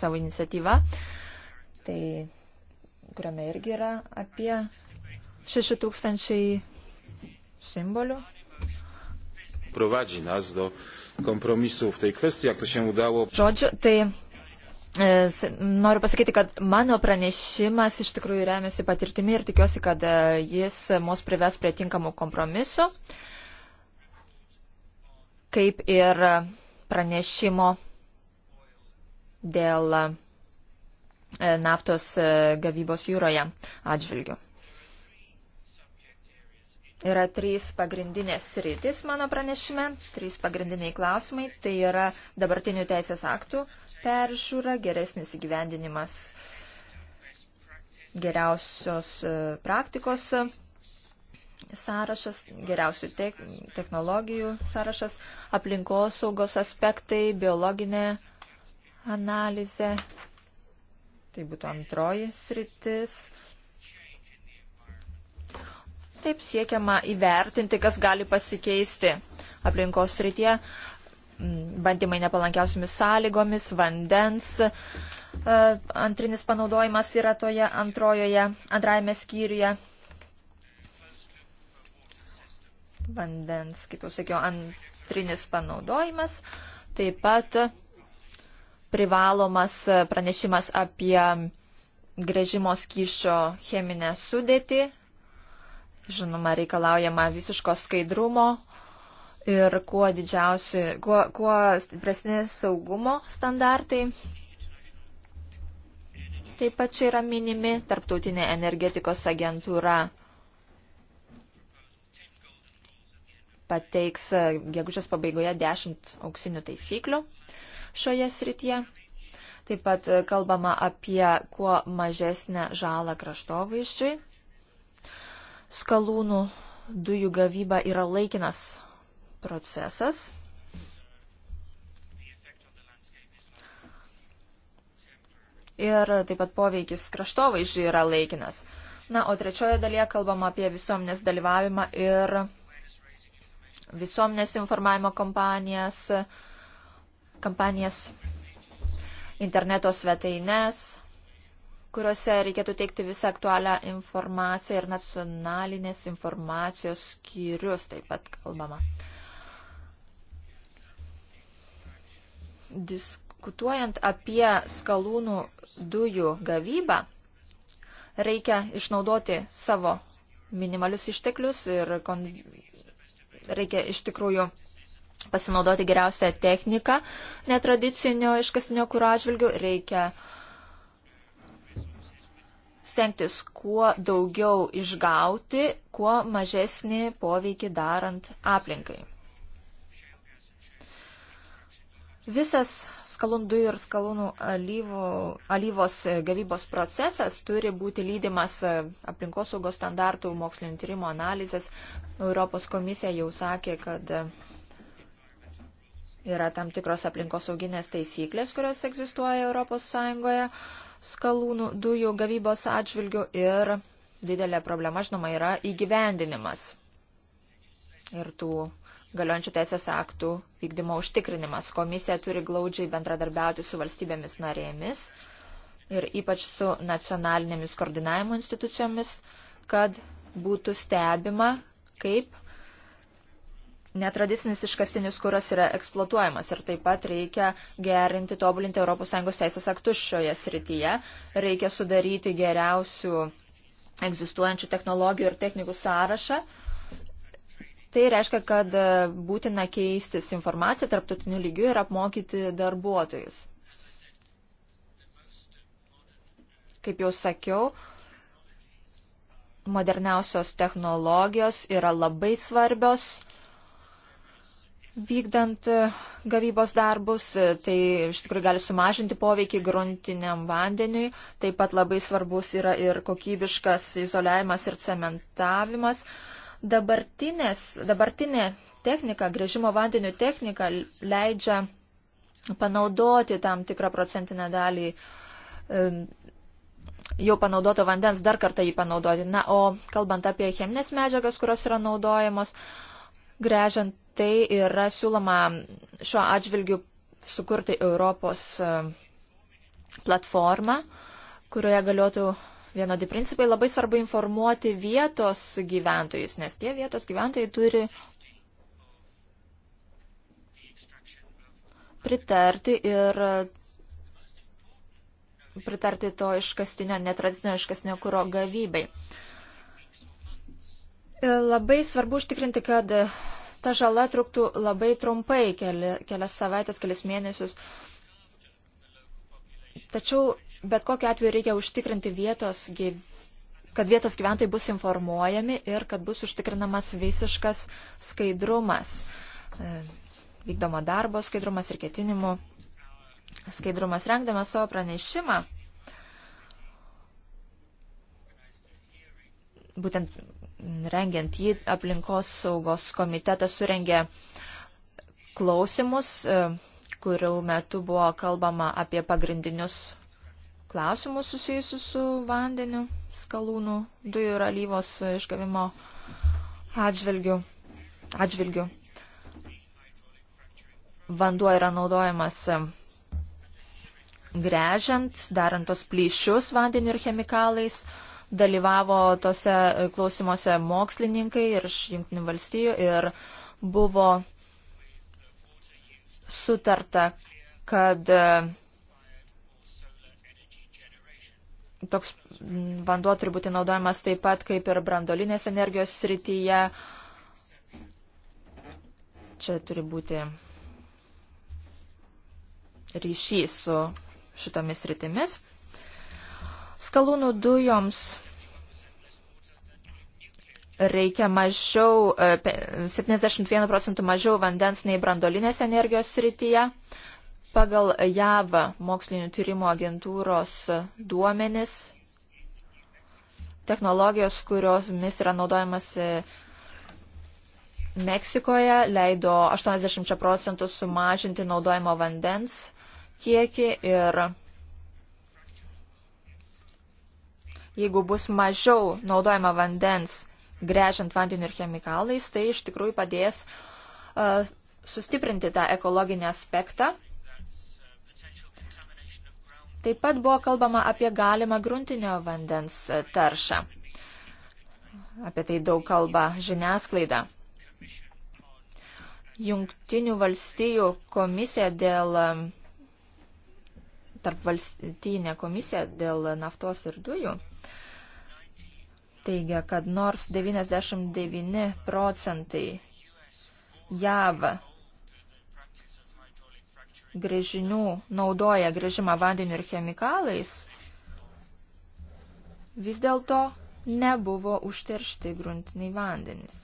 savo iniciatyvą, tai, kuriame irgi yra apie 6000 simbolių. Prowadzi nas do kompromisu w tej kwestii, jak to się udało. Žodžiu, tai e, Noriu pasakyti, kad mano pranešimas iš tikrųjų remiasi patirtimi ir tikiuosi, kad e, jis mus prives prie tinkamų kompromisų, kaip ir pranešimo dėl e, naftos gavybos jūroje atžvilgių. Yra trys pagrindinės sritis mano pranešime, trys pagrindiniai klausimai. Tai yra dabartinių teisės aktų peržiūra, geresnis įgyvendinimas geriausios e, praktikos sąrašas, geriausių te technologijų sąrašas, aplinkosaugos aspektai, biologinė analizė. Tai būtų antroji sritis taip siekiama įvertinti, kas gali pasikeisti aplinkos srityje. Mm, bandymai nepalankiausiamis sąlygomis, vandens e, antrinis panaudojimas yra toje antrojoje, antrajame skyriuje. Vandens, kaip jau sakiau, antrinis panaudojimas. Taip pat privalomas pranešimas apie grėžimo skyšio cheminę sudėtį Žinoma, reikalaujama visiško skaidrumo ir kuo didžiausi, kuo, kuo stipresni saugumo standartai. Taip pat čia yra minimi Tarptautinė energetikos agentūra. pateiks gegužės pabaigoje 10 auksinių taisyklių šioje srityje. Taip pat kalbama apie kuo mažesnę žalą kraštovaizdžiui. Skalūnų dujų gavyba yra laikinas procesas. Ir taip pat poveikis kraštovaizdžiui yra laikinas. Na, o trečioje dalyje kalbama apie visuomenės dalyvavimą ir visuomenės informavimo kompanijas, kompanijas interneto svetaines, kuriuose reikėtų teikti visą aktualią informaciją ir nacionalinės informacijos skyrius taip pat kalbama. Diskutuojant apie skalūnų dujų gavybą, reikia išnaudoti savo minimalius išteklius ir kon... reikia iš tikrųjų pasinaudoti geriausią techniką netradicinio iškastinio kūro atžvilgių, reikia uh, stengtis kuo daugiau išgauti, kuo mažesnį poveikį darant aplinkai. Visas skalundų ir skalūnų alyvų, alyvos gavybos procesas turi būti lydimas aplinkosaugos standartų mokslinio tyrimo analizės. Europos komisija jau sakė, kad yra tam tikros aplinkosauginės taisyklės, kurios egzistuoja Europos Sąjungoje skalūnų dujų gavybos atžvilgių ir didelė problema, žinoma, yra įgyvendinimas ir tų galiojančių teisės aktų vykdymo užtikrinimas. Komisija turi glaudžiai bendradarbiauti su valstybėmis narėmis ir ypač su nacionalinėmis koordinavimo institucijomis, kad būtų stebima, kaip netradicinis iškastinis kuras yra eksploatuojamas ir taip pat reikia gerinti, tobulinti ES teisės aktus šioje srityje, reikia sudaryti geriausių egzistuojančių technologijų ir technikų sąrašą. Tai reiškia, kad būtina keistis informaciją tarptautiniu lygiu ir apmokyti darbuotojus. Kaip jau sakiau, moderniausios technologijos yra labai svarbios vykdant e, gavybos darbus, e, tai iš tikrųjų gali sumažinti poveikį gruntiniam vandeniui. Taip pat labai svarbus yra ir kokybiškas izoliavimas ir cementavimas. Dabartinė technika, grėžimo vandeniu technika leidžia panaudoti tam tikrą procentinę dalį e, jau panaudoto vandens, dar kartą jį panaudoti. Na, o kalbant apie cheminės medžiagas, kurios yra naudojamos, uh, Grežiant tai yra siūloma šiuo atžvilgiu sukurti Europos e, platformą, kurioje galėtų vienodi principai. Labai svarbu informuoti vietos gyventojus, nes tie vietos gyventojai turi pritarti ir pritarti to iškastinio, netradicinio iškastinio kūro gavybai. Uh, E, labai svarbu užtikrinti, kad ta žala truktų labai trumpai, keli, kelias savaitės, kelias mėnesius. Tačiau bet kokiu atveju reikia užtikrinti vietos gyvenimą kad vietos gyventojai bus informuojami ir kad bus užtikrinamas visiškas skaidrumas, e, vykdomo darbo skaidrumas ir ketinimų skaidrumas. Rengdama savo pranešimą, būtent rengiant jį aplinkos saugos komitetas surengė klausimus, e, kurių metu buvo kalbama apie pagrindinius klausimus susijusius su vandeniu, skalūnų, dujų ir alyvos išgavimo atžvilgių. atžvilgių. Vanduo yra naudojamas e, grežiant, darant tos plyšius vandeniu ir chemikalais dalyvavo tose klausimuose mokslininkai ir iš Junktinių valstijų ir buvo sutarta, kad e, toks vanduo turi būti naudojamas taip pat kaip ir brandolinės energijos srityje. Čia turi būti ryšys su šitomis sritimis. Skalūnų dujoms reikia mažiau, 71 e, procentų mažiau vandens nei brandolinės energijos srityje. Pagal JAV mokslinių tyrimų agentūros duomenis, technologijos, kuriomis yra naudojamas Meksikoje, leido 80 procentų sumažinti naudojimo vandens kiekį ir jeigu bus mažiau naudojama vandens grėžiant vandeniu ir chemikalais, tai iš tikrųjų padės uh, sustiprinti tą ekologinį aspektą. Taip pat buvo kalbama apie galimą gruntinio vandens e, taršą. Apie tai daug kalba žiniasklaida. Jungtinių valstijų komisija dėl e, tarp valstybinė komisija dėl naftos ir dujų teigia, kad nors 99 procentai JAV grėžinių naudoja grėžimą vandeniu ir chemikalais, vis dėlto nebuvo užteršti gruntiniai vandenys.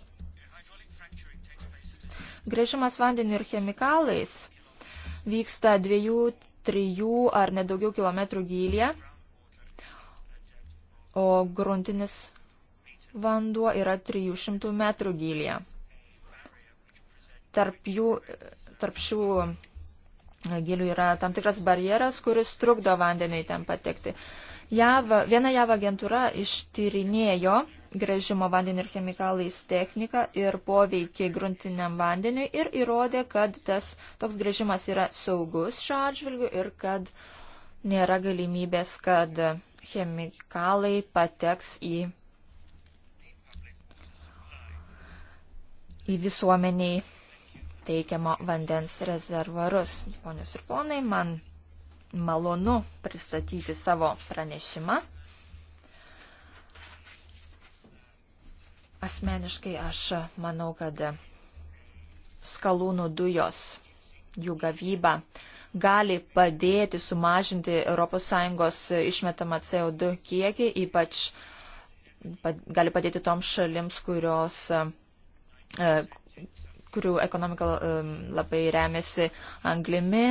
Grėžimas vandeniu ir chemikalais vyksta dviejų trijų ar nedaugiau kilometrų gylyje, o gruntinis vanduo yra 300 metrų gylyje. Tarp, jų, tarp šių e, gilių yra tam tikras barjeras, kuris trukdo vandeniui ten patekti. JAV, viena JAV agentūra ištyrinėjo grėžimo vandeniu ir chemikalais techniką ir poveikį gruntiniam vandeniui ir įrodė, kad tas toks grėžimas yra saugus šio atžvilgiu ir kad nėra galimybės, kad chemikalai pateks į, į visuomeniai teikiamo vandens rezervarus. Ponius ir ponai, man malonu pristatyti savo pranešimą. Asmeniškai aš manau, kad skalūnų dujos, jų gavyba gali padėti sumažinti ES išmetamą CO2 kiekį, ypač gali padėti toms šalims, kurios, e, kurių ekonomika e, labai remiasi anglimi.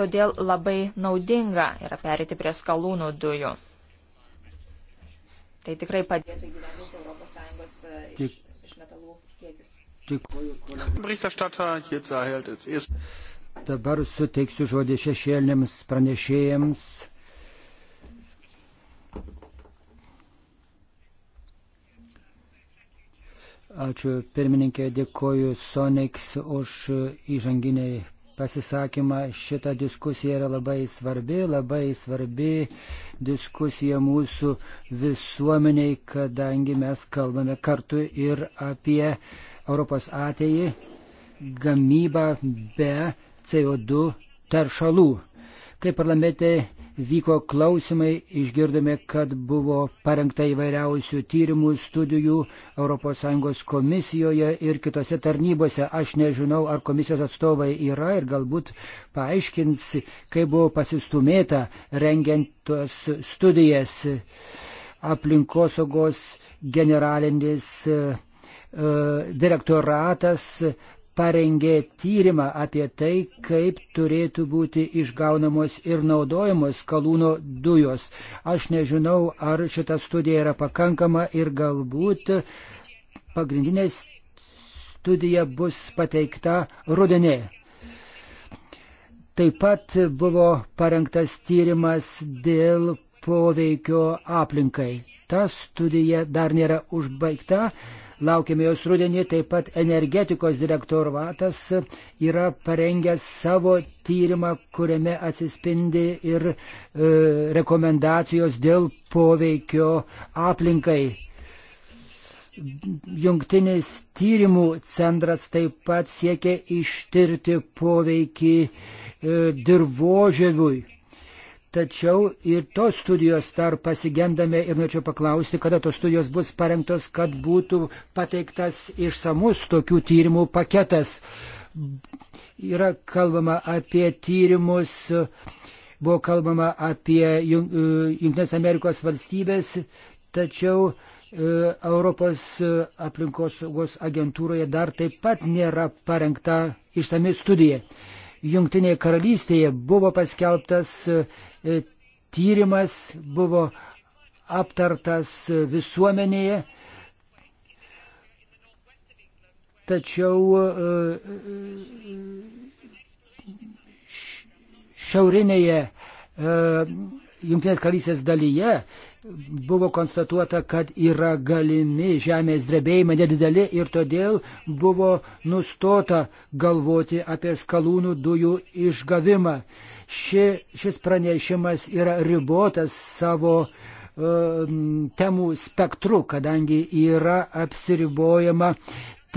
Todėl labai naudinga yra perėti prie skalūnų dujų. Tai tikrai padėtų įgyvendinti ES e, iš, iš metalų kiekius. Dėkuoju. Dabar suteiksiu žodį šešėlėms pranešėjams. Ačiū pirmininkė, dėkoju Sonics už įžanginiai pasisakymą. Šita diskusija yra labai svarbi, labai svarbi diskusija mūsų visuomeniai, kadangi mes kalbame kartu ir apie Europos ateitį gamybą be CO2 teršalų. Kaip parlamente vyko klausimai, išgirdome, kad buvo parengta įvairiausių tyrimų, studijų ES komisijoje ir kitose tarnybose. Aš nežinau, ar komisijos atstovai yra ir galbūt paaiškins, kaip buvo pasistumėta rengiant tuos studijas aplinkosaugos generalinis e, direktoratas parengė tyrimą apie tai, kaip turėtų būti išgaunamos ir naudojamos kalūno dujos. Aš nežinau, ar šita studija yra pakankama ir galbūt pagrindinė studija bus pateikta rudenė. Taip pat buvo parengtas tyrimas dėl poveikio aplinkai. Ta studija dar nėra užbaigta, laukiame jos rudenį, taip pat energetikos direktoratas yra parengęs savo tyrimą, kuriame atsispindi ir e, rekomendacijos dėl poveikio aplinkai. Jungtinis tyrimų centras taip pat siekia ištirti poveikį e, dirbožėviui Tačiau ir tos studijos dar pasigendame ir norėčiau paklausti, kada tos studijos bus parengtos, kad būtų pateiktas išsamus tokių tyrimų paketas. Yra kalbama apie tyrimus, buvo kalbama apie e, Junktinės Amerikos valstybės, tačiau e, Europos aplinkosaugos agentūroje dar taip pat nėra parengta išsami studija. Junktinėje karalystėje buvo paskelbtas e, tyrimas, buvo aptartas visuomenėje, tačiau e, e, šiaurinėje Junktinės karalystės dalyje buvo konstatuota, kad yra galimi žemės drebėjimai nedideli ir todėl buvo nustota galvoti apie skalūnų dujų išgavimą. Ši, šis pranešimas yra ribotas savo uh, temų spektru, kadangi yra apsiribojama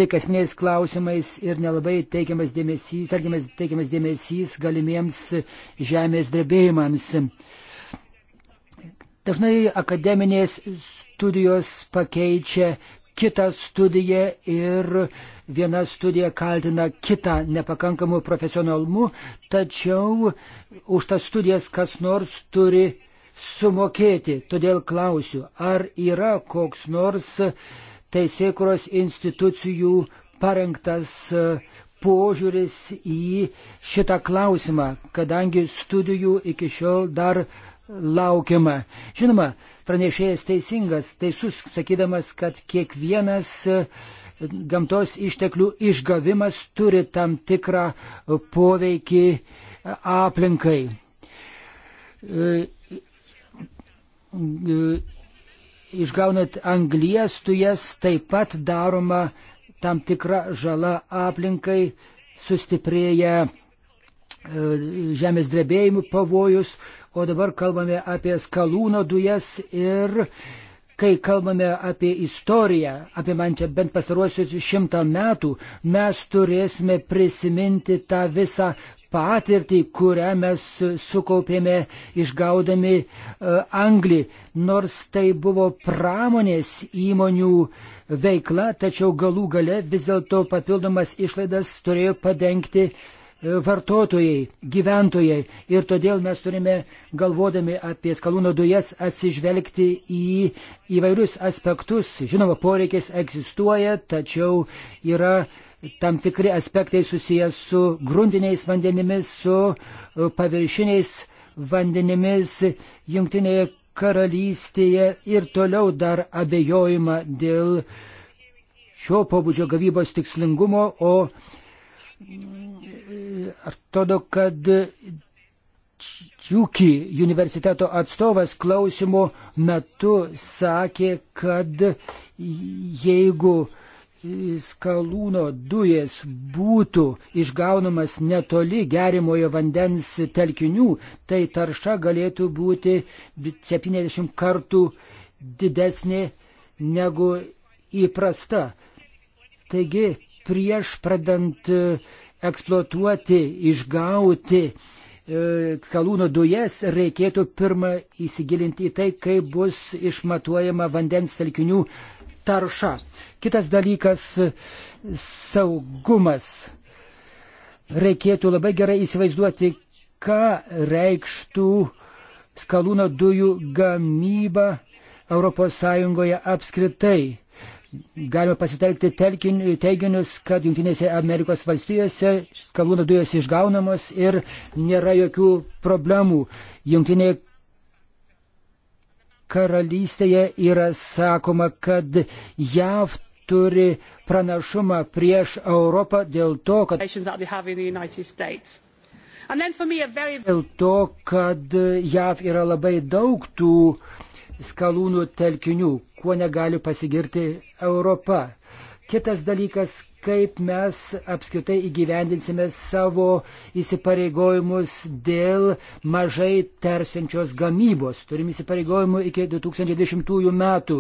tik esmės klausimais ir nelabai teikiamas dėmesys, teikiamas, teikiamas dėmesys galimiems žemės drebėjimams. Uh, Dažnai akademinės studijos pakeičia kitą studiją ir viena studija kaltina kitą nepakankamu profesionalumu, tačiau už tas studijas kas nors turi sumokėti. Todėl klausiu, ar yra koks nors teisėkuros institucijų parengtas požiūris į šitą klausimą, kadangi studijų iki šiol dar laukiama. Žinoma, pranešėjas teisingas, teisus, sakydamas, kad kiekvienas e, gamtos išteklių išgavimas turi tam tikrą poveikį e, aplinkai. E, išgaunant anglies dujas taip pat daroma tam tikra žala aplinkai, sustiprėja žemės drebėjimų pavojus, o dabar kalbame apie skalūno dujas ir kai kalbame apie istoriją, apie man čia bent pastaruosius šimtą metų, mes turėsime prisiminti tą visą patirtį, kurią mes sukaupėme išgaudami uh, anglį. Nors tai buvo pramonės įmonių veikla, tačiau galų gale vis dėlto papildomas išlaidas turėjo padengti uh, E, vartotojai, gyventojai ir todėl mes turime, galvodami apie skalūno dujas, atsižvelgti į įvairius aspektus. Žinoma, poreikis egzistuoja, tačiau yra tam tikri aspektai susijęs su grundiniais vandenimis, su e, paviršiniais vandenimis jungtinėje karalystėje ir toliau dar abejojama dėl šio pobūdžio gavybos tikslingumo, o atrodo, kad Čiūki universiteto atstovas klausimų metu sakė, kad jeigu skalūno dujas būtų išgaunamas netoli gerimojo vandens telkinių, tai tarša galėtų būti 70 kartų didesnė negu įprasta. Taigi, prieš pradant uh, eksploatuoti, išgauti e, skalūno dujas, reikėtų pirmą įsigilinti į tai, kaip bus išmatuojama vandens telkinių tarša. Kitas dalykas - saugumas. Reikėtų labai gerai įsivaizduoti, ką reikštų skalūno dujų gamyba ES apskritai galime pasitelkti teiginius, kad Junktinėse Amerikos valstijose skalūnų dujos išgaunamos ir nėra jokių problemų. Junktinėje karalystėje yra sakoma, kad JAV turi pranašumą prieš Europą dėl to, kad, dėl to, kad JAV yra labai daug tų skalūnų telkinių, kuo negali pasigirti Europa. Kitas dalykas, kaip mes apskritai įgyvendinsime savo įsipareigojimus dėl mažai tersiančios gamybos. Turim įsipareigojimų iki 2010 metų.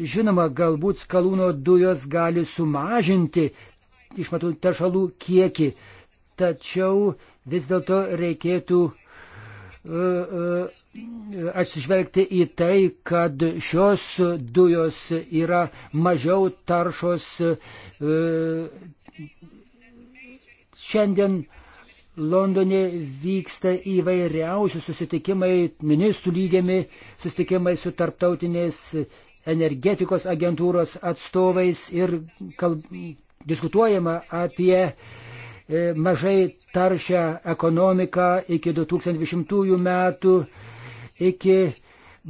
Žinoma, galbūt skalūno dujos gali sumažinti išmatų teršalų kiekį, tačiau vis dėlto reikėtų uh, uh, atsižvelgti į tai, kad šios dujos yra mažiau taršos. E, šiandien Londone vyksta įvairiausių susitikimai, ministrų lygiami, susitikimai su tarptautinės energetikos agentūros atstovais ir kalb... diskutuojama apie e, mažai taršę ekonomiką iki 2020 metų iki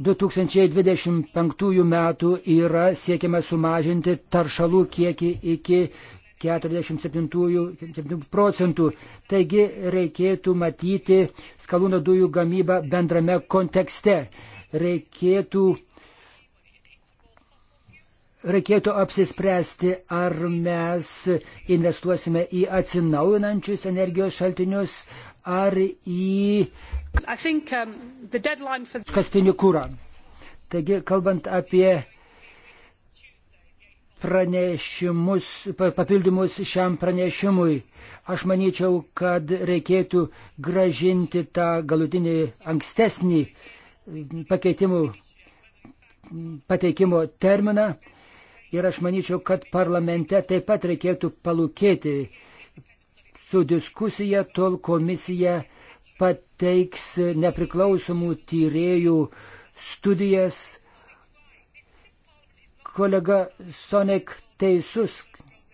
2025 metų yra siekiama sumažinti taršalų kiekį iki 47 procentų. Taigi reikėtų matyti skalūno dujų gamybą bendrame kontekste. Reikėtų, reikėtų apsispręsti, ar mes investuosime į atsinaujinančius energijos šaltinius, ar į Um, for... Kastinį kūrą. Taigi, kalbant apie pranešimus, papildymus šiam pranešimui, aš manyčiau, kad reikėtų gražinti tą galutinį ankstesnį pakeitimų pateikimo terminą. Ir aš manyčiau, kad parlamente taip pat reikėtų palūkėti su diskusija, tol komisija pateiks nepriklausomų tyriejų studijas. Kolega Sonek teisus,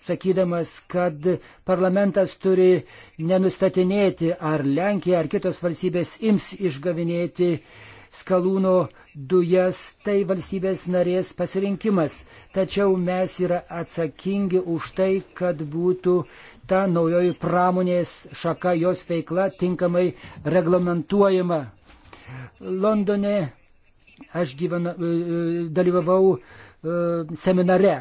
sakydamas, kad parlamentas turi nenustatinėti, ar Lenkija ar kitos valstybės ims išgavinėti skalūno dujas, tai valstybės narės pasirinkimas tačiau mes yra atsakingi už tai, kad būtų ta naujoji pramonės šaka, jos veikla tinkamai reglamentuojama. Londone aš gyvena, e, e, dalyvavau e, seminare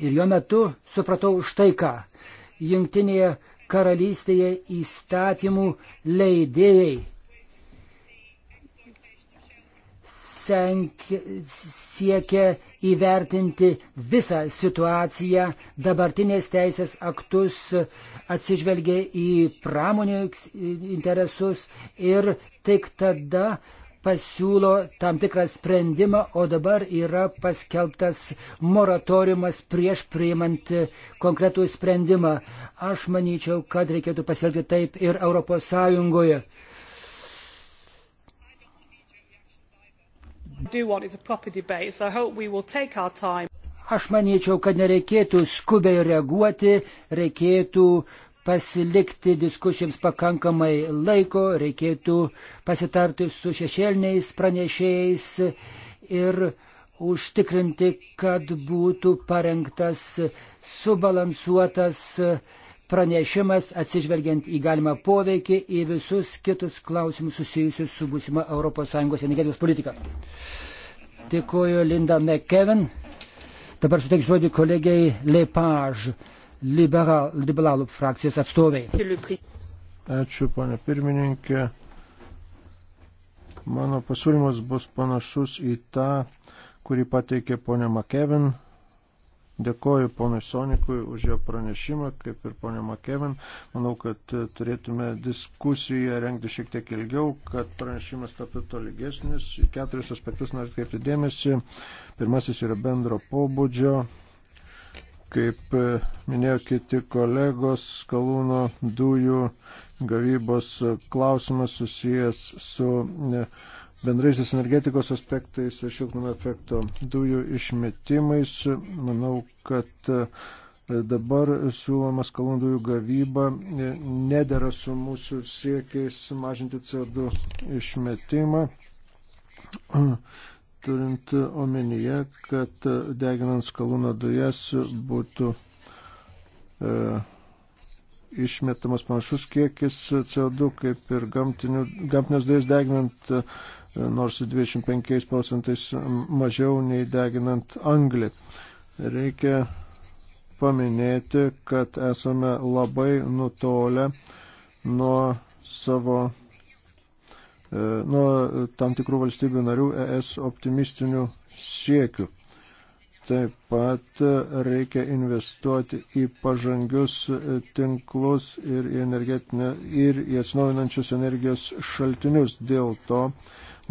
ir jo metu supratau štai ką. Jungtinėje karalystėje įstatymų leidėjai siekia įvertinti visą situaciją, dabartinės teisės aktus, atsižvelgia į pramonio interesus ir tik tada pasiūlo tam tikrą sprendimą, o dabar yra paskelbtas moratoriumas prieš priimant konkretų sprendimą. Aš manyčiau, kad reikėtų pasielgti taip ir ES. Aš manyčiau, kad nereikėtų skubiai reaguoti, reikėtų pasilikti diskusijoms pakankamai laiko, reikėtų pasitarti su šešėliniais pranešėjais ir užtikrinti, kad būtų parengtas subalansuotas uh, pranešimas atsižvelgiant į galimą poveikį į visus kitus klausimus susijusius su būsima ES energetikos politika. Dėkuoju Linda McKevin. Dabar suteik žodį kolegiai Lepage, liberal, liberalų frakcijos atstoviai. Ačiū, ponė pirmininkė. Mano pasiūlymas bus panašus į tą, kurį pateikė ponė McKevin Dėkoju ponui Sonikui už jo pranešimą, kaip ir ponė Makevin. Manau, kad e, turėtume diskusiją rengti šiek tiek ilgiau, kad pranešimas taptų tolygesnis. Keturis aspektus noriu atkreipti dėmesį. Pirmasis yra bendro pobūdžio. Kaip e, minėjo kiti kolegos, skalūno dujų gavybos e, klausimas susijęs su. Ne, bendraisiais energetikos aspektais ir šiltnamio efekto dujų išmetimais. Manau, kad e, dabar siūlomas kalnų dujų gavyba e, nedėra su mūsų siekiais mažinti CO2 išmetimą *clears throat* turint omenyje, kad e, deginant skalūno dujas būtų e, išmetamas panašus kiekis CO2 kaip ir gamtinių, gamtinės dujas deginant nors 25 procentais mažiau nei deginant anglį. Reikia paminėti, kad esame labai nutolę nuo savo e, nuo tam tikrų valstybių narių ES optimistinių siekių. Taip pat reikia investuoti į pažangius tinklus ir į, ir į atsinaujinančius energijos šaltinius. Dėl to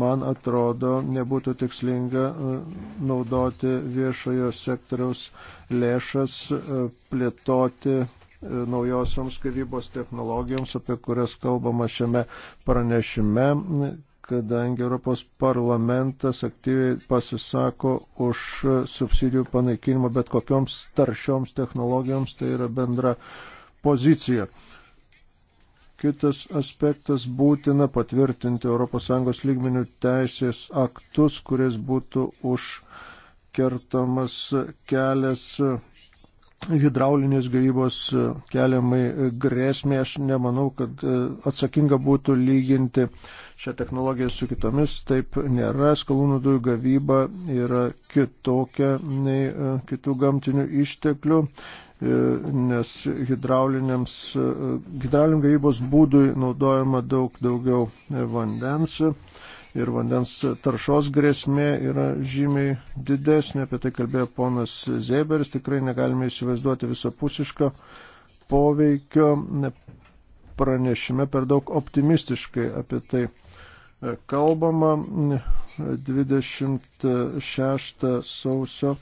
man atrodo, nebūtų tikslinga e, naudoti viešojo sektoriaus lėšas, e, plėtoti e, naujosioms kavybos technologijoms, apie kurias kalbama šiame pranešime, kadangi Europos parlamentas aktyviai pasisako už subsidijų panaikinimą bet kokioms taršioms technologijoms, tai yra bendra pozicija. Kitas aspektas būtina patvirtinti ES lygmenių teisės aktus, kuriais būtų užkertamas kelias hidraulinės gavybos keliamai grėsmė. Aš nemanau, kad e, atsakinga būtų lyginti šią technologiją su kitomis. Taip nėra. Skalūnų dujų gavyba yra kitokia nei e, kitų gamtinių išteklių nes hidrauliniams, hidrauliniam gavybos būdui naudojama daug daugiau vandens ir vandens taršos grėsmė yra žymiai didesnė, apie tai kalbėjo ponas Zėberis, tikrai negalime įsivaizduoti visapusiško poveikio, pranešime per daug optimistiškai apie tai kalbama 26 sausio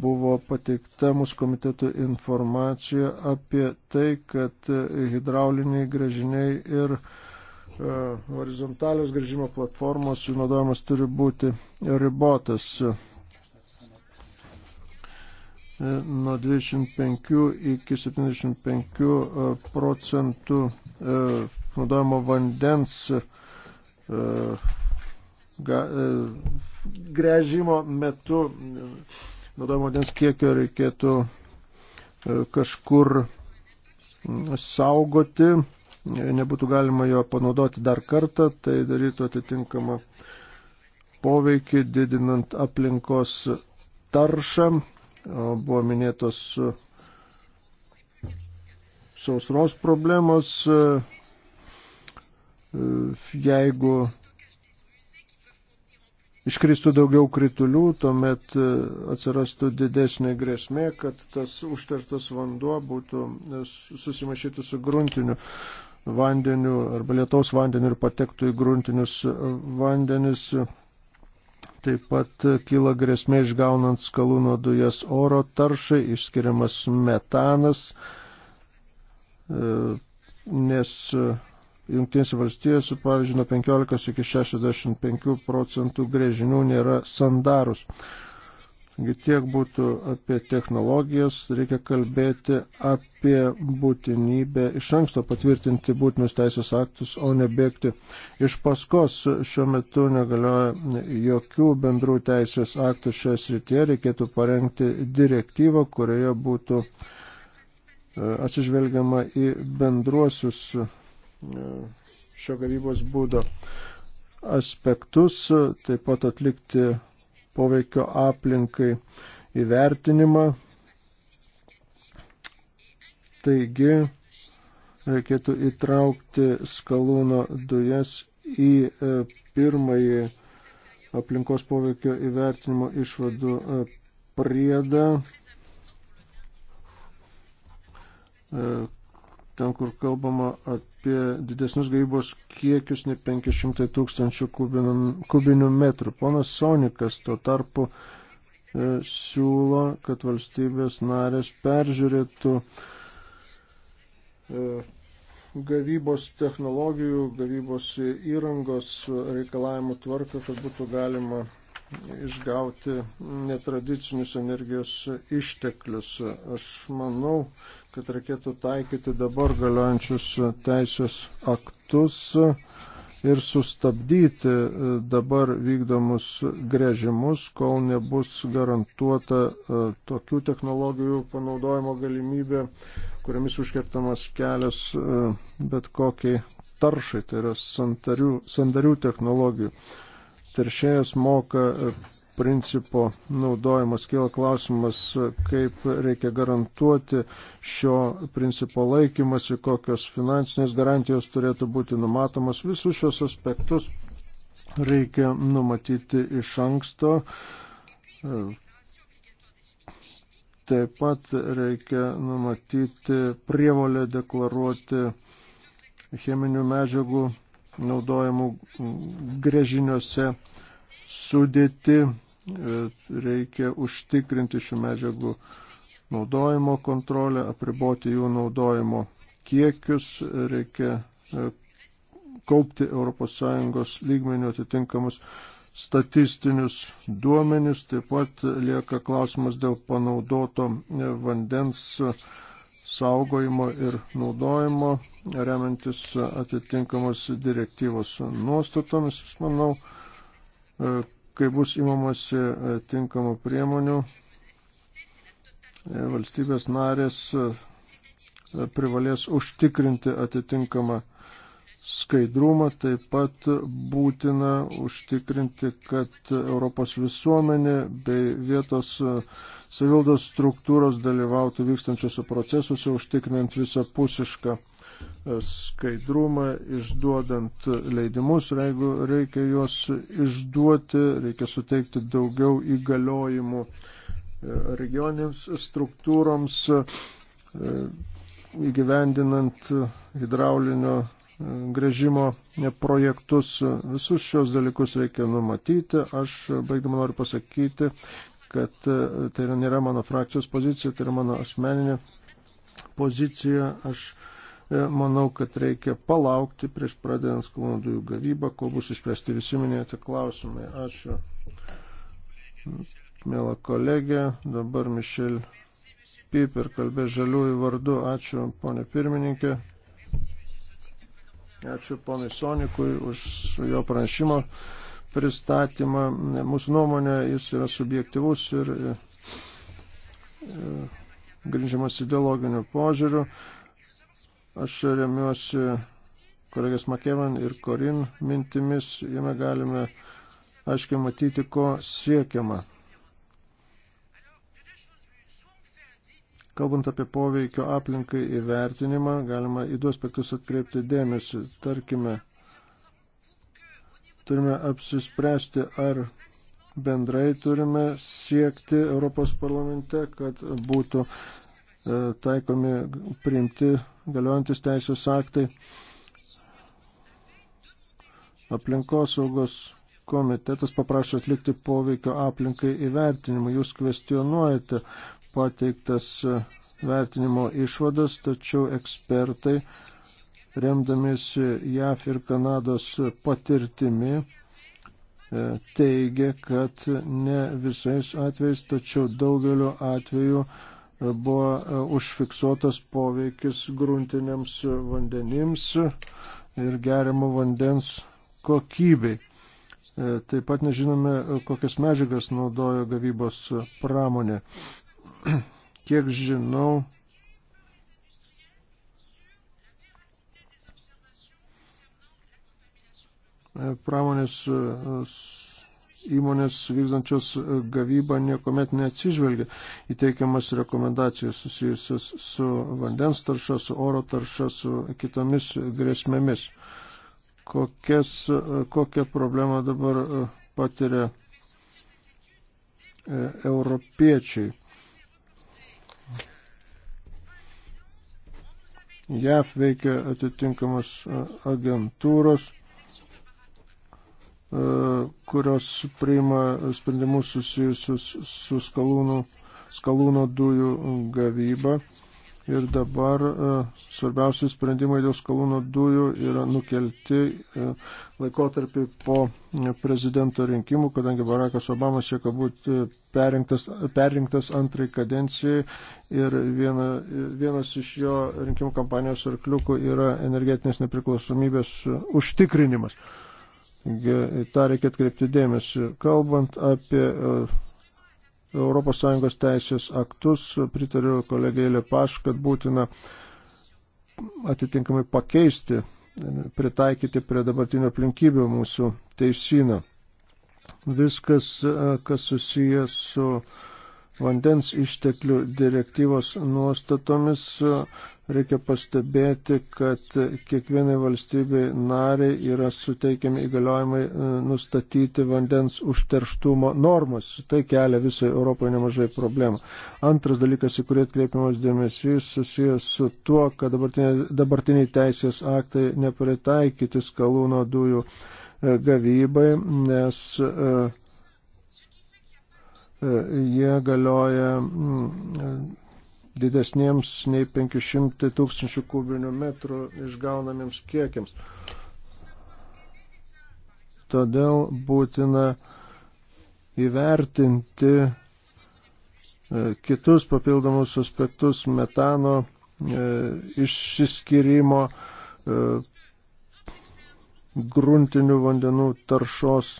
buvo pateikta mūsų komitetų informacija apie tai, kad hidrauliniai gražiniai ir e, horizontalios gražimo platformos jų naudojimas turi būti ribotas e, nuo 25 iki 75 e, procentų naudojamo vandens grėžimo metu naudojimo vandens kiekio reikėtų e, kažkur saugoti, nebūtų galima jo panaudoti dar kartą, tai darytų atitinkamą poveikį, didinant aplinkos taršą. Buvo minėtos sausros problemos, e, jeigu iškristų daugiau kritulių, tuomet e, atsirastų didesnė grėsmė, kad tas užtertas vanduo būtų e, susimašytų su gruntiniu vandeniu arba lietaus vandeniu ir patektų į gruntinius e, vandenis. Taip pat kyla grėsmė išgaunant skalūno dujas oro taršai, išskiriamas metanas, nes Junktinėse valstijose, pavyzdžiui, nuo 15 iki 65 procentų grėžinių nėra sandarus. Taigi tiek būtų apie technologijas, reikia kalbėti apie būtinybę iš anksto patvirtinti būtinus teisės aktus, o ne bėgti iš paskos. Šiuo metu negalioja jokių bendrų teisės aktų šioje srityje, reikėtų parengti direktyvą, kurioje būtų e, atsižvelgiama į bendruosius E, šio gavybos būdo aspektus, taip pat atlikti poveikio aplinkai įvertinimą. Taigi reikėtų įtraukti skalūno dujas į e, pirmąjį aplinkos poveikio įvertinimo išvadų e, priedą, ten, kur kalbama apie apie didesnius gaybos kiekius nei 500 tūkstančių kubinų, kubinių metrų. Ponas Sonikas tuo tarpu e, siūlo, kad valstybės narės peržiūrėtų e, gavybos technologijų, gavybos įrangos reikalavimų tvarką, kad būtų galima išgauti netradicinius energijos išteklius. Aš manau, kad reikėtų taikyti dabar galiojančius teisės aktus ir sustabdyti e, dabar vykdomus grėžimus, kol nebus garantuota e, tokių technologijų panaudojimo galimybė, kuriamis užkertamas kelias e, bet kokiai taršai, tai yra sandarių, sandarių technologijų. Teršėjas moka principo naudojimas. Kila klausimas, kaip reikia garantuoti šio principo laikymasi, kokios finansinės garantijos turėtų būti numatomas. Visus šios aspektus reikia numatyti iš anksto. Taip pat reikia numatyti prievolę deklaruoti cheminių medžiagų naudojamų grėžiniuose sudėti reikia užtikrinti šių medžiagų naudojimo kontrolę, apriboti jų naudojimo kiekius, reikia e, kaupti ES lygmenių atitinkamus statistinius duomenis, taip pat lieka klausimas dėl panaudoto e, vandens saugojimo ir naudojimo, remiantis atitinkamos direktyvos nuostatomis. Aš manau, e, kai bus įmamasi e, tinkamų priemonių, e, valstybės narės e, privalės užtikrinti atitinkamą skaidrumą, taip pat būtina užtikrinti, kad Europos visuomenė bei vietos savildos struktūros dalyvautų vykstančiuose procesuose, užtikrinant visapusišką skaidrumą išduodant leidimus ir jeigu reikia juos išduoti, reikia suteikti daugiau įgaliojimų e, regioniams struktūroms e, įgyvendinant hidraulinio e, grėžimo projektus. Visus šios dalykus reikia numatyti. Aš baigdama noriu pasakyti, kad tai nėra mano frakcijos pozicija, tai yra mano asmeninė pozicija. Aš E, manau, kad reikia palaukti prieš pradedant skalūnų dujų gavybą, kol bus išspręsti visi minėti klausimai. Ačiū, mėla kolegė. Dabar Mišel Piper kalbė žaliųjų vardu. Ačiū, ponė pirmininkė. Ačiū ponai Sonikui už jo pranešimo pristatymą. Mūsų nuomonė jis yra subjektivus ir, ir, ir grindžiamas ideologiniu požiūriu. Aš remiuosi kolegės Makevan ir Korin mintimis, jame galime aiškiai matyti, ko siekiama. Kalbant apie poveikio aplinkai įvertinimą, galima į du aspektus atkreipti dėmesį. Tarkime, turime apsispręsti, ar bendrai turime siekti Europos parlamente, kad būtų e, taikomi priimti galiojantis teisės aktai. Aplinkosaugos komitetas paprašė atlikti poveikio aplinkai įvertinimą. Jūs kvestionuojate pateiktas e, vertinimo išvadas, tačiau ekspertai, remdamiesi JAF ir Kanados patirtimi, e, teigia, kad ne visais atvejais, tačiau daugeliu atveju buvo e, užfiksuotas poveikis gruntiniams vandenims ir gerimo vandens kokybei. E, taip pat nežinome, e, kokias medžiagas naudojo gavybos pramonė. *clears throat* Kiek žinau, pramonės įmonės vykdančios gavybą niekuomet neatsižvelgia į teikiamas rekomendacijas susijusias su vandens tarša, su oro tarša, su kitomis grėsmėmis. Kokias, kokią problemą dabar e, patiria e, europiečiai? JAF veikia atitinkamos e, agentūros E, kurios priima sprendimus susijusius su skalūnų, skalūno dujų gavyba. Ir dabar e, svarbiausi sprendimai dėl skalūno dujų yra nukelti e, laikotarpį po prezidento rinkimų, kadangi Barackas Obama sieka būti perinktas, perinktas antrai kadencijai ir viena, vienas iš jo rinkimų kampanijos arkliukų yra energetinės nepriklausomybės užtikrinimas tą reikia atkreipti dėmesį. Kalbant apie ES teisės aktus, pritariu kolegėlė Paš, kad būtina atitinkamai pakeisti, pritaikyti prie dabartinio aplinkybių mūsų teisyną. Viskas, e, kas susijęs su vandens išteklių direktyvos nuostatomis, Reikia pastebėti, kad kiekvienai valstybei nariai yra suteikiami įgaliojimai e, nustatyti vandens užterštumo normas. Tai kelia visai Europai nemažai problemų. Antras dalykas, į kurį atkreipiamas dėmesys, susijęs su tuo, kad dabartiniai, dabartiniai teisės aktai nepritaikyti skalūno dujų e, gavybai, nes e, jie galioja didesniems nei 500 tūkstančių kubinių metrų išgaunamiems kiekiams. Todėl būtina įvertinti e, kitus papildomus aspektus metano e, išsiskirimo e, gruntinių vandenų taršos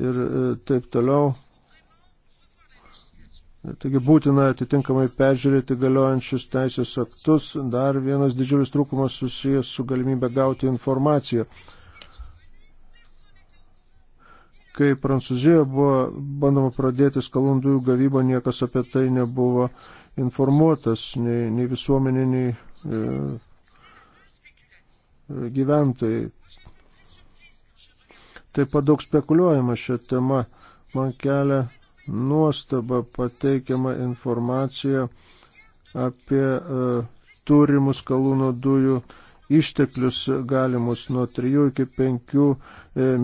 ir taip toliau. Taigi būtina atitinkamai peržiūrėti galiojančius teisės aktus. Dar vienas didžiulis trūkumas susijęs su galimybė gauti informaciją. Kai Prancūzijoje buvo bandoma pradėti skalundųjų gavybą, niekas apie tai nebuvo informuotas, nei, nei visuomenė, nei e, gyventojai. Taip pat daug spekuliuojama šią temą. Man kelia nuostabą pateikiama informacija apie e, turimus kalūno dujų išteklius galimus nuo 3 iki 5 e,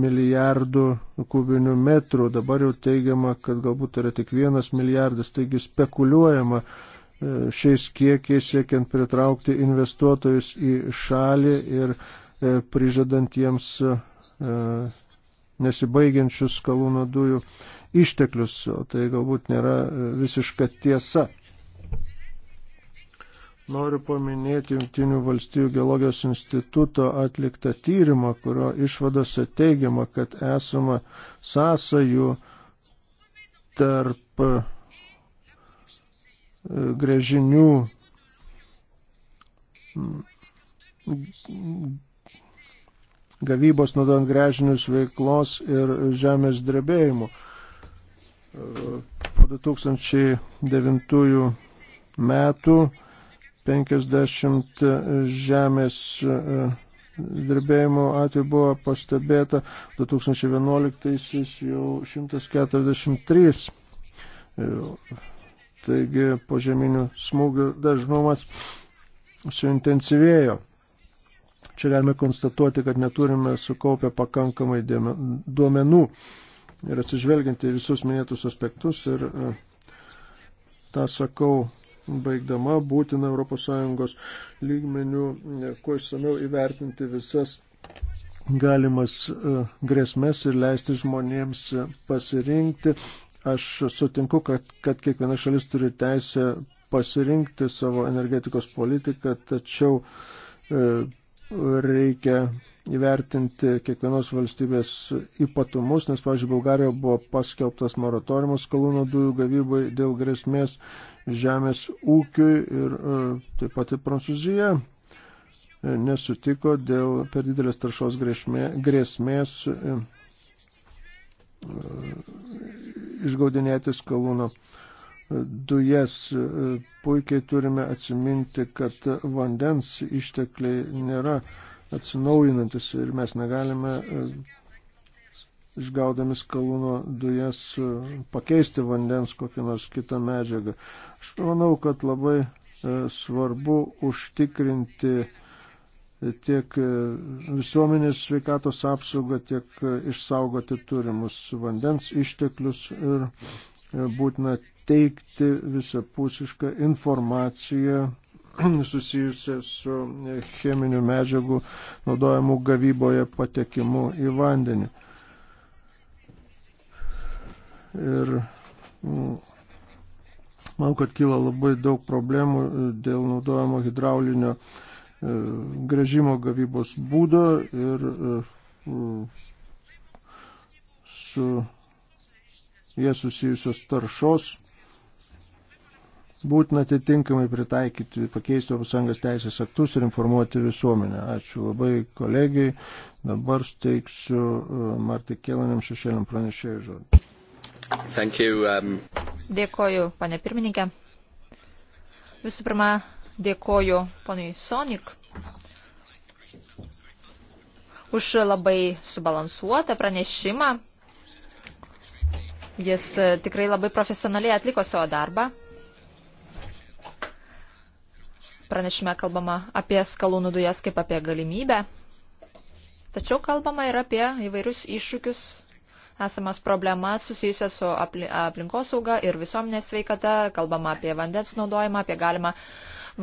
milijardų kubinių metrų. Dabar jau teigiama, kad galbūt yra tik vienas milijardas, taigi spekuliuojama e, šiais kiekiais siekiant pritraukti investuotojus į šalį ir prižadant jiems nesibaigiančius kalūno dujų išteklius, o tai galbūt nėra e, visiška tiesa. Noriu paminėti Junktinių valstybių geologijos instituto atliktą tyrimą, kurio išvadose teigiama, kad esama sąsajų tarp e, grėžinių gavybos naudojant grežinius veiklos ir žemės drebėjimų. Po 2009 metų 50 žemės e, dirbėjimo atveju buvo pastebėta, 2011 jau 143. E, taigi požeminių smūgių dažnumas suintensyvėjo. Čia galime konstatuoti, kad neturime sukaupę pakankamai duomenų ir atsižvelginti visus minėtus aspektus ir e, tą sakau baigdama būtina ES lygmenių e, kuo išsameu įvertinti visas galimas e, grėsmės ir leisti žmonėms pasirinkti. Aš sutinku, kad, kad kiekviena šalis turi teisę pasirinkti savo energetikos politiką, tačiau reikia įvertinti kiekvienos valstybės ypatumus, nes, pavyzdžiui, Bulgarijoje buvo paskelbtas moratoriumas kalūno dujų gavybai dėl grėsmės žemės ūkiui ir e, taip pat ir Prancūzija e, nesutiko dėl per didelės taršos grėsmė, grėsmės e, išgaudinėti skalūno dujas. Puikiai turime atsiminti, kad vandens ištekliai nėra atsinaujinantis ir mes negalime e, išgaudami skalūno dujas e, pakeisti vandens kokią nors kitą medžiagą. Aš manau, kad labai e, svarbu užtikrinti tiek visuomenės sveikatos apsaugą, tiek išsaugoti turimus vandens išteklius ir būtina teikti visapusišką informaciją *clears throat* susijusi su cheminių medžiagų naudojimų gavyboje patekimu į vandenį. Ir mm, manau, kad kyla labai daug problemų dėl naudojimo hidraulinio e, grežimo gavybos būdo ir e, mm, su jie susijusios taršos būtina atitinkamai pritaikyti, pakeisti ES teisės aktus ir informuoti visuomenę. Ačiū labai kolegijai. Dabar steiksiu uh, Martai Kėlanėm šešėliam pranešėjų žodį. Thank you, um... Dėkoju, pane pirmininkė. Visų pirma, dėkoju ponui Sonik už labai subalansuotą pranešimą. Jis uh, tikrai labai profesionaliai atliko savo darbą. Pranešime kalbama apie skalūnų dujas kaip apie galimybę, tačiau kalbama ir apie įvairius iššūkius, esamas problemas susijusias su aplinkosauga ir visuomenės sveikata, kalbama apie vandens naudojimą, apie galimą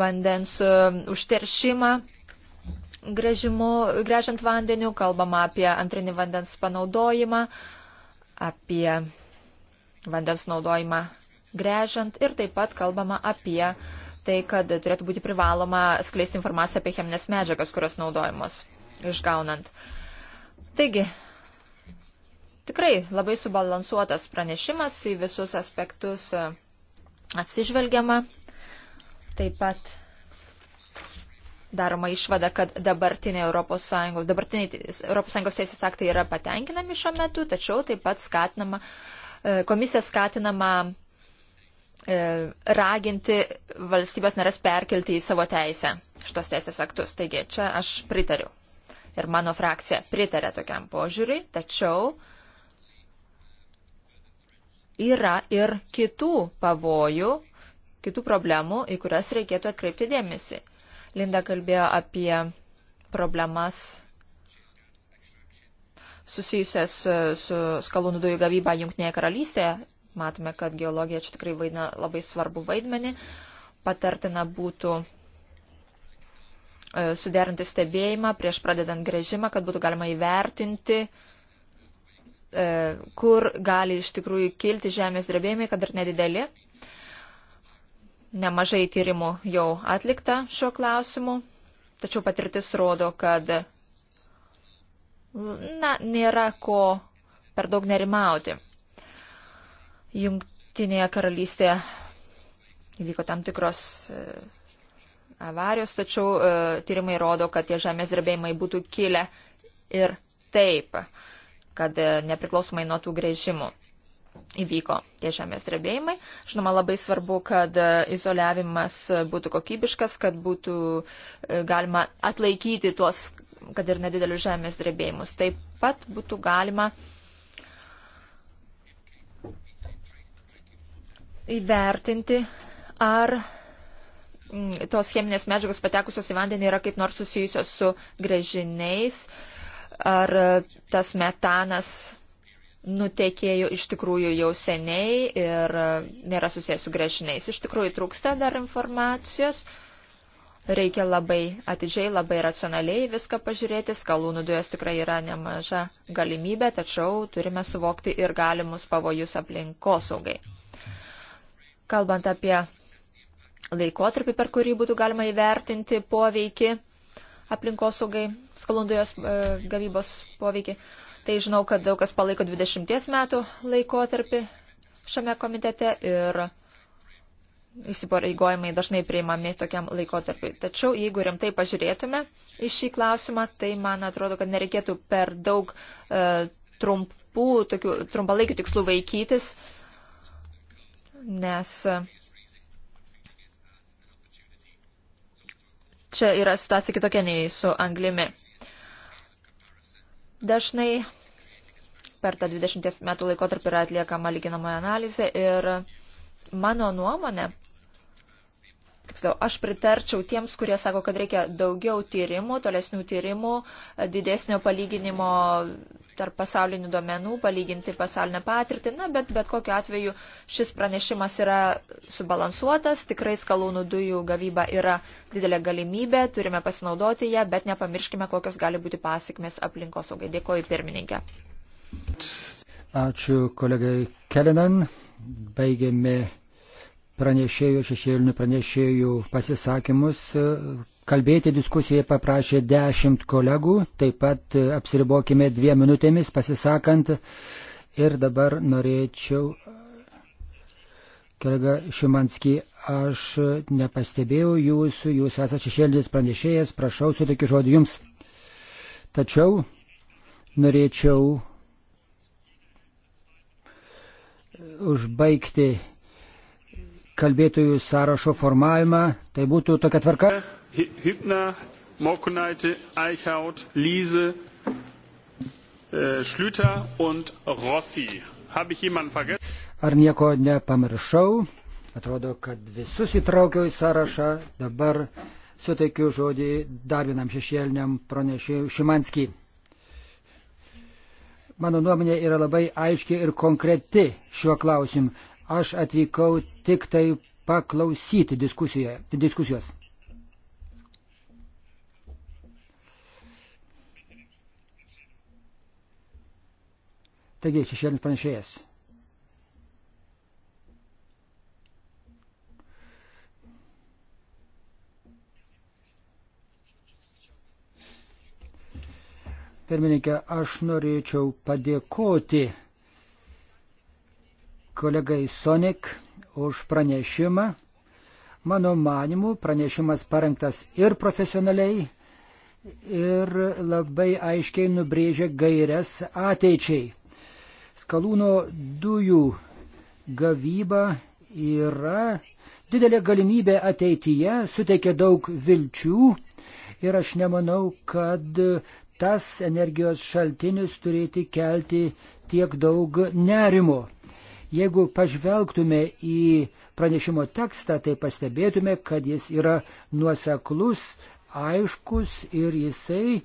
vandens um, užteršimą grėžimu, grėžiant vandeniu, kalbama apie antrinį vandens panaudojimą, apie vandens naudojimą grėžiant ir taip pat kalbama apie tai, kad turėtų būti privaloma skleisti informaciją apie cheminės medžiagas, kurios naudojamos išgaunant. Taigi, tikrai labai subalansuotas pranešimas, į visus aspektus e, atsižvelgiama. Taip pat daroma išvada, kad dabartiniai ES, dabartiniai ES teisės aktai yra patenkinami šiuo metu, tačiau taip pat skatinama, e, komisija skatinama E, raginti valstybės narės perkelti į savo teisę šitos teisės aktus. Taigi čia aš pritariu. Ir mano frakcija pritarė tokiam požiūriui, tačiau yra ir kitų pavojų, kitų problemų, į kurias reikėtų atkreipti dėmesį. Linda kalbėjo apie problemas susijusias su skalūnų dujų gavyba Junktinėje karalystėje Matome, kad geologija čia tikrai vaidina labai svarbu vaidmenį. Patartina būtų e, suderinti stebėjimą prieš pradedant grėžimą, kad būtų galima įvertinti, e, kur gali iš tikrųjų kilti žemės drebėjimai, kad ir nedideli. Nemažai tyrimų jau atlikta šiuo klausimu, tačiau patirtis rodo, kad na, nėra ko per daug nerimauti. Jungtinėje karalystėje įvyko tam tikros e, avarijos, tačiau e, tyrimai rodo, kad tie žemės drebėjimai būtų kilę ir taip, kad e, nepriklausomai nuo tų grėžimų įvyko tie žemės drebėjimai. Žinoma, labai svarbu, kad izoliavimas būtų kokybiškas, kad būtų galima atlaikyti tuos, kad ir nedidelius žemės drebėjimus. Taip pat būtų galima uh, įvertinti, ar mm, tos cheminės medžiagos patekusios į vandenį yra kaip nors susijusios su grėžiniais, ar e, tas metanas nutekėjo iš tikrųjų jau seniai ir e, nėra susijęs su grėžiniais. Iš tikrųjų trūksta dar informacijos. Reikia labai atidžiai, labai racionaliai viską pažiūrėti. Skalūnų dujos tikrai yra nemaža galimybė, tačiau turime suvokti ir galimus pavojus aplinkosaugai kalbant apie laikotarpį, per kurį būtų galima įvertinti poveikį aplinkosaugai, skalundujos e, gavybos poveikį. Tai žinau, kad daug kas palaiko 20 metų laikotarpį šiame komitete ir įsipareigojimai dažnai priimami tokiam laikotarpiu. Tačiau jeigu rimtai pažiūrėtume į šį klausimą, tai man atrodo, kad nereikėtų per daug e, trumpų, tokių trumpalaikių tikslų vaikytis, nes čia yra situacija kitokia nei su anglimi. Dažnai per tą 20 metų laikotarpį yra atliekama lyginama analizė ir mano nuomonė Tiksliau, aš pritarčiau tiems, kurie sako, kad reikia daugiau tyrimų, tolesnių tyrimų, didesnio palyginimo tarp pasaulinių domenų, palyginti pasaulinę patirtį. Na, bet bet kokiu atveju šis pranešimas yra subalansuotas, tikrai skalūnų dujų gavyba yra didelė galimybė, turime pasinaudoti ją, bet nepamirškime, kokios gali būti pasiekmes aplinkosaugai. Dėkoju pirmininkė. Ačiū kolegai Kelinan. Baigėme pranešėjų, šešėlinių pranešėjų pasisakymus. Kalbėti diskusiją paprašė dešimt kolegų, taip pat apsiribokime dviem minutėmis pasisakant. Ir dabar norėčiau, kolega Šimanski, aš nepastebėjau jūsų, jūs esate šešėlinis pranešėjas, prašau sutikiu žodį jums. Tačiau norėčiau užbaigti kalbėtojų sąrašo formavimą. Tai būtų tokia tvarka. Hübner, Mokunaitė, Eichhaut, Lyze, Šliuter äh, und Rossi. Ar nieko nepamiršau? Atrodo, kad visus įtraukiau į sąrašą. Dabar suteikiu žodį dar vienam šešėliniam pranešėjui Šimanskijai mano nuomonė yra labai aiški ir konkreti šiuo klausimu. Aš atvykau tik tai paklausyti diskusijos. Taigi, šešėlis pranešėjas. Pirmininkė, aš norėčiau padėkoti kolegai Sonik už pranešimą. Mano manimu, pranešimas parengtas ir profesionaliai, ir labai aiškiai nubrėžia gairias ateičiai. Skalūno dujų gavyba yra didelė galimybė ateityje, suteikia daug vilčių ir aš nemanau, kad tas energijos šaltinis turėti kelti tiek daug nerimo. Jeigu pažvelgtume į pranešimo tekstą, tai pastebėtume, kad jis yra nuoseklus, aiškus ir jisai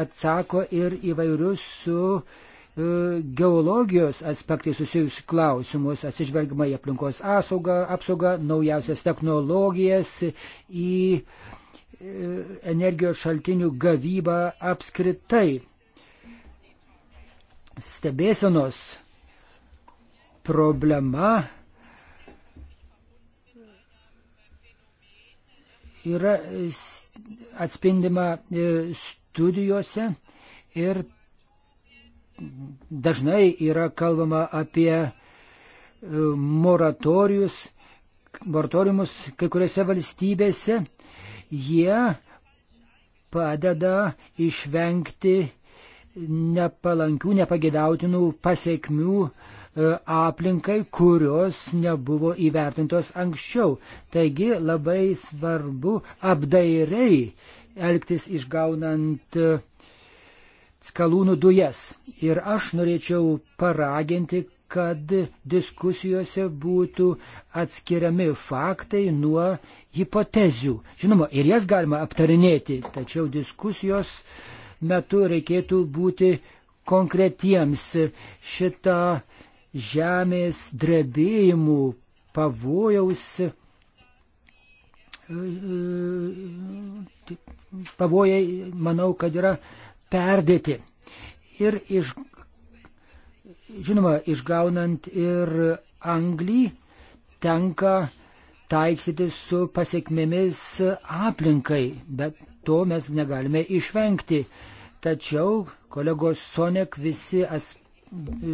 atsako ir įvairius su e, geologijos aspektai susijusius klausimus, atsižvelgima į aplinkos apsaugą, apsaugą naujausias technologijas, į e, energijos šaltinių gavybą apskritai. Stebėsenos problema yra atspindima e, studijuose ir dažnai yra kalbama apie e, moratorius, moratoriumus kai kuriuose valstybėse. Jie padeda išvengti nepalankių, nepagėdautinų pasiekmių uh, E, aplinkai, kurios nebuvo įvertintos anksčiau. Taigi labai svarbu apdairiai elgtis išgaunant e, skalūnų dujas. Ir aš norėčiau paraginti, kad diskusijose būtų atskiriami faktai nuo hipotezių. Žinoma, ir jas galima aptarinėti, tačiau diskusijos metu reikėtų būti konkretiems. Šitą žemės drebėjimų pavojaus, e, e, pavojai, manau, kad yra perdėti. Ir iš, žinoma, išgaunant ir anglį tenka taiksyti su pasiekmėmis aplinkai, bet to mes negalime išvengti. Tačiau kolegos Sonek visi aspektai,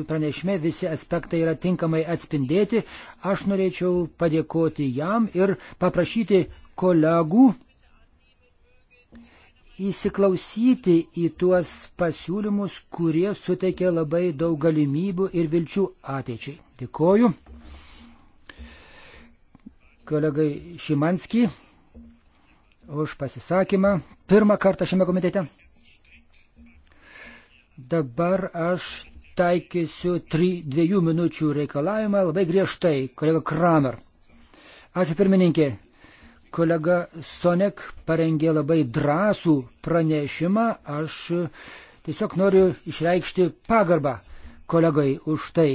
pranešime visi aspektai yra tinkamai atspindėti. Aš norėčiau padėkoti jam ir paprašyti kolegų įsiklausyti į tuos pasiūlymus, kurie suteikia labai daug galimybių ir vilčių ateičiai. Dėkoju. Kolegai Šimanski už pasisakymą pirmą kartą šiame komitete. Dabar aš taikysiu tri, dviejų minučių reikalavimą labai griežtai, kolega Kramer. Ačiū pirmininkė. Kolega Sonek parengė labai drąsų pranešimą. Aš tiesiog noriu išreikšti pagarbą kolegai už tai.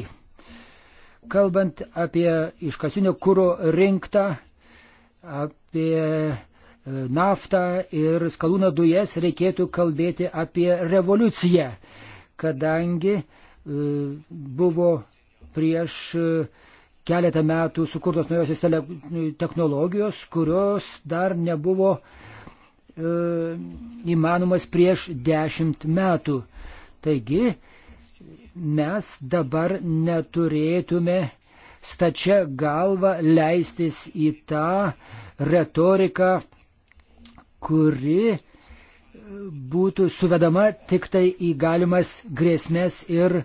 Kalbant apie iškasinio kūro rinktą, apie e, naftą ir skalūno dujas, reikėtų kalbėti apie revoliuciją, kadangi uh, buvo prieš e, keletą metų sukurtos naujosios technologijos, kurios dar nebuvo e, įmanomas prieš dešimt metų. Taigi mes dabar neturėtume stačia galva leistis į tą retoriką, kuri būtų suvedama tik tai į galimas grėsmės ir e,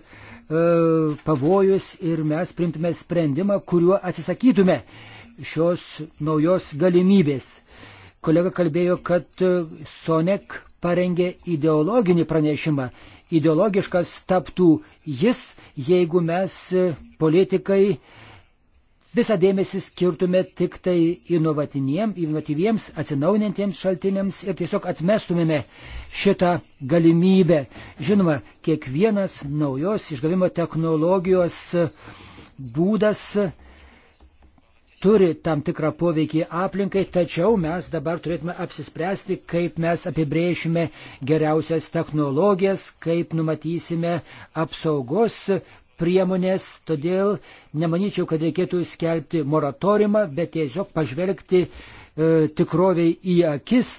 pavojus ir mes primtume sprendimą, kuriuo atsisakytume šios naujos galimybės. Kolega kalbėjo, kad e, Sonek parengė ideologinį pranešimą. Ideologiškas taptų jis, jeigu mes e, politikai e, visą dėmesį skirtume tik tai inovatyviems, atsinaujantiems šaltiniams ir tiesiog atmestumėme šitą galimybę. Žinoma, kiekvienas naujos išgavimo technologijos būdas turi tam tikrą poveikį aplinkai, tačiau mes dabar turėtume apsispręsti, kaip mes apibrėšime geriausias technologijas, kaip numatysime apsaugos priemonės, todėl nemanyčiau, kad reikėtų skelbti moratoriumą, bet tiesiog pažvelgti e, tikroviai į akis,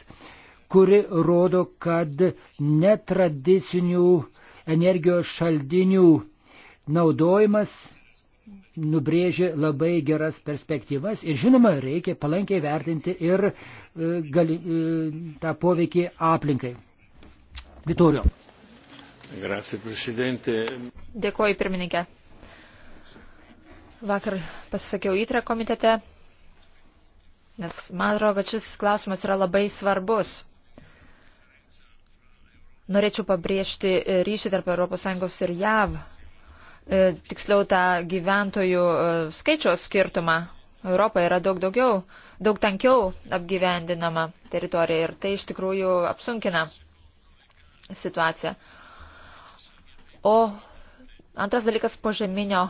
kuri rodo, kad netradicinių energijos šaldinių naudojimas nubrėžė labai geras perspektyvas ir žinoma, reikia palankiai vertinti ir e, gali, e, tą poveikį aplinkai. Vitorio. Grazie, prezidentė. Dėkuoju, pirmininkė. Vakar pasisakiau įtrę komitete, nes man atrodo, kad šis klausimas yra labai svarbus. Norėčiau pabrėžti ryšį tarp ES ir JAV, e, tiksliau tą gyventojų e, skaičiaus skirtumą. Europa yra daug daugiau, daug tankiau apgyvendinama teritorija ir tai iš tikrųjų apsunkina situaciją. O antras dalykas - požeminio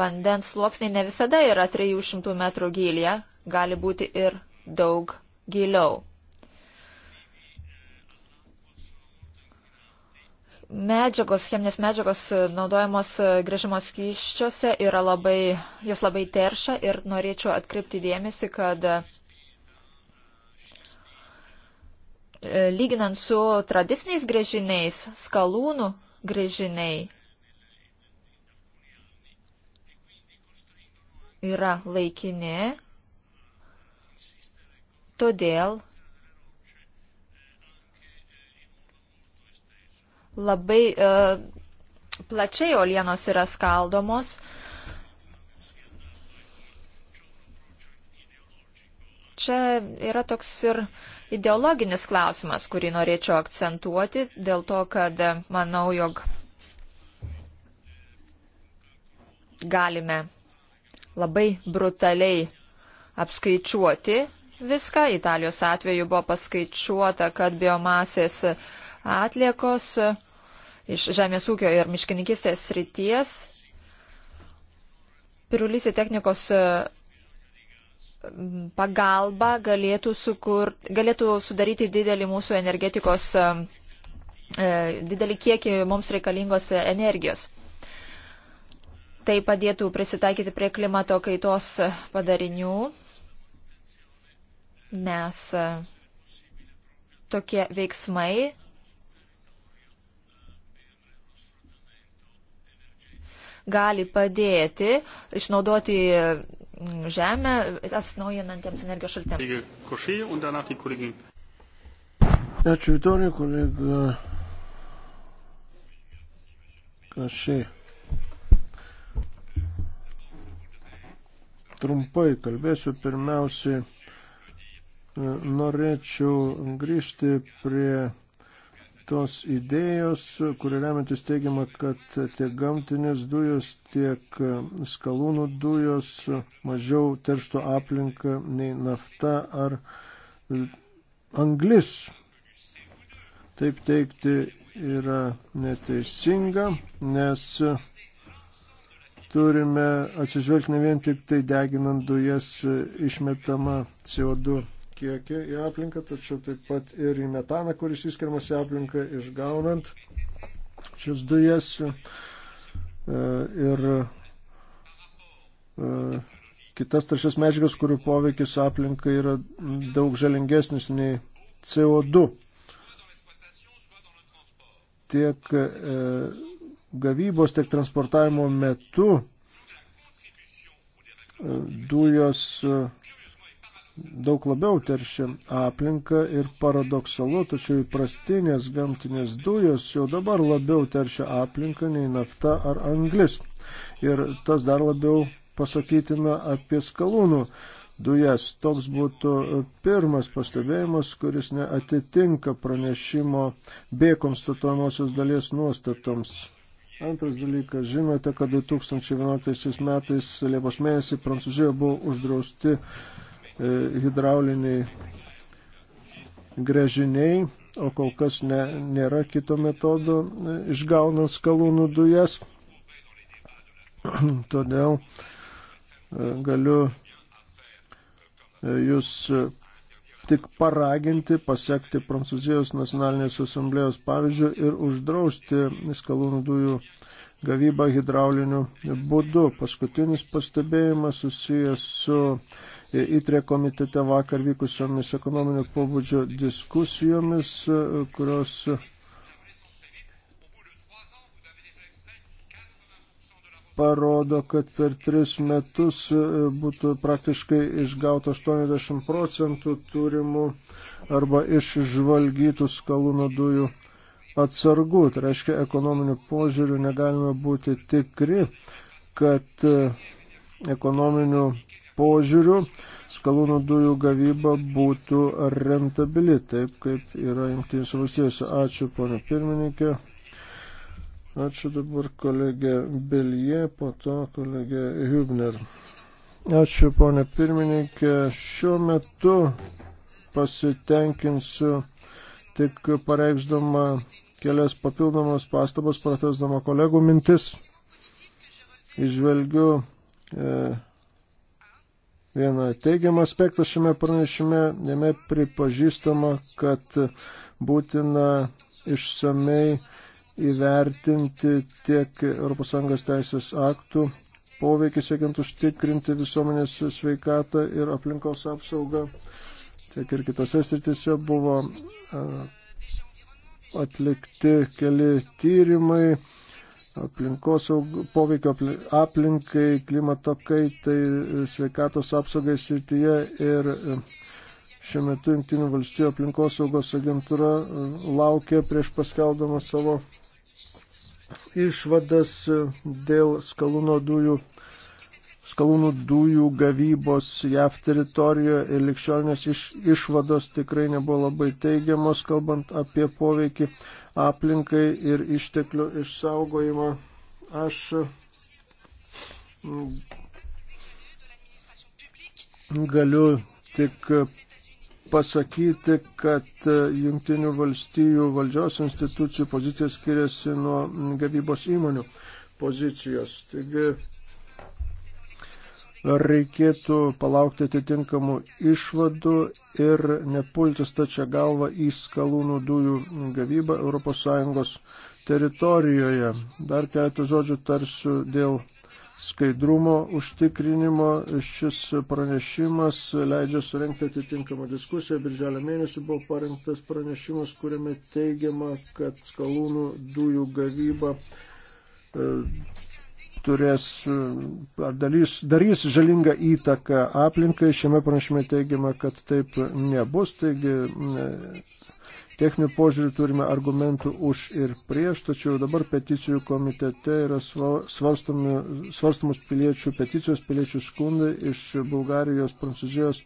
vandens sluoksniai ne visada yra 300 metrų gilyje, gali būti ir daug giliau. Medžiagos, cheminės medžiagos naudojamos grėžimo skyščiuose yra labai, jos labai teršia ir norėčiau atkreipti dėmesį, kad e, lyginant su tradiciniais grėžiniais, skalūnų grėžiniai yra laikini, todėl labai e, plačiai olienos yra skaldomos, e, čia yra toks ir ideologinis klausimas, kurį norėčiau akcentuoti, dėl to, kad manau, jog galime labai brutaliai apskaičiuoti viską. Italijos atveju buvo paskaičiuota, kad biomasės atliekos iš žemės ūkio ir miškininkistės srities Pirulysė technikos pagalba galėtų, sukur, galėtų sudaryti didelį mūsų energetikos, e, e, didelį kiekį mums reikalingos energijos. Tai padėtų prisitaikyti prie klimato kaitos padarinių, nes e, tokie veiksmai gali padėti išnaudoti žemę atsinaujinantiems energijos šaltiniams. Ačiū Vitorija, kolega Kašė. Trumpai kalbėsiu pirmiausiai. Norėčiau grįžti prie tos idėjos, kuri remiantis teigiama, kad tiek gamtinės dujos, tiek e, skalūnų dujos mažiau teršto aplinką nei nafta ar e, anglis. Taip teikti yra neteisinga, nes turime atsižvelgti ne vien tik tai deginant dujas išmetamą CO2 kiekį į aplinką, tačiau taip pat ir į metaną, kuris įskiriamas į aplinką išgaunant šias dujas. E, ir e, kitas taršias medžiagas, kurių poveikis aplinkai yra daug žalingesnis nei CO2. Tiek e, gavybos, tiek transportavimo metu dujos daug labiau teršia aplinką ir paradoksalu, tačiau įprastinės gamtinės dujos jau dabar labiau teršia aplinką nei nafta ar anglis. Ir tas dar labiau pasakytina apie skalūnų dujas. Toks būtų pirmas pastebėjimas, kuris neatitinka pranešimo B konstatuojamosios dalies nuostatoms. Antras dalykas, žinote, kad 2011 metais Liepos mėnesį Prancūzijoje buvo uždrausti E, hidrauliniai grežiniai, o kol kas ne, nėra kito metodo e, išgaunant skalūnų dujas. *clears throat* Todėl e, galiu jūs tik paraginti, pasiekti Prancūzijos nacionalinės asamblėjos pavyzdžių ir uždrausti skalūnų dujų gavybą hidrauliniu būdu. Paskutinis pastebėjimas susijęs su įtrė komitete vakar vykusiomis ekonominio pobūdžio diskusijomis, kurios parodo, kad per tris metus būtų praktiškai išgauta 80 procentų turimų arba išžvalgytų skalūno dujų atsargų. Tai reiškia, ekonominiu požiūriu negalime būti tikri, kad ekonominių požiūriu skalūnų dujų gavyba būtų rentabili, taip kaip yra jungtinės valstijose. Ačiū, ponė pirmininkė. Ačiū dabar kolegė Belie, po to kolegė Hübner. Ačiū, ponė pirmininkė. Šiuo metu pasitenkinsiu tik pareikšdama kelias papildomas pastabas, pratesdama kolegų mintis. Išvelgiu e, vieną teigiamą aspektą šiame pranešime, jame pripažįstama, kad būtina išsamei įvertinti tiek ES teisės aktų poveikį siekiant užtikrinti visuomenės sveikatą ir aplinkos apsaugą, tiek ir kitose sritise buvo atlikti keli tyrimai aplinkos poveikio aplinkai, klimato kaitai, sveikatos apsaugai srityje ir e, šiuo metu Junktinių valstybių aplinkos saugos agentūra e, laukia prieš paskeldama savo išvadas e, dėl skalūno dujų. Skalūnų dujų gavybos JAV teritorijoje ir likščionės iš, išvados tikrai nebuvo labai teigiamos, kalbant apie poveikį aplinkai ir išteklių išsaugojimą. Aš mm, galiu tik pasakyti, kad mm, jungtinių valstybių valdžios institucijų pozicija skiriasi nuo mm, gavybos įmonių pozicijos. Taigi reikėtų palaukti atitinkamų išvadų ir nepulti stačią galvą į skalūnų dujų gavybą ES teritorijoje. Dar keletą žodžių tarsiu dėl skaidrumo užtikrinimo. Šis pranešimas leidžia surenkti atitinkamą diskusiją. Birželio mėnesį buvo parengtas pranešimas, kuriame teigiama, kad skalūnų dujų gavyba e, turės ar dalys, darys žalingą įtaką aplinkai. Šiame pranešime teigiama, kad taip nebus. Taigi techninių požiūrių turime argumentų už ir prieš, tačiau dabar peticijų komitete yra svarstomus piliečių, peticijos piliečių skundai iš Bulgarijos, Prancūzijos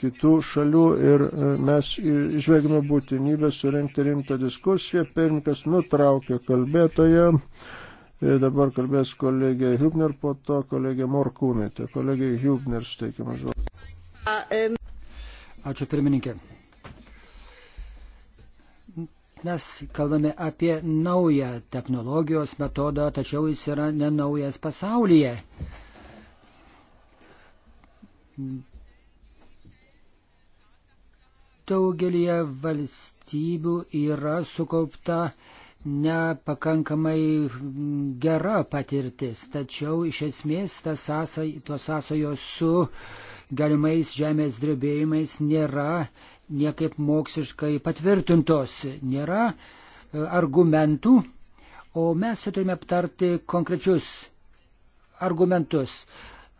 kitų šalių ir e, mes išvegime būtinybę surenkti rimtą diskusiją. Pirmkas nutraukė kalbėtoje. Ir dabar kalbės kolegė Hübner, po to kolegė Morkūnaitė. Kolegė Hübner steikima žodžiu. Ačiū pirmininkė. Mes kalbame apie naują technologijos metodą, tačiau jis yra nenaujas pasaulyje. Daugelie valstybių yra sukaupta uh, nepakankamai mm, gera patirtis, tačiau iš esmės tas sąsai, tos sąsajos su galimais žemės drebėjimais nėra niekaip moksliškai patvirtintos, nėra e, argumentų, o mes čia turime aptarti konkrečius argumentus.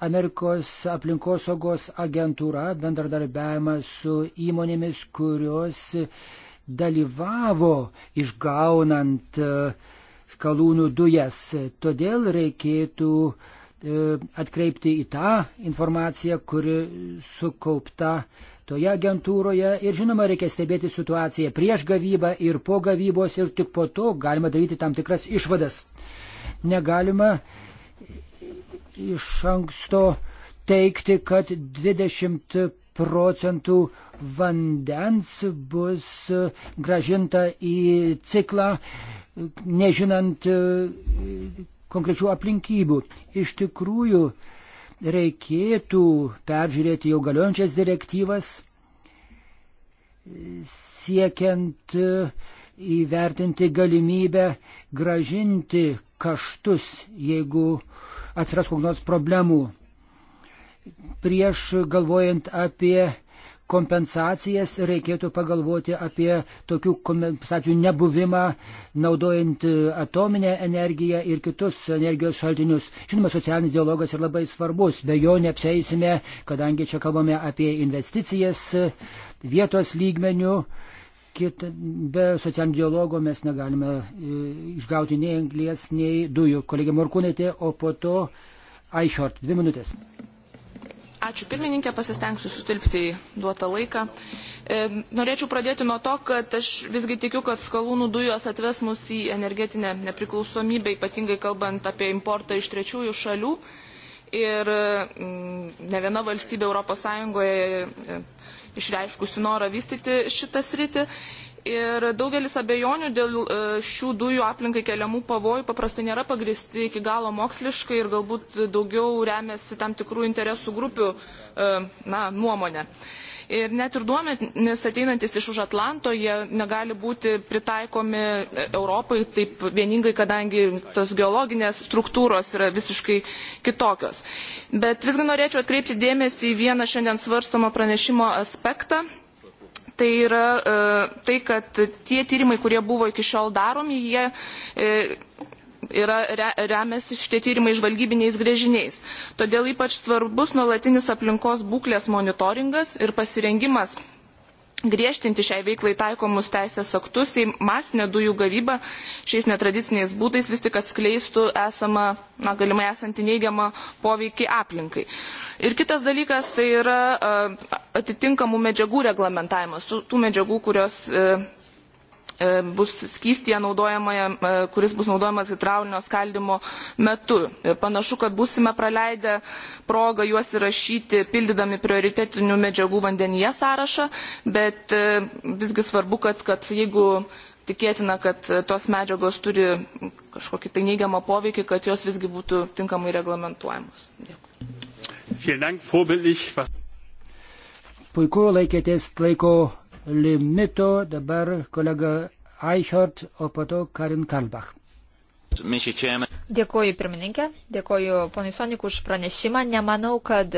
Amerikos aplinkosaugos agentūra bendradarbiavimą su įmonėmis, kurios dalyvavo išgaunant e, skalūnų dujas. Todėl reikėtų e, atkreipti į tą informaciją, kuri sukaupta toje agentūroje ir žinoma reikia stebėti situaciją prieš gavybą ir po gavybos ir tik po to galima daryti tam tikras išvadas. Negalima iš anksto teikti, kad 20 procentų vandens bus gražinta į ciklą, nežinant e, konkrečių aplinkybių. Iš tikrųjų, reikėtų peržiūrėti jau galiojančias direktyvas, siekiant e, įvertinti galimybę gražinti kaštus, jeigu atsiras kokios problemų. Prieš galvojant apie kompensacijas reikėtų pagalvoti apie tokių kompensacijų nebuvimą, naudojant e, atominę energiją ir kitus energijos šaltinius. Žinoma, socialinis dialogas yra labai svarbus, be jo neapsėsime, kadangi čia kalbame apie investicijas e, vietos lygmenių. Kit, be socialinio dialogo mes negalime e, išgauti nei anglies, nei dujų. Kolegė Morkūnaitė, o po to Aišort, dvi minutės. Ačiū pirmininkė, pasistengsiu sutilpti į duotą laiką. E, norėčiau pradėti nuo to, kad aš visgi tikiu, kad skalūnų dujos atves mus į energetinę nepriklausomybę, ypatingai kalbant apie importą iš trečiųjų šalių. Ir mm, ne viena valstybė ES e, išreiškusi norą vystyti šitą sritį ir daugelis abejonių dėl e, šių dujų aplinkai keliamų pavojų paprastai nėra pagristi iki galo moksliškai ir galbūt daugiau remiasi tam tikrų interesų grupių e, na, nuomonė. Ir net ir duomenys ateinantis iš už Atlanto, jie negali būti pritaikomi Europai taip vieningai, kadangi tos geologinės struktūros yra visiškai kitokios. Bet visgi norėčiau atkreipti dėmesį į vieną šiandien svarstomo pranešimo aspektą tai yra e, tai, kad tie tyrimai, kurie buvo iki šiol daromi, jie e, yra re, remiasi šitie tyrimai žvalgybiniais grėžiniais. Todėl ypač svarbus nuolatinis aplinkos būklės monitoringas ir pasirengimas griežtinti šiai veiklai taikomus teisės aktus į tai masinę dujų gavybą šiais netradiciniais būdais vis tik atskleistų esamą, na, galimai esantį neigiamą poveikį aplinkai. Ir kitas dalykas tai yra atitinkamų medžiagų reglamentavimas, tų medžiagų, kurios e, E, bus skystyje e, kuris bus naudojamas hidraulinio skaldimo metu. E, panašu, kad būsime praleidę progą juos įrašyti, pildydami prioritetinių medžiagų vandenyje sąrašą, bet visgi svarbu, kad, kad jeigu tikėtina, kad tos medžiagos turi kažkokį tai neigiamą poveikį, kad jos visgi būtų tinkamai reglamentuojamos. Dėkui. Puiku laikėtės laiko limito, dabar kolega Eichhort, o po to Karin Kalbach. Dėkoju pirmininkė, dėkoju ponui Sonik už pranešimą. Nemanau, kad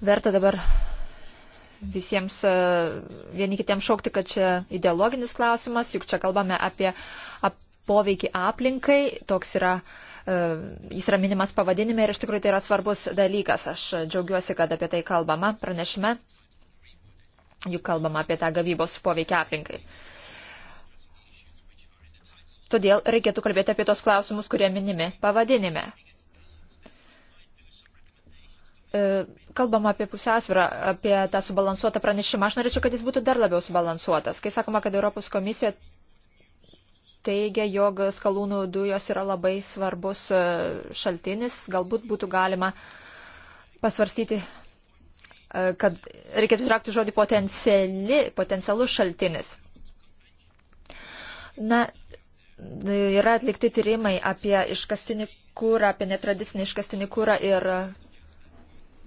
verta dabar visiems e, vieni kitiems šaukti, kad čia ideologinis klausimas, juk čia kalbame apie ap poveikį aplinkai, toks yra, e, jis yra minimas pavadinime ir iš tikrųjų tai yra svarbus dalykas. Aš džiaugiuosi, kad apie tai kalbama pranešime juk kalbam apie tą gavybos poveikia aplinkai. Todėl reikėtų kalbėti apie tos klausimus, kurie minimi pavadinime. E, kalbam apie pusiausvyrą, apie tą subalansuotą pranešimą. Aš norėčiau, kad jis būtų dar labiau subalansuotas. Kai sakoma, kad Europos komisija teigia, jog skalūnų dujos yra labai svarbus e, šaltinis, galbūt būtų galima pasvarstyti kad reikėtų įtraukti žodį potenciali, potencialus šaltinis. Na, yra atlikti tyrimai apie iškastinį kūrą, apie netradicinį iškastinį kūrą ir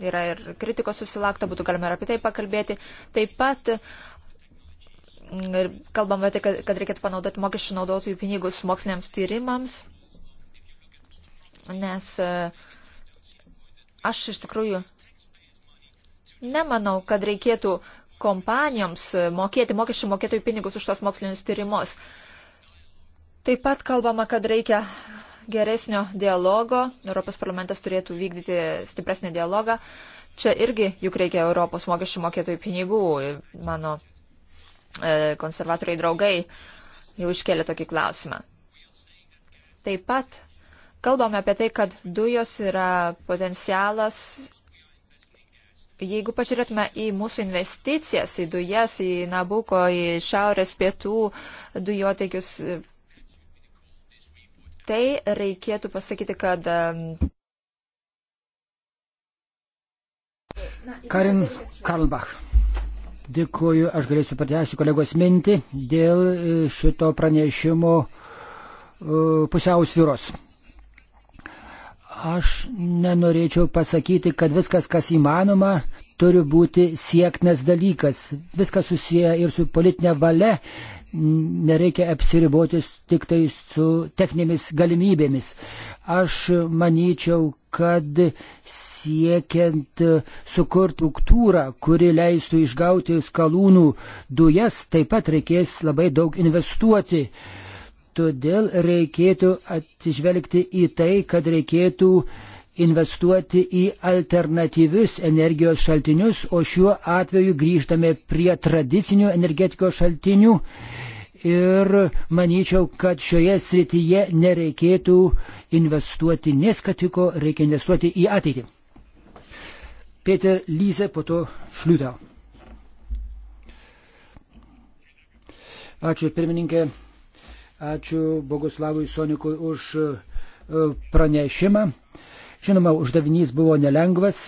yra ir kritikos susilaukta, būtų galima ir apie tai pakalbėti. Taip pat mm, kalbame tai, kad, kad reikėtų panaudoti mokesčių naudotojų pinigus moksliniams tyrimams, nes e, aš iš tikrųjų Nemanau, kad reikėtų kompanijoms mokėti mokesčių mokėtojų pinigus už tos mokslinius tyrimus. Taip pat kalbama, kad reikia geresnio dialogo, Europos parlamentas turėtų vykdyti stipresnį dialogą. Čia irgi juk reikia Europos mokesčių mokėtojų pinigų. Mano e, konservatoriai draugai jau iškėlė tokį klausimą. Taip pat kalbame apie tai, kad dujos yra potencialas Jeigu pažiūrėtume į mūsų investicijas, į dujas, į Nabuko, į šiaurės pietų dujotekius, tai reikėtų pasakyti, kad. Karin Karlbach. Dėkuoju, aš galėsiu pratęsti kolegos mintį dėl e, šito pranešimo e, pusiausvyros. Aš nenorėčiau pasakyti, kad viskas, kas įmanoma, turi būti siektinas dalykas. Viskas susiję ir su politinė valia. Nereikia apsiribotis tik tai su techninėmis galimybėmis. Aš manyčiau, kad siekiant sukurti struktūrą, kuri leistų išgauti skalūnų dujas, taip pat reikės labai daug investuoti. Uh, Todėl reikėtų atsižvelgti į tai, kad reikėtų investuoti į alternatyvius energijos šaltinius, o šiuo atveju grįžtame prie tradicinių energetikos šaltinių. Ir manyčiau, kad šioje srityje nereikėtų investuoti neskatiko, reikia investuoti į ateitį. Peter Lyse, po to Šliūtau. Ačiū pirmininkė. Ačiū Boguslavui Sonikui už e, pranešimą. Žinoma, uždavinys buvo nelengvas.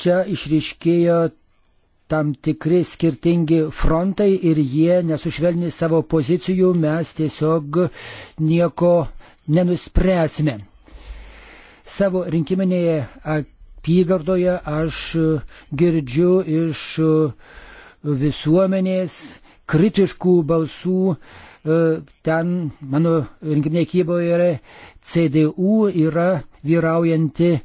Čia išryškėjo tam tikri skirtingi frontai ir jie nesušvelni savo pozicijų, mes tiesiog nieko nenuspręsime. Savo rinkiminėje apygardoje aš girdžiu iš e, visuomenės kritiškų balsų. E, ten mano rinkiminėje kyboje yra CDU yra vyraujanti e,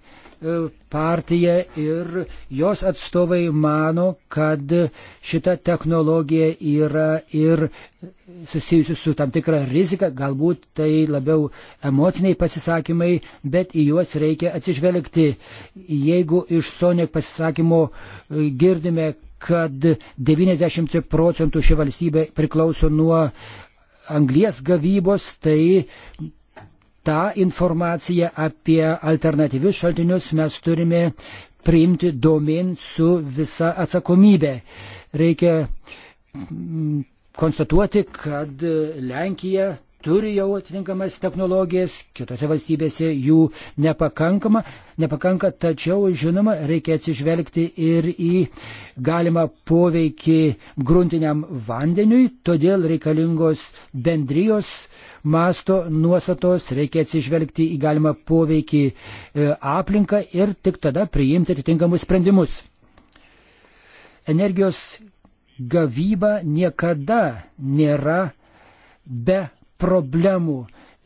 partija ir jos atstovai mano, kad šita technologija yra ir susijusi su tam tikra rizika, galbūt tai labiau emociniai pasisakymai, bet į juos reikia atsižvelgti. Jeigu iš Sonek pasisakymo e, girdime, kad 90 procentų ši valstybė priklauso nuo anglies gavybos, tai tą informaciją apie alternatyvius šaltinius mes turime priimti domin su visa atsakomybė. Reikia mm, konstatuoti, kad Lenkija turi jau atitinkamas technologijas, kitose valstybėse jų nepakankama, nepakanka, tačiau, žinoma, reikia atsižvelgti ir į galimą poveikį gruntiniam vandeniui, todėl reikalingos bendrijos masto nuostatos, reikia atsižvelgti į galimą poveikį e, aplinką ir tik tada priimti atitinkamus sprendimus. Energijos gavyba niekada nėra be problemų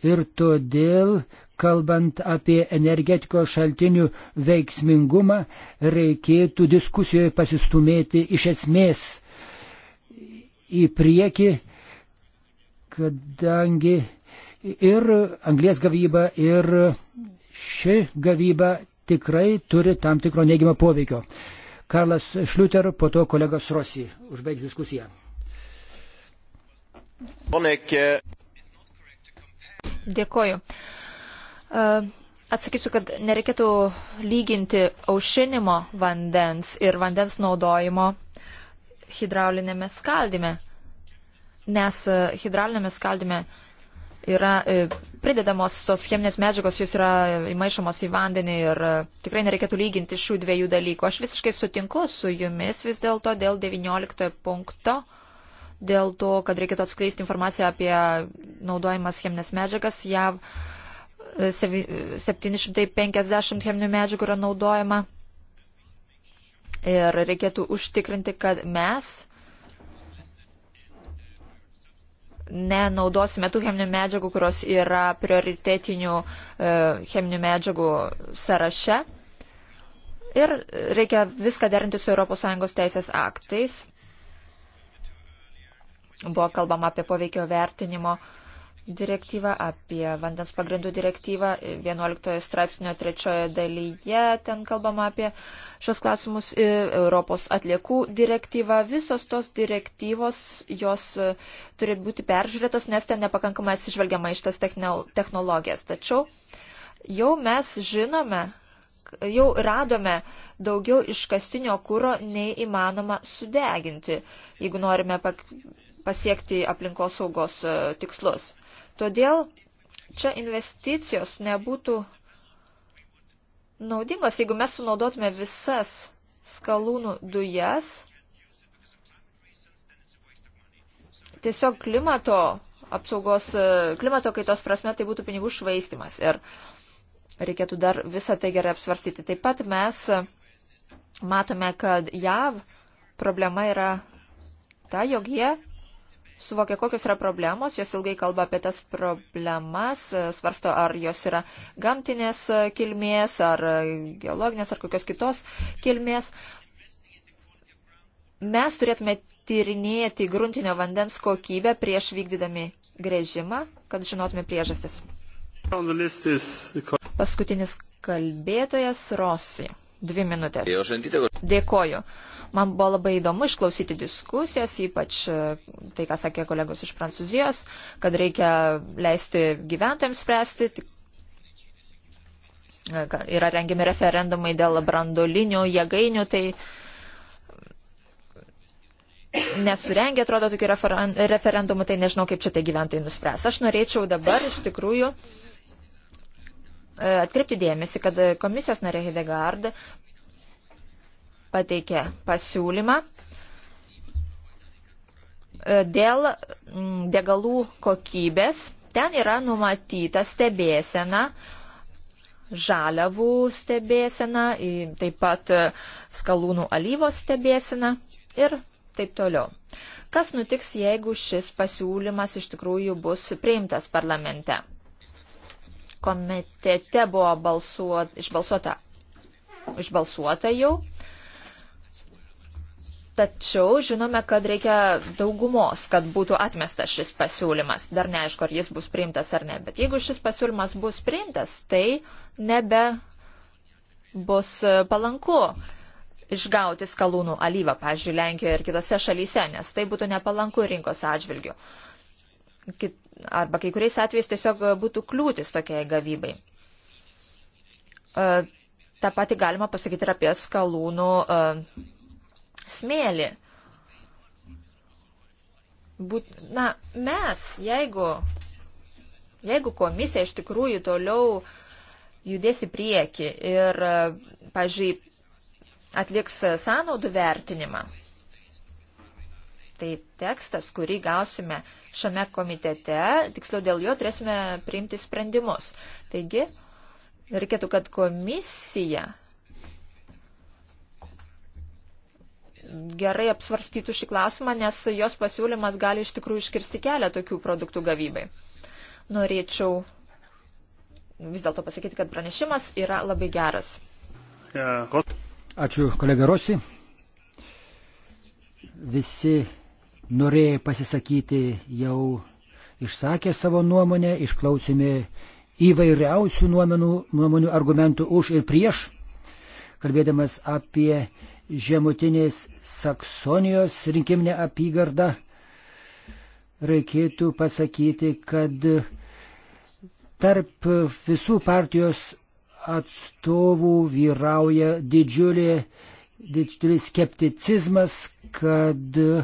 ir todėl, kalbant apie energetikos šaltinių veiksmingumą, reikėtų diskusijoje pasistumėti iš esmės į priekį, kadangi ir anglės gavyba, ir ši gavyba tikrai turi tam tikro neigiamą poveikio. Karlas Šliuter, po to kolegos Rosi užbaigs diskusiją. Ponek. Dėkoju. E, atsakysiu, kad nereikėtų lyginti aušinimo vandens ir vandens naudojimo hidraulinėme skaldime, nes e, hidraulinėme skaldime yra e, pridedamos tos cheminės medžiagos, jos yra įmaišomos į vandenį ir tikrai nereikėtų lyginti šių dviejų dalykų. Aš visiškai sutinku su jumis vis dėlto dėl 19 punkto dėl to, kad reikėtų atskleisti informaciją apie naudojimas cheminės medžiagas. JAV 750 e, cheminių medžiagų yra naudojama. Ir reikėtų užtikrinti, kad mes nenaudosime tų cheminių medžiagų, kurios yra prioritetinių e, cheminių medžiagų sąraše. Ir reikia viską derinti su ES teisės aktais. Buvo kalbama apie poveikio vertinimo direktyvą, apie vandens pagrindų direktyvą. 11 straipsnio trečioje dalyje ten kalbama apie šios klausimus e, Europos atliekų direktyvą. Visos tos direktyvos, jos e, turi būti peržiūrėtos, nes ten nepakankamai atsižvelgiama iš tas technologijas. Tačiau jau mes žinome, jau radome daugiau iškastinio kūro nei įmanoma sudeginti, jeigu norime pasiekti aplinkos saugos e, tikslus. Todėl čia investicijos nebūtų naudingos, jeigu mes sunaudotume visas skalūnų dujas tiesiog klimato apsaugos, e, klimato kaitos prasme, tai būtų pinigų švaistimas. Ir reikėtų dar visą tai gerai apsvarstyti. Taip pat mes matome, kad JAV problema yra ta, jog jie suvokia, kokios yra problemos, jos ilgai kalba apie tas problemas, e, svarsto, ar jos yra gamtinės e, kilmės, ar e, geologinės, ar kokios kitos kilmės. Mes turėtume tyrinėti gruntinio vandens kokybę prieš vykdydami grėžimą, kad žinotume priežastis. Paskutinis kalbėtojas Rosija dvi minutės. Dėkoju. Man buvo labai įdomu išklausyti diskusijas, ypač e, tai, ką sakė kolegos iš Prancūzijos, kad reikia leisti gyventojams spręsti. E, yra rengiami referendumai dėl brandolinių jėgainių, tai nesurengia, atrodo, tokių referen referendumų, tai nežinau, kaip čia tai gyventojai nuspręs. Aš norėčiau dabar iš tikrųjų uh, E, atkreipti dėmesį, kad komisijos narė Hidegard pateikė pasiūlymą e, dėl degalų kokybės. Ten yra numatyta stebėsena, žaliavų stebėsena, taip pat e, skalūnų alyvos stebėsena ir taip toliau. Kas nutiks, jeigu šis pasiūlymas iš tikrųjų bus priimtas parlamente? komitete buvo balsuot, išbalsuota, išbalsuota jau. Tačiau žinome, kad reikia daugumos, kad būtų atmestas šis pasiūlymas. Dar neaišku, ar jis bus priimtas ar ne. Bet jeigu šis pasiūlymas bus priimtas, tai nebe bus palanku išgauti skalūnų alyvą, pavyzdžiui, Lenkijoje ir kitose šalyse, nes tai būtų nepalanku rinkos atžvilgiu. Kit arba kai kuriais atvejais tiesiog e, būtų kliūtis tokiai gavybai. E, Ta pati galima pasakyti ir apie skalūnų e, smėlį. Būt, na, mes, jeigu, jeigu komisija iš tikrųjų toliau judės į priekį ir, pažiūrėjau, atliks sąnaudų vertinimą, tai tekstas, kurį gausime uh, šiame komitete, tiksliau dėl jo turėsime priimti sprendimus. Taigi, reikėtų, kad komisija gerai apsvarstytų šį klausimą, nes jos pasiūlymas gali iš tikrųjų iškirsti kelią tokių produktų gavybai. Norėčiau vis dėlto pasakyti, kad pranešimas yra labai geras. Ačiū, kolega Rosi. Visi norėjo pasisakyti, jau išsakė savo nuomonę, išklausėme įvairiausių nuomenų, nuomonių argumentų už ir prieš, kalbėdamas apie žemutinės Saksonijos rinkiminę apygardą. Reikėtų pasakyti, kad tarp visų partijos atstovų vyrauja didžiulė uh, didžiulis skepticizmas, kad e,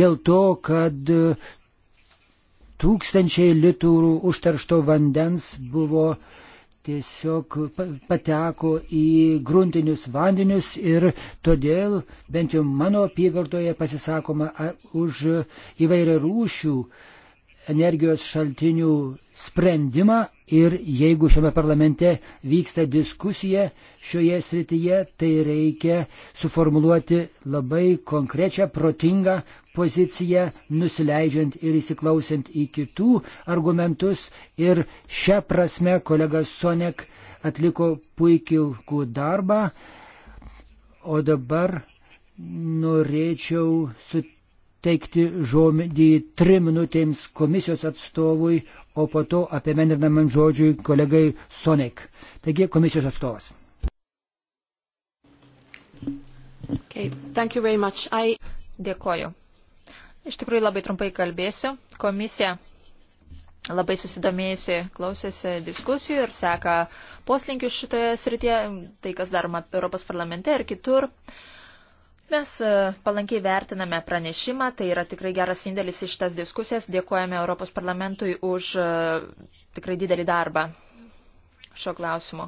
dėl to, kad tūkstančiai litrų užteršto vandens buvo tiesiog pateko į gruntinius vandenius ir todėl bent jau mano apygardoje pasisakoma už įvairią rūšių energijos šaltinių sprendimą Ir jeigu šiame parlamente vyksta diskusija šioje srityje, tai reikia suformuluoti labai konkrečią, protingą poziciją, nusileidžiant ir įsiklausant į kitų argumentus. Ir šią prasme kolega Sonek atliko puikių darbą. O dabar norėčiau sutikti teikti žodį trim minutėms komisijos atstovui o po to apimendrinamam žodžiui kolegai Sonek. Taigi komisijos atstovas. Okay, I... Dėkoju. Iš tikrųjų labai trumpai kalbėsiu. Komisija labai susidomėjusi klausėsi diskusijų ir seka poslinkius šitoje srityje, tai kas daroma Europos parlamente ir kitur. Uh, Mes e, palankiai vertiname pranešimą, tai yra tikrai geras indėlis iš tas diskusijas. Dėkojame Europos parlamentui už e, tikrai didelį darbą šio klausimo.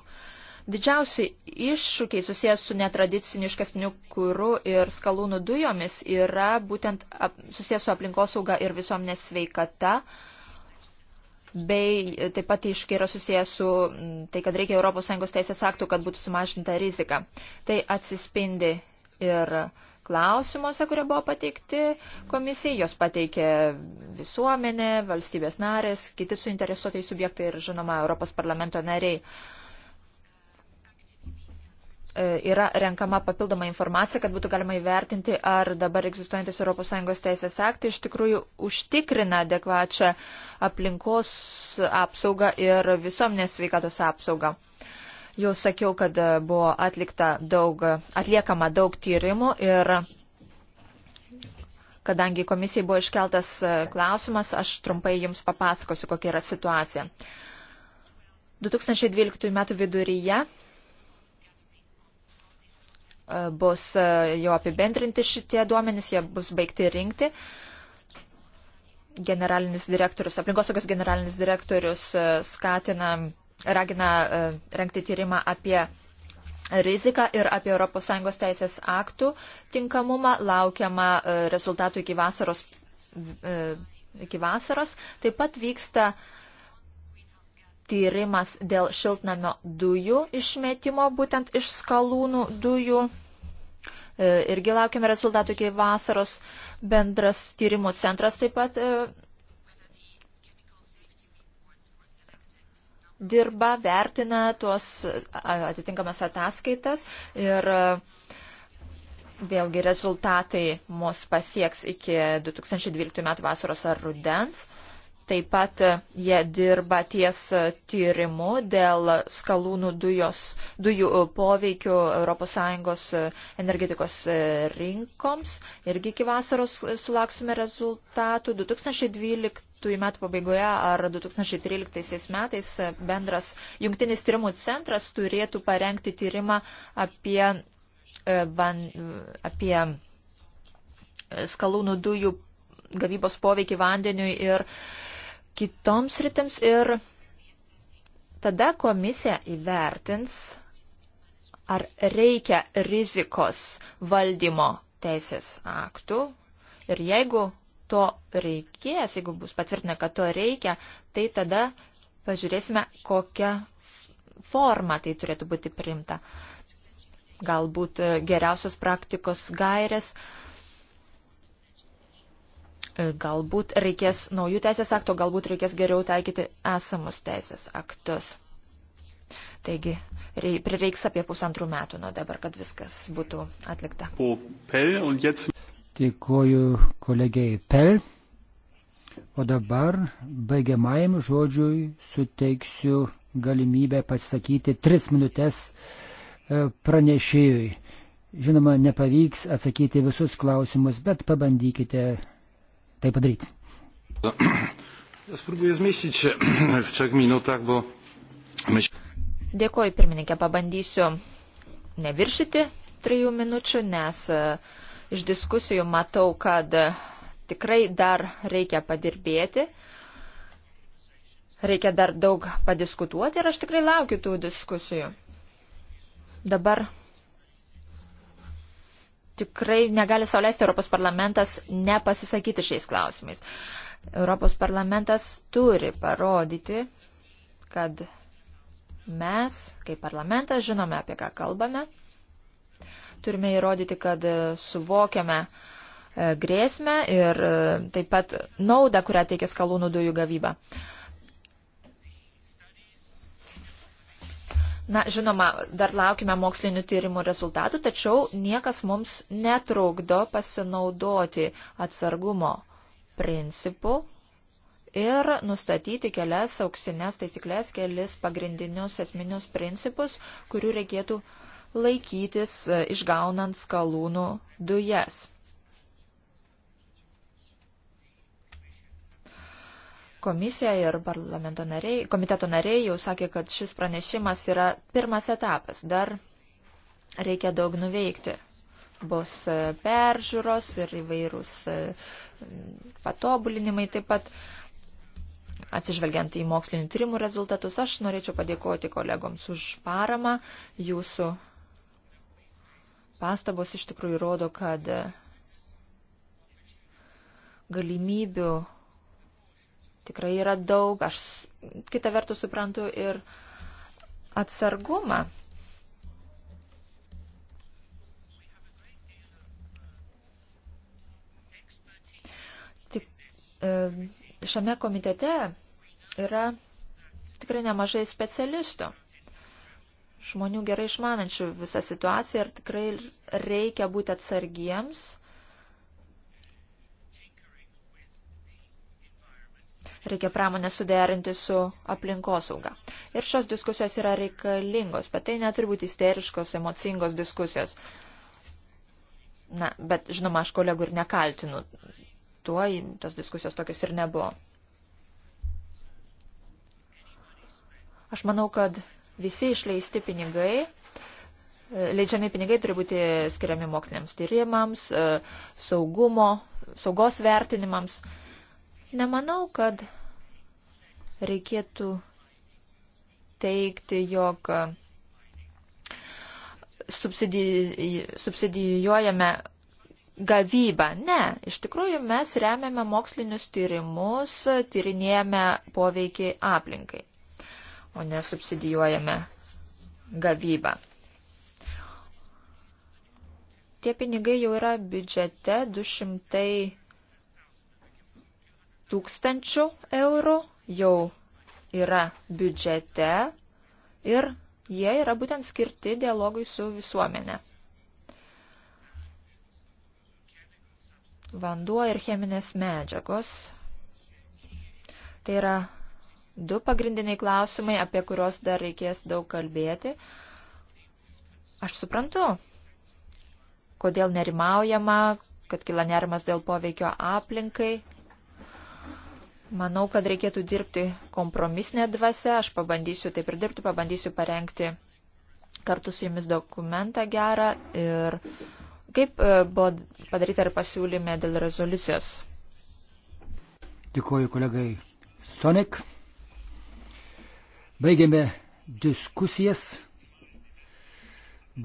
Didžiausi iššūkiai susijęs su netradiciniu iškasminiu kūru ir skalūnų dujomis yra būtent susijęs su aplinkosauga ir visuomenės sveikata. Bei taip pat iššūkiai yra susijęs su tai, kad reikia ES teisės aktų, kad būtų sumažinta rizika. Tai atsispindi ir klausimuose, kurie buvo pateikti komisijai, jos pateikė visuomenė, valstybės narės, kiti suinteresuotai subjektai ir, žinoma, Europos parlamento nariai. E, yra renkama papildoma informacija, kad būtų galima įvertinti, ar dabar egzistuojantis ES teisės aktai iš tikrųjų užtikrina adekvačią aplinkos apsaugą ir visuomenės sveikatos apsaugą. Uh, Jau sakiau, kad e, buvo atlikta daug, atliekama daug tyrimų ir kadangi komisijai buvo iškeltas e, klausimas, aš trumpai jums papasakosiu, kokia yra situacija. 2012 m. viduryje e, bus jau apibendrinti šitie duomenys, jie bus baigti rinkti generalinis direktorius, aplinkosaugos generalinis direktorius skatina ragina e, renkti tyrimą apie riziką ir apie ES teisės aktų tinkamumą. Laukiama e, rezultatų iki vasaros. E, iki vasaros. Taip pat vyksta tyrimas dėl šiltnamio dujų išmetimo, būtent iš skalūnų dujų. Irgi laukiame rezultatų iki vasaros. Bendras tyrimų centras taip pat dirba, vertina tuos atitinkamas ataskaitas ir vėlgi rezultatai mus pasieks iki 2012 metų vasaros ar rudens. Taip pat jie dirba ties tyrimu dėl skalūnų dujos, dujų poveikių ES energetikos rinkoms. Irgi iki vasaros sulauksime rezultatų. 2012 metų pabaigoje ar 2013 metais bendras jungtinis tyrimų centras turėtų parengti tyrimą apie, van, e, apie e, skalūnų dujų gavybos poveikį vandeniui ir kitoms rytims. Ir tada komisija įvertins, ar reikia rizikos valdymo teisės aktų. Ir jeigu to reikės, jeigu bus patvirtina, kad to reikia, tai tada pažiūrėsime, kokia forma tai turėtų būti priimta. Galbūt e, geriausios praktikos gairės, e, galbūt reikės naujų teisės aktų, galbūt reikės geriau taikyti esamus teisės aktus. Taigi, prireiks apie pusantrų metų nuo dabar, kad viskas būtų atlikta. Dėkuoju kolegiai Pel. O dabar baigiamajam žodžiui suteiksiu galimybę pasakyti tris minutės e, pranešėjui. Žinoma, nepavyks atsakyti visus klausimus, bet pabandykite tai padaryti. *clears throat* Dėkuoju, pirmininkė, pabandysiu neviršyti trijų minučių, nes uh, Iš diskusijų matau, kad tikrai dar reikia padirbėti, reikia dar daug padiskutuoti ir aš tikrai laukiu tų diskusijų. Dabar tikrai negali sauliaisti Europos parlamentas nepasisakyti šiais klausimais. Europos parlamentas turi parodyti, kad mes, kaip parlamentas, žinome, apie ką kalbame Turime įrodyti, kad e, suvokiame e, grėsmę ir e, taip pat naudą, kurią teikia skalūnų dujų gavyba. Na, žinoma, dar laukime mokslinių tyrimų rezultatų, tačiau niekas mums netrukdo pasinaudoti atsargumo principu ir nustatyti kelias auksinės taisyklės, kelis pagrindinius esminius principus, kurių reikėtų uh, laikytis e, išgaunant skalūnų dujas. Komisija ir parlamento nariai, komiteto nariai jau sakė, kad šis pranešimas yra pirmas etapas. Dar reikia daug nuveikti. Bus e, peržiūros ir įvairūs e, patobulinimai taip pat. Atsižvelgiant į mokslinių tyrimų rezultatus, aš norėčiau padėkoti kolegoms už paramą. Jūsų pastabos iš tikrųjų rodo, kad e, galimybių tikrai yra daug. Aš kitą vertus suprantu ir atsargumą. Tik, e, šiame komitete yra tikrai nemažai specialistų žmonių gerai išmanančių visą situaciją ir tikrai reikia būti atsargiems. Reikia pramonę suderinti su aplinkosauga. Ir šios diskusijos yra reikalingos, bet tai neturi būti isteriškos, emocingos diskusijos. Na, bet žinoma, aš kolegų ir nekaltinu. Tuo tos diskusijos tokios ir nebuvo. Aš manau, kad visi išleisti pinigai, e, leidžiami pinigai turi būti skiriami moksliniams tyrimams, e, saugumo, saugos vertinimams. Nemanau, kad reikėtų teikti, jog e, subsidijuojame gavybą. Ne, iš tikrųjų mes remiame mokslinius tyrimus, tyrinėjame poveikį aplinkai o nesubsidijuojame gavybą. Tie pinigai jau yra biudžete 200 tūkstančių eurų jau yra biudžete ir jie yra būtent skirti dialogui su visuomenė. Vanduo ir cheminės medžiagos. Tai yra du pagrindiniai klausimai, apie kuriuos dar reikės daug kalbėti. Aš suprantu, kodėl nerimaujama, kad kila nerimas dėl poveikio aplinkai. Manau, kad reikėtų dirbti kompromisinė dvasia. Aš pabandysiu taip ir dirbti, pabandysiu parengti kartu su jumis dokumentą gerą ir kaip e, buvo padaryta ir pasiūlyme dėl rezoliucijos. Dėkuoju kolegai Sonik. Baigėme diskusijas.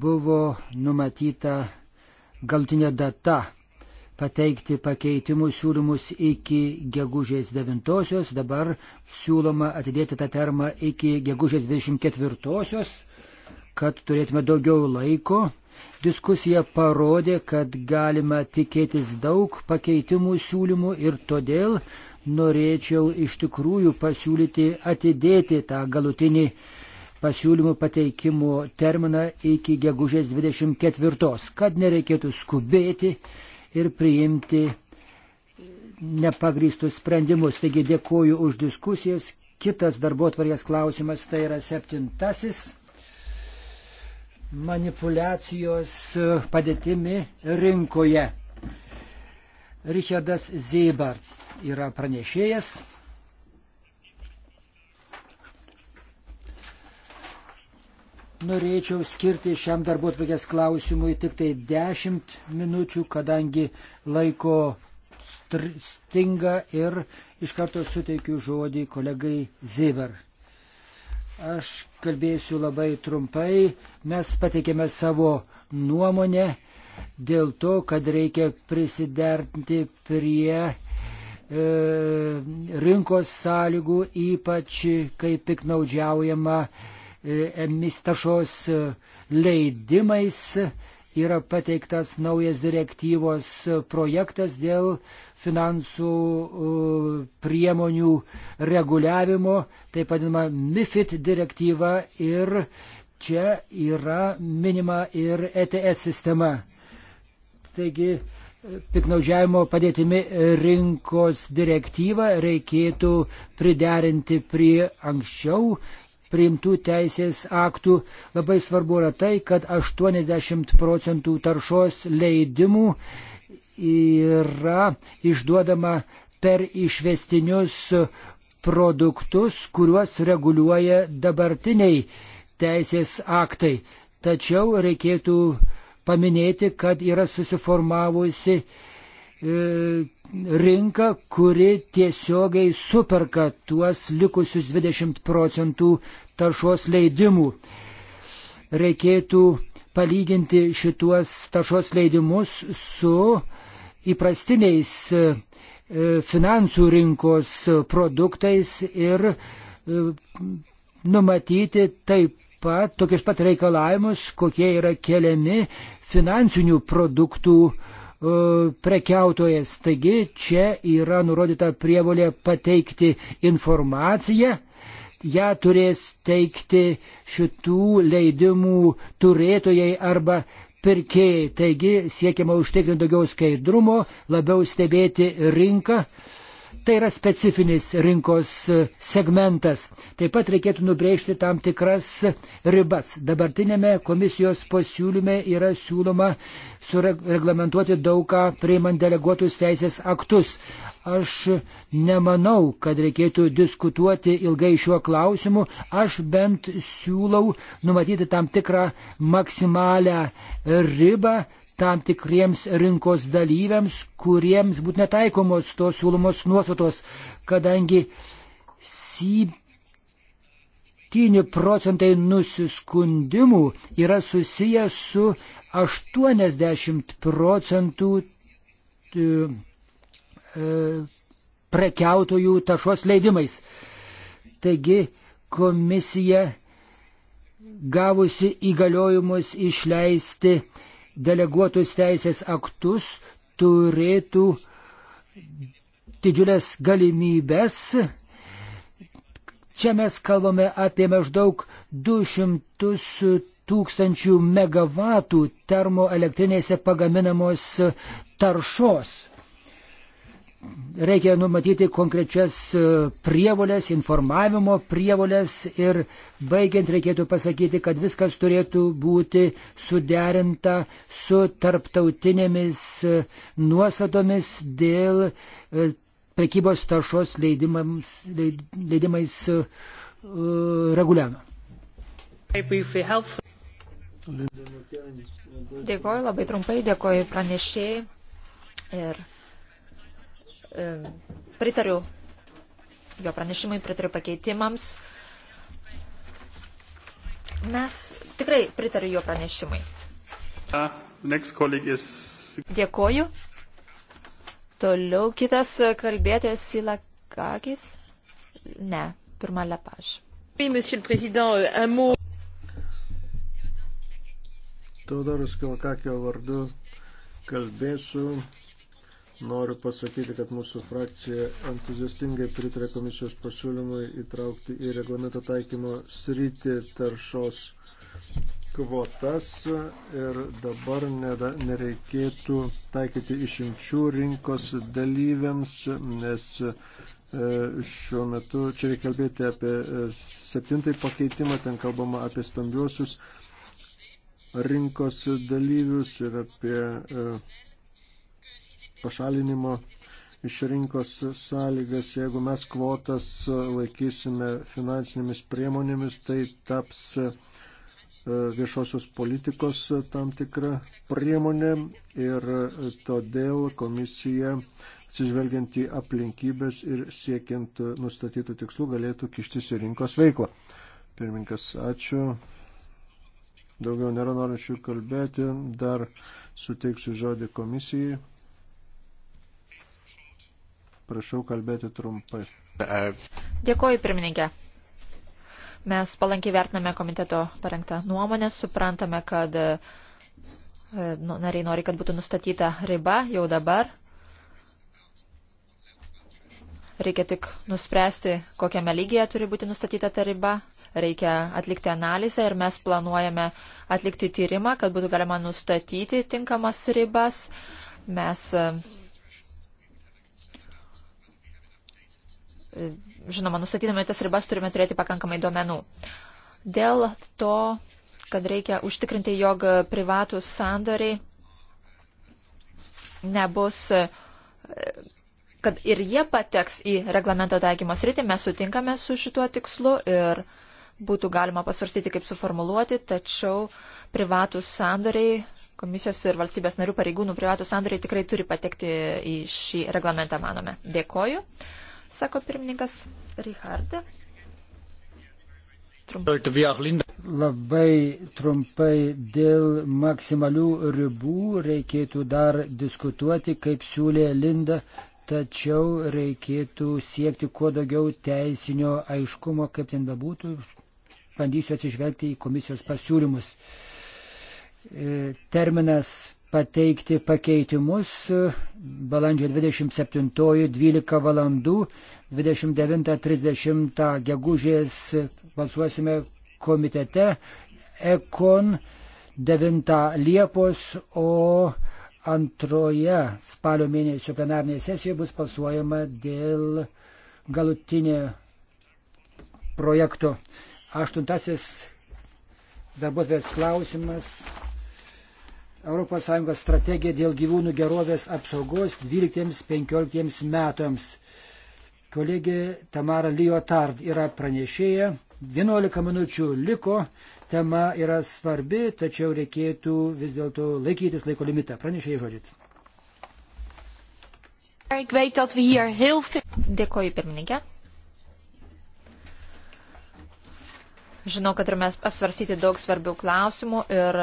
Buvo numatyta galtinė data pateikti pakeitimų siūlymus iki gegužės 9-osios, dabar siūloma atidėti tą termą iki gegužės 24-osios, kad turėtume daugiau laiko. Diskusija parodė, kad galima tikėtis daug pakeitimų siūlymų ir todėl norėčiau iš tikrųjų pasiūlyti atidėti tą galutinį pasiūlymų pateikimo terminą iki gegužės 24, kad nereikėtų skubėti ir priimti nepagrįstus sprendimus. Taigi dėkoju už diskusijas. Kitas darbo tvarės klausimas tai yra septintasis manipulacijos padėtimi rinkoje. Richardas Zeibar yra pranešėjas. Norėčiau skirti šiam darbo atvarkės klausimui tik tai 10 minučių, kadangi laiko stinga ir iš karto suteikiu žodį kolegai Ziver. Aš kalbėsiu labai trumpai, mes pateikėme savo nuomonę dėl to, kad reikia prisiderinti prie e, rinkos sąlygų, ypač kai piknaudžiaujama e, emis tašos e, leidimais. Yra pateiktas naujas direktyvos projektas dėl finansų e, priemonių reguliavimo, taip vadinama MIFID direktyva ir čia yra minima ir ETS sistema. Taigi, piknaudžiavimo padėtimi rinkos direktyvą reikėtų priderinti prie anksčiau priimtų teisės aktų. Labai svarbu yra tai, kad 80 procentų taršos leidimų yra išduodama per išvestinius produktus, kuriuos reguliuoja dabartiniai teisės aktai. Tačiau reikėtų uh, paminėti, kad yra susiformavusi e, rinka, kuri tiesiogiai superka tuos likusius 20 procentų taršos leidimų. Reikėtų palyginti šituos taršos leidimus su įprastiniais e, finansų rinkos produktais ir e, numatyti taip pat, tokius pat reikalavimus, kokie yra keliami finansinių produktų e, prekiautojas. Taigi čia yra nurodyta prievolė pateikti informaciją, ją turės teikti šitų leidimų turėtojai arba pirkėjai. Taigi siekiama užtikrinti daugiau skaidrumo, labiau stebėti rinką. Tai yra specifinis rinkos e, segmentas. Taip pat reikėtų nubrėžti tam tikras ribas. Dabartinėme komisijos pasiūlyme yra siūloma sureglamentuoti daugą priimant deleguotus teisės aktus. Aš nemanau, kad reikėtų diskutuoti ilgai šiuo klausimu. Aš bent siūlau numatyti tam tikrą maksimalę ribą tam tikriems rinkos dalyviams, kuriems būtų netaikomos tos siūlomos nuostatos, kadangi 7 procentai nusiskundimų yra susiję su 80 procentų e, prekiautojų taršos leidimais. Taigi komisija gavusi įgaliojimus išleisti deleguotus teisės aktus turėtų didžiulės galimybės. Čia mes kalbame apie maždaug 200 tūkstančių megavatų termoelektrinėse pagaminamos taršos reikia numatyti konkrečias e, prievolės, informavimo prievolės ir baigiant reikėtų pasakyti, kad viskas turėtų būti suderinta su tarptautinėmis e, nuostatomis dėl e, prekybos taršos leidimams, leidimais uh, reguliavimo. Dėkoju labai trumpai, dėkoju pranešėjai ir Pritariu jo pranešimui, pritariu pakeitimams. Mes tikrai pritariu jo pranešimui. Is... Dėkoju. Toliau kitas kalbėtojas Silakakis. Ne, pirma Lepaž. Oui, monsieur le président, euh, un mot. Teodoras Kilkakio vardu kalbėsiu. Noriu pasakyti, kad mūsų frakcija entuziastingai pritarė komisijos pasiūlymui įtraukti į reglamento taikymo sritį taršos kvotas ir dabar nereikėtų taikyti išimčių rinkos dalyviams, nes e, šiuo metu čia reikia kalbėti apie e, septintąjį pakeitimą, ten kalbama apie stambiuosius rinkos dalyvius ir apie e, pašalinimo iš rinkos sąlygas, jeigu mes kvotas laikysime finansinėmis priemonėmis, tai taps e, viešosios politikos tam tikra priemonė ir todėl komisija, atsižvelgiant į aplinkybės ir siekiant nustatytų tikslų, galėtų kištis į rinkos veiklą. Pirminkas, ačiū. Daugiau nėra norinčių kalbėti. Dar suteiksiu žodį komisijai. Prašau kalbėti trumpai. Dėkuoju, pirmininkė. Mes palankiai vertiname komiteto parengtą nuomonę, suprantame, kad e, nu, nariai nori, kad būtų nustatyta riba jau dabar. Reikia tik nuspręsti, kokiame lygyje turi būti nustatyta ta riba. Reikia atlikti analizę ir mes planuojame atlikti tyrimą, kad būtų galima nustatyti tinkamas ribas. Mes e, Žinoma, nustatydami tas ribas turime turėti pakankamai duomenų. Dėl to, kad reikia užtikrinti, jog privatus sandoriai nebus, kad ir jie pateks į reglamento taikymo sritį, mes sutinkame su šituo tikslu ir būtų galima pasvarstyti, kaip suformuluoti, tačiau privatus sandoriai, komisijos ir valstybės narių pareigūnų privatus sandoriai tikrai turi patekti į šį reglamentą, manome. Dėkoju sako pirmininkas Richardė. Trumpai. Labai trumpai dėl maksimalių ribų reikėtų dar diskutuoti, kaip siūlė Linda, tačiau reikėtų siekti kuo daugiau teisinio aiškumo, kaip ten bebūtų. Bandysiu atsižvelgti į komisijos pasiūlymus. E, terminas pateikti pakeitimus e, balandžio 27-12 valandų, 29-30 gegužės balsuosime komitete Ekon 9 Liepos, o antroje spalio mėnesio plenarnėje sesijoje bus balsuojama dėl galutinio projekto. Aštuntasis darbuotojas klausimas ES strategiją dėl gyvūnų gerovės apsaugos 12-15 metams. Kolegė Tamara Liotard yra pranešėja. 11 minučių liko, tema yra svarbi, tačiau reikėtų vis dėlto laikytis laiko limitą. Pranešėjai žodžiu. Ik weet dat we hier heel veel. Dėkoju, pirmininkė. Žinau, kad turime apsvarsyti daug svarbių klausimų ir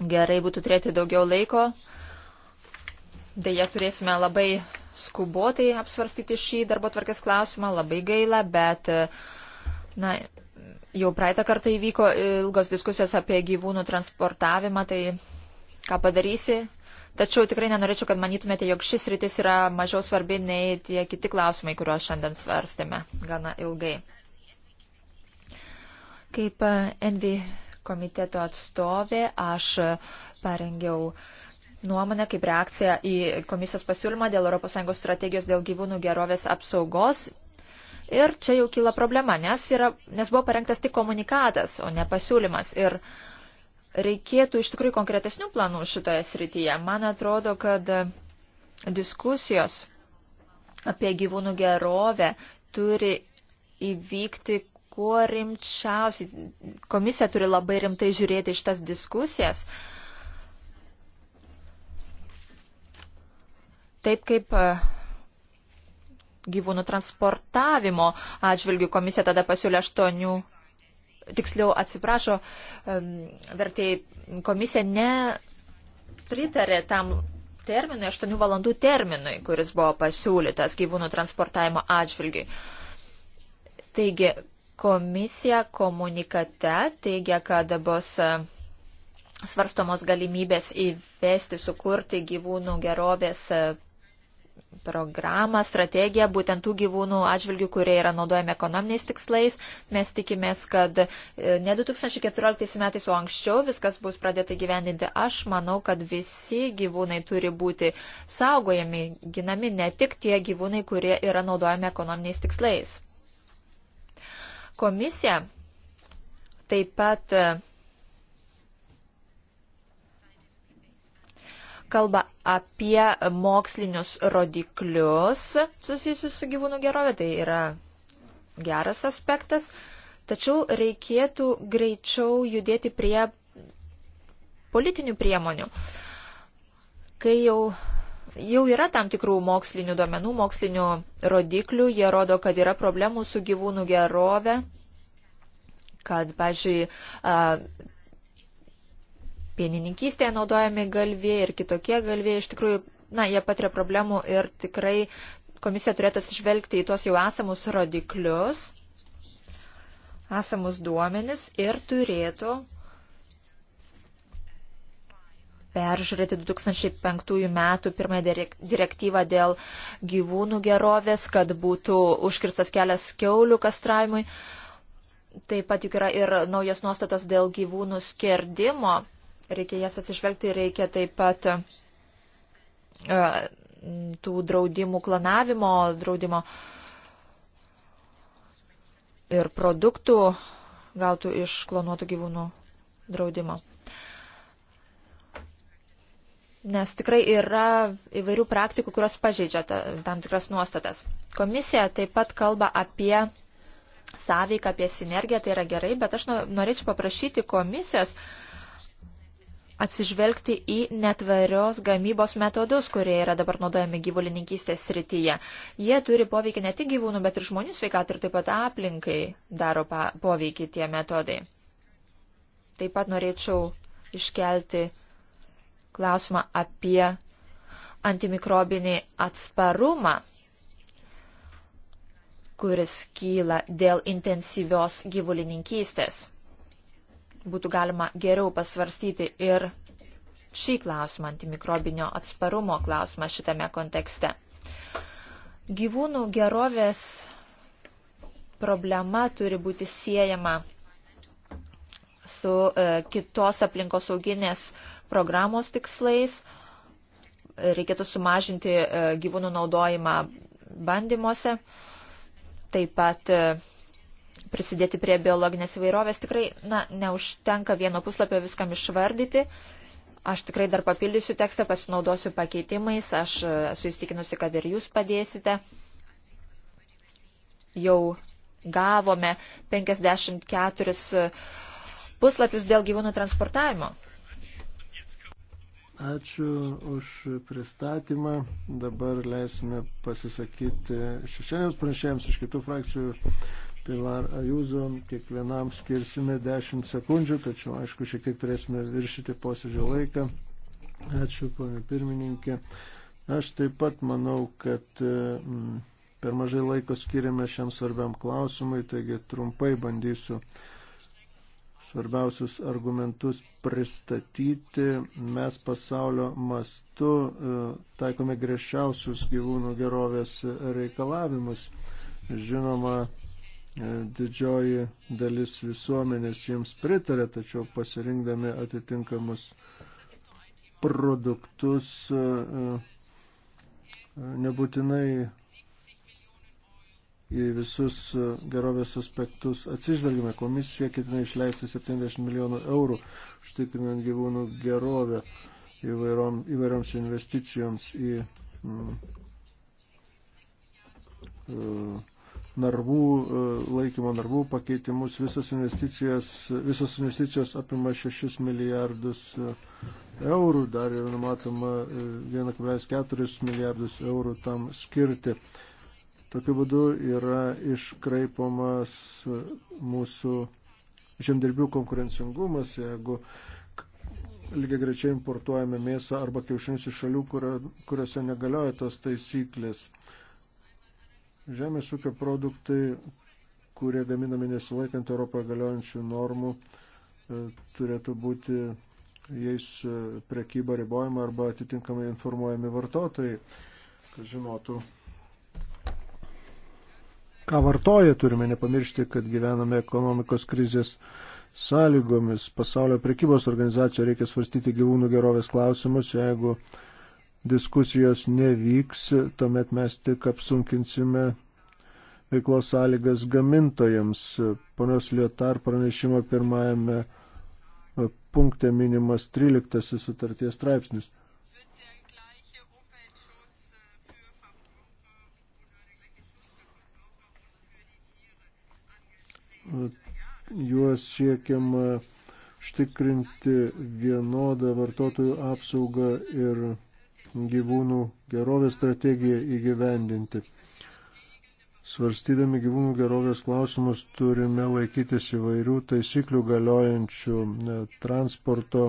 Gerai būtų turėti daugiau laiko. Deja, turėsime labai skubotai apsvarstyti šį darbo tvarkės klausimą. Labai gaila, bet na, jau praeitą kartą įvyko ilgos diskusijos apie gyvūnų transportavimą, tai ką padarysi. Tačiau tikrai nenorėčiau, kad manytumėte, jog šis rytis yra mažiau svarbi nei tie kiti klausimai, kuriuos šiandien svarstėme gana ilgai. Kaip e, NV komiteto atstovė. Aš parengiau nuomonę kaip reakcija į komisijos pasiūlymą dėl ES strategijos dėl gyvūnų gerovės apsaugos. Ir čia jau kyla problema, nes, yra, nes buvo parengtas tik komunikatas, o ne pasiūlymas. Ir reikėtų iš tikrųjų konkretesnių planų šitoje srityje. Man atrodo, kad diskusijos apie gyvūnų gerovę turi įvykti kuo rimčiausiai. Komisija turi labai rimtai žiūrėti iš tas diskusijas. Taip kaip e, gyvūnų transportavimo atžvilgių komisija tada pasiūlė aštuonių, tiksliau atsiprašo, e, vertėjai komisija nepritarė tam terminui, 8 valandų terminui, kuris buvo pasiūlytas gyvūnų transportavimo atžvilgiui. Taigi, Komisija komunikate teigia, kad bus e, svarstomos galimybės įvesti, sukurti gyvūnų gerovės e, programą, strategiją, būtent tų gyvūnų atžvilgių, kurie yra naudojami ekonominiais tikslais. Mes tikimės, kad e, ne 2014 metais, o anksčiau viskas bus pradėta gyvendinti. Aš manau, kad visi gyvūnai turi būti saugojami, ginami, ne tik tie gyvūnai, kurie yra naudojami ekonominiais tikslais. Komisija taip pat e, kalba apie mokslinius rodiklius susijusius su gyvūnų gerovė, tai yra geras aspektas, tačiau reikėtų greičiau judėti prie politinių priemonių. Kai jau Jau yra tam tikrų mokslinių duomenų, mokslinių rodiklių, jie rodo, kad yra problemų su gyvūnų gerove, kad, pažiūrėjau, pienininkystėje naudojami galvėjai ir kitokie galvėjai, iš tikrųjų, na, jie patiria problemų ir tikrai komisija turėtų atsižvelgti į tuos jau esamus rodiklius, esamus duomenis ir turėtų peržiūrėti 2005 metų pirmąją direktyvą dėl gyvūnų gerovės, kad būtų užkirstas kelias keulių kastravimui. Taip pat juk yra ir naujas nuostatas dėl gyvūnų skerdimo. Reikia jas atsižvelgti, reikia taip pat uh, tų draudimų planavimo, draudimo ir produktų gautų iš klonuotų gyvūnų draudimo nes tikrai yra įvairių praktikų, kurios pažeidžia tam tikras nuostatas. Komisija taip pat kalba apie sąveiką, apie sinergiją, tai yra gerai, bet aš norėčiau paprašyti komisijos atsižvelgti į netvarios gamybos metodus, kurie yra dabar naudojami gyvulininkystės srityje. Jie turi poveikį ne tik gyvūnų, bet ir žmonių sveikatai ir taip pat aplinkai daro poveikį tie metodai. Taip pat norėčiau iškelti klausimą apie antimikrobinį atsparumą, kuris kyla dėl intensyvios gyvulininkystės. Būtų galima geriau pasvarstyti ir šį klausimą, antimikrobinio atsparumo klausimą šitame kontekste. Gyvūnų gerovės problema turi būti siejama su e, kitos aplinkosauginės e, programos tikslais. Reikėtų sumažinti e, gyvūnų naudojimą bandymuose. Taip pat e, prisidėti prie biologinės įvairovės. Tikrai, na, neužtenka vieno puslapio viskam išvardyti. Aš tikrai dar papildysiu tekstą, pasinaudosiu pakeitimais. Aš e, esu įstikinusi, kad ir jūs padėsite. Jau gavome 54 puslapius dėl gyvūnų transportavimo. Ačiū už pristatymą. Dabar leisime pasisakyti šešėliams pranešėjams iš kitų frakcijų. Pilar Ajūzo, kiekvienam skirsime 10 sekundžių, tačiau aišku, šiek tiek turėsime viršyti posėdžio laiką. Ačiū, ponė pirmininkė. Aš taip pat manau, kad mm, per mažai laiko skiriame šiam svarbiam klausimui, taigi trumpai bandysiu uh, svarbiausius argumentus pristatyti. Mes pasaulio mastu e, taikome griežčiausius gyvūnų gerovės reikalavimus. Žinoma, e, didžioji dalis visuomenės jiems pritarė, tačiau pasirinkdami atitinkamus produktus e, nebūtinai į visus e, gerovės aspektus atsižvelgime. Komisija ketina išleisti 70 milijonų eurų, užtikrinant gyvūnų gerovę įvairiom, įvairioms investicijoms į mm, mm, narvų, e, laikymo narvų pakeitimus, visos investicijos, visos investicijos apima 6 milijardus eurų, dar yra numatoma 1,4 milijardus eurų tam skirti. Tokiu būdu yra iškraipomas mūsų žemdirbių konkurencingumas, jeigu lygiai grečiai importuojame mėsą arba kiaušinius iš šalių, kurio, kuriuose negalioja tos taisyklės. Žemės ūkio produktai, kurie gaminami nesilaikant Europoje galiojančių normų, e, turėtų būti jais e, prekyba ribojama arba atitinkamai informuojami vartotojai, kad žinotų, ką vartoja, turime nepamiršti, kad gyvename ekonomikos krizės sąlygomis. Pasaulio prekybos organizacijoje reikia svarstyti gyvūnų gerovės klausimus, jeigu diskusijos nevyks, tuomet mes tik apsunkinsime veiklos sąlygas gamintojams. Ponios Lietar pranešimo pirmajame punkte minimas 13 sutarties straipsnis. juos siekiama štikrinti vienodą vartotojų apsaugą ir gyvūnų gerovės strategiją įgyvendinti. Svarstydami gyvūnų gerovės klausimus turime laikytis įvairių taisyklių galiojančių e, transporto,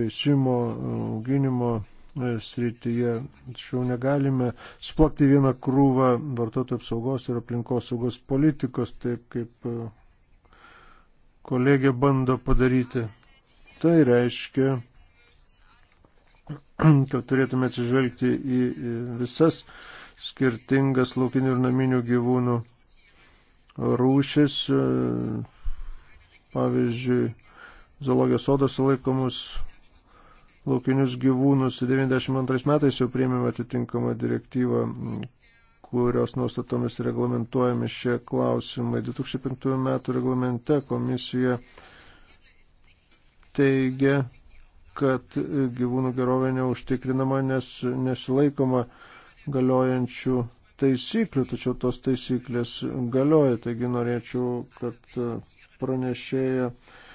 veisimo, auginimo E, srityje. Tačiau negalime splakti vieną krūvą vartotojų apsaugos ir aplinkos saugos politikos, taip kaip e, kolegė bando padaryti. Tai reiškia, *clears throat* kad turėtume atsižvelgti į visas skirtingas laukinių ir naminių gyvūnų rūšis. E, pavyzdžiui, zoologijos sodos laikomus laukinius gyvūnus. 92 metais jau priėmėme atitinkamą direktyvą, kurios nuostatomis reglamentuojami šie klausimai. 2005 metų reglamente komisija teigia, kad gyvūnų gerovė neužtikrinama, nes nesilaikoma galiojančių taisyklių, tačiau tos taisyklės galioja. Taigi norėčiau, kad pranešėja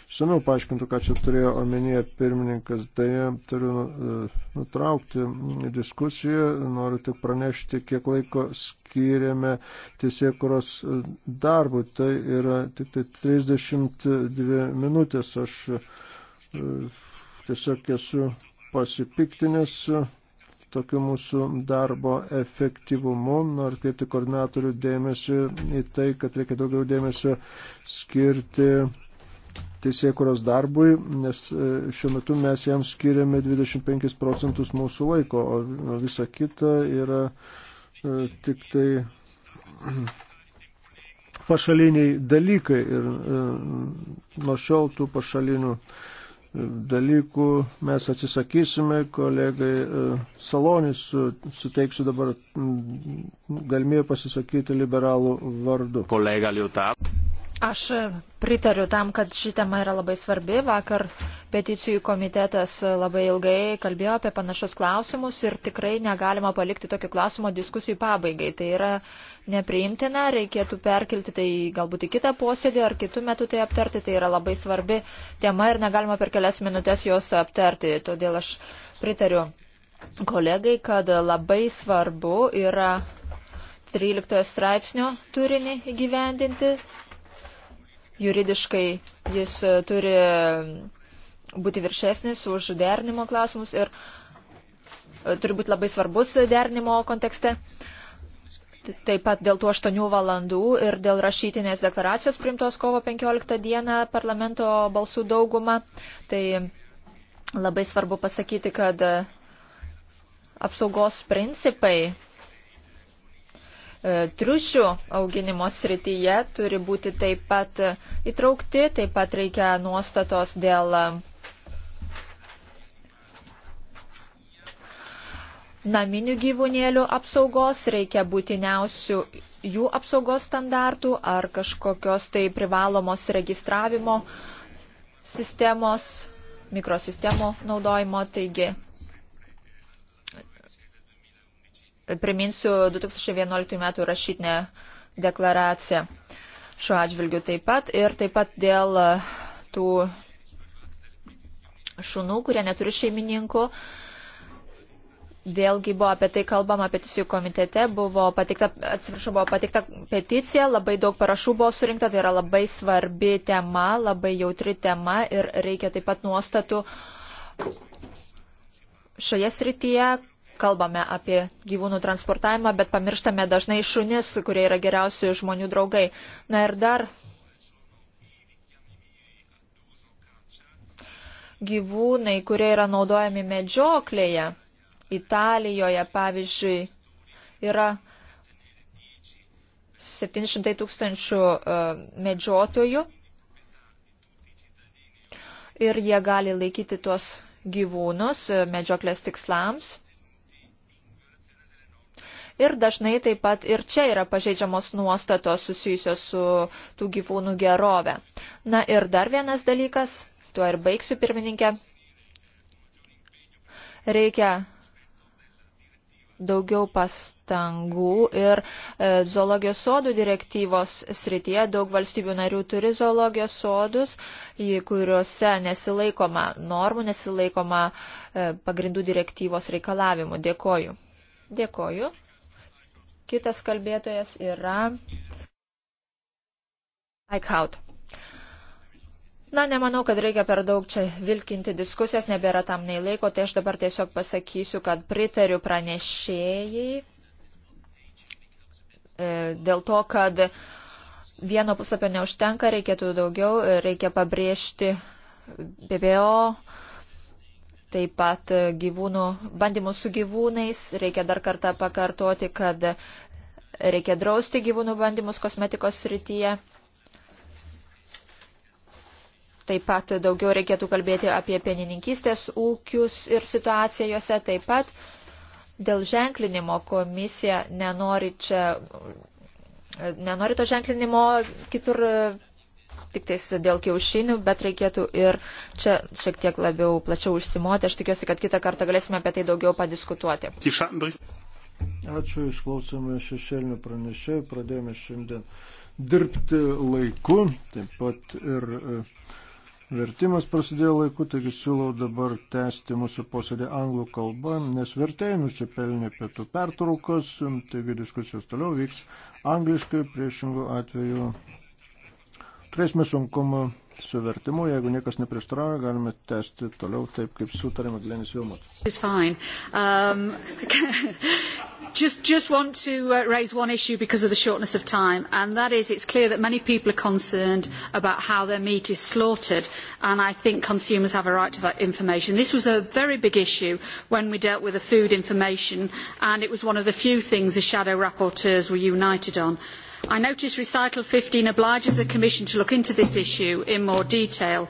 išsamiau paaiškintų, ką čia turėjo omenyje pirmininkas. Deja, turiu e, nutraukti diskusiją, noriu tik pranešti, kiek laiko skiriame tiesiekuros e, darbui. Tai yra tik tai 32 minutės. Aš e, tiesiog esu pasipiktinęs tokiu mūsų darbo efektyvumu. Noriu kreipti koordinatorių dėmesį į tai, kad reikia daugiau dėmesio skirti teisėkuros darbui, nes e, šiuo metu mes jam skiriame 25 procentus mūsų laiko, o visa kita yra e, tik tai *clears throat* pašaliniai dalykai ir e, nuo šiol tų pašalinių dalykų mes atsisakysime, kolegai Salonis suteiksiu dabar galimybę pasisakyti liberalų vardu. Kolega Liutap. Aš pritariu tam, kad ši tema yra labai svarbi. Vakar peticijų komitetas labai ilgai kalbėjo apie panašus klausimus ir tikrai negalima palikti tokio klausimo diskusijų pabaigai. Tai yra nepriimtina, reikėtų perkelti tai galbūt į kitą posėdį ar kitų metų tai aptarti. Tai yra labai svarbi tema ir negalima per kelias minutės jos aptarti. Todėl aš pritariu kolegai, kad labai svarbu yra 13 straipsnio turinį įgyvendinti juridiškai jis e, turi būti viršesnis už derinimo klausimus ir e, turi būti labai svarbus derinimo kontekste. Taip pat dėl tų 8 valandų ir dėl rašytinės deklaracijos primtos kovo 15 dieną parlamento balsų daugumą. Tai labai svarbu pasakyti, kad e, apsaugos principai E, triušių auginimo srityje turi būti taip pat įtraukti, taip pat reikia nuostatos dėl e, naminių gyvūnėlių apsaugos, reikia būtiniausių jų apsaugos standartų ar kažkokios tai privalomos registravimo sistemos, mikrosistemo naudojimo. Taigi priminsiu 2011 metų rašytinę deklaraciją šiuo atžvilgiu taip pat ir taip pat dėl e, tų šunų, kurie neturi šeimininkų. Vėlgi buvo apie tai kalbama peticijų komitete, buvo patikta, atsiprašau, buvo patikta peticija, labai daug parašų buvo surinkta, tai yra labai svarbi tema, labai jautri tema ir reikia taip pat nuostatų šioje srityje, kalbame apie gyvūnų transportavimą, bet pamirštame dažnai šunis, kurie yra geriausi žmonių draugai. Na ir dar gyvūnai, kurie yra naudojami medžioklėje. Italijoje, pavyzdžiui, yra 700 tūkstančių e, medžiotojų ir jie gali laikyti tuos gyvūnus e, medžioklės tikslams ir dažnai taip pat ir čia yra pažeidžiamos nuostatos susijusios su tų gyvūnų gerove. Na ir dar vienas dalykas, tuo ir baigsiu pirmininkė. Reikia daugiau pastangų ir e, zoologijos sodų direktyvos srityje daug valstybių narių turi zoologijos sodus, į kuriuose nesilaikoma normų, nesilaikoma e, pagrindų direktyvos reikalavimų. Dėkoju. Dėkoju. Kitas kalbėtojas yra Eichhaut. Na, nemanau, kad reikia per daug čia vilkinti diskusijas, nebėra tam nei laiko, tai aš dabar tiesiog pasakysiu, kad pritariu pranešėjai e, dėl to, kad vieno puslapio neužtenka, reikėtų daugiau, e, reikia pabrėžti BBO taip pat e, gyvūnų, bandymų su gyvūnais. Reikia dar kartą pakartoti, kad reikia drausti gyvūnų bandymus kosmetikos srityje. Taip pat daugiau reikėtų kalbėti apie pienininkystės ūkius ir situaciją juose. Taip pat dėl ženklinimo komisija nenori čia. Nenori to ženklinimo kitur tik tais dėl kiaušinių, bet reikėtų ir čia šiek tiek labiau plačiau užsimoti. Aš tikiuosi, kad kitą kartą galėsime apie tai daugiau padiskutuoti. Ačiū, išklausome šešėlinių pranešėjų, pradėjome šiandien dirbti laiku, taip pat ir e, vertimas prasidėjo laiku, taigi siūlau dabar tęsti mūsų posėdį anglų kalbą, nes vertėjai nusipelnė pietų pertraukos, taigi diskusijos toliau vyks angliškai, priešingų atveju Turėsime sunkumų su vertimu, jeigu niekas neprieštarauja, galime tęsti toliau taip, kaip sutarėme Glenis Vilmot. Um, *laughs* just, just want to uh, raise one issue because of the shortness of time, and that is it's clear that many people are concerned about how their meat is slaughtered, and I think consumers have a right to that information. This was a very big issue when we dealt with the food information, and it was one of the few things the shadow rapporteurs were united on. I notice recital 15 obliges the Commission to look into this issue in more detail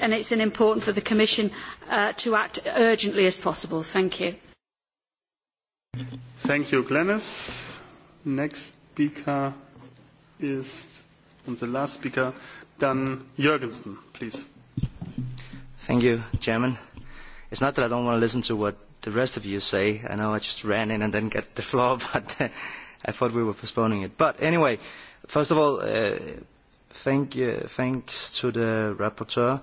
and it's an important for the Commission uh, to act urgently as possible. Thank you. Thank you, Glenis. Next speaker is, and the last speaker, Dan Jürgensen, please. Thank you, Chairman. It's not that I don't want to listen to what the rest of you say. I know I just ran in and then got the *laughs* floor, but uh, I thought we were postponing it. But anyway, first of all, uh, thank you, thanks to the rapporteur. Uh,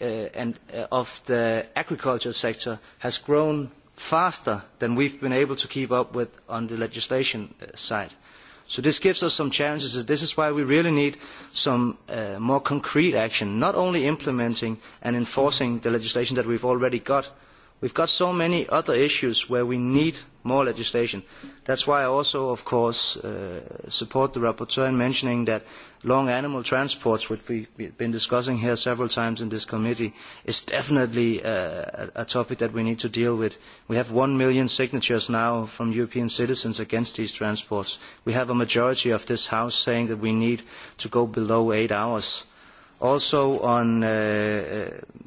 uh, and, uh, of the agriculture sector has grown faster than we've been able to keep up with on the legislation uh, side. So this gives us some challenges. This is why we really need some uh, more concrete action, not only implementing and enforcing the legislation that we've already got, We've got so many other issues where we need more legislation. That's why I also, of course, uh, support the rapporteur in mentioning that long animal transports, which we've been discussing here several times in this committee, is definitely uh, a topic that we need to deal with. We have one million signatures now from European citizens against these transports. We have a majority of this House saying that we need to go below eight hours. Also on... Uh, uh,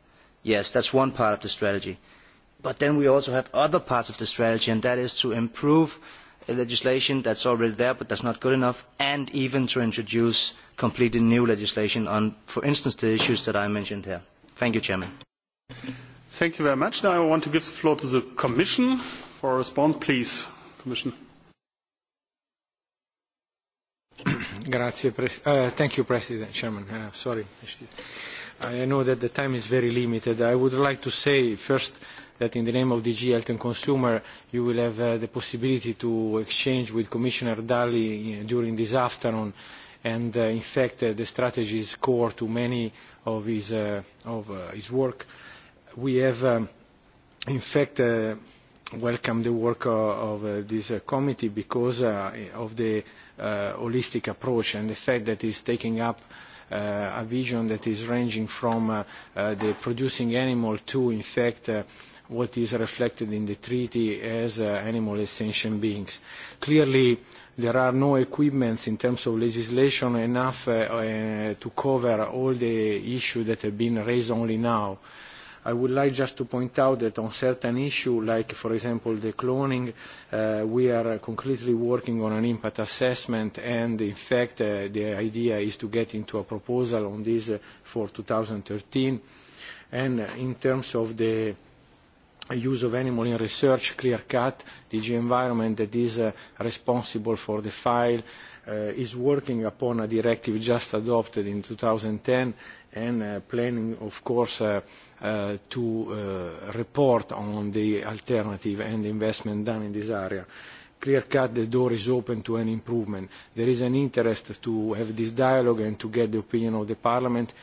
Yes, that's one part of the strategy. But then we also have other parts of the strategy, and that is to improve legislation that's already there but that's not good enough, and even to introduce completely new legislation on, for instance, the issues that I mentioned here. Thank you, Chairman. Thank you very much. Now I want to give the floor to the Commission for a response, please. Commission. *coughs* Grazie, pres- uh, thank you, President, Chairman. Uh, sorry. I know that the time is very limited. I would like to say first that in the name of DG Health and Consumer, you will have uh, the possibility to exchange with Commissioner Dalli uh, during this afternoon. And uh, in fact, uh, the strategy is core to many of his, uh, of, uh, his work. We have, um, in fact, uh, welcomed the work uh, of uh, this uh, committee because uh, of the uh, holistic approach and the fact that it's taking up uh, uh, a vision that is ranging from uh, uh, the producing animal to, in fact, uh, what is reflected in the treaty as uh, animal as sentient beings. Clearly, there are no equipments in terms of legislation enough uh, uh, to cover all the issues that have been raised only now. Uh, I would like just to point out that on certain issue, like for example the cloning, uh, we are concretely working on an impact assessment and in fact uh, the idea is to get into a proposal on this uh, for 2013. And uh, in terms of the use of animal in research, clear cut, DG Environment that is uh, responsible for the file uh, is working upon a directive just adopted in 2010 and uh, planning, of course, uh, uh, to uh, report on the alternative and investment done in this area. Clear-cut, the door is open to any improvement. There is an interest to have this dialogue and to get the opinion of the Parliament.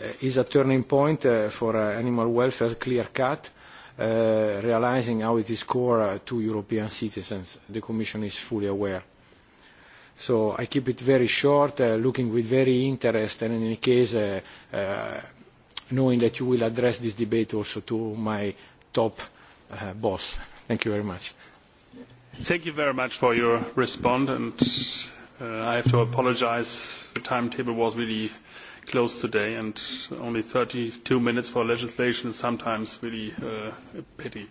Uh, is a turning point uh, for uh, animal welfare clear-cut. Uh, realizing how it is core uh, to European citizens. The Commission is fully aware. So I keep it very short, uh, looking with very interest, and in any case, uh, uh, knowing that you will address this debate also to my top uh, boss. Thank you very much. Thank you very much for your response, and uh, I have to apologize. The timetable was really close today, and only 32 minutes for legislation is sometimes really uh, a pity.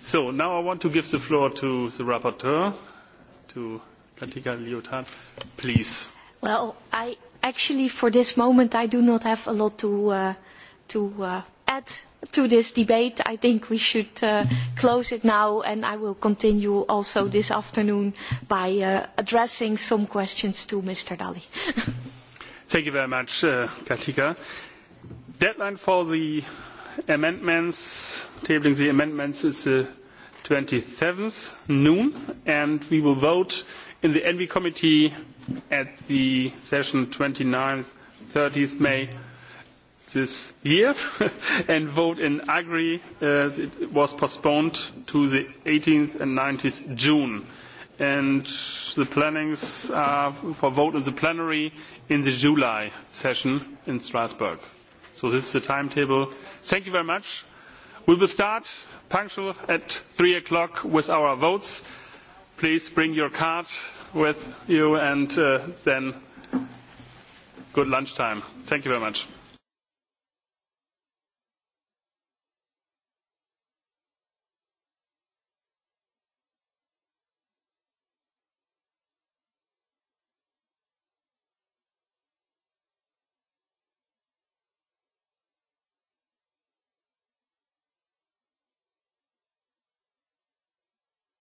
So now I want to give the floor to the rapporteur, to Katika Lyotard. Please. Well, I actually, for this moment, I do not have a lot to uh, to uh, add to this debate. I think we should uh, close it now, and I will continue also this afternoon by uh, addressing some questions to Mr. Dalli. *laughs* Thank you very much, uh, Katika. Deadline for the amendments, tabling the amendments, is uh, the 27th noon, and we will vote in the Envy Committee at the session 29th, 30th May. Mm-hmm this year *laughs* and vote in Agri uh, it was postponed to the 18th and 19th June. And the plannings are for vote in the plenary in the July session in Strasbourg. So this is the timetable. Thank you very much. We will start punctual at 3 o'clock with our votes. Please bring your card with you and uh, then good lunchtime. Thank you very much.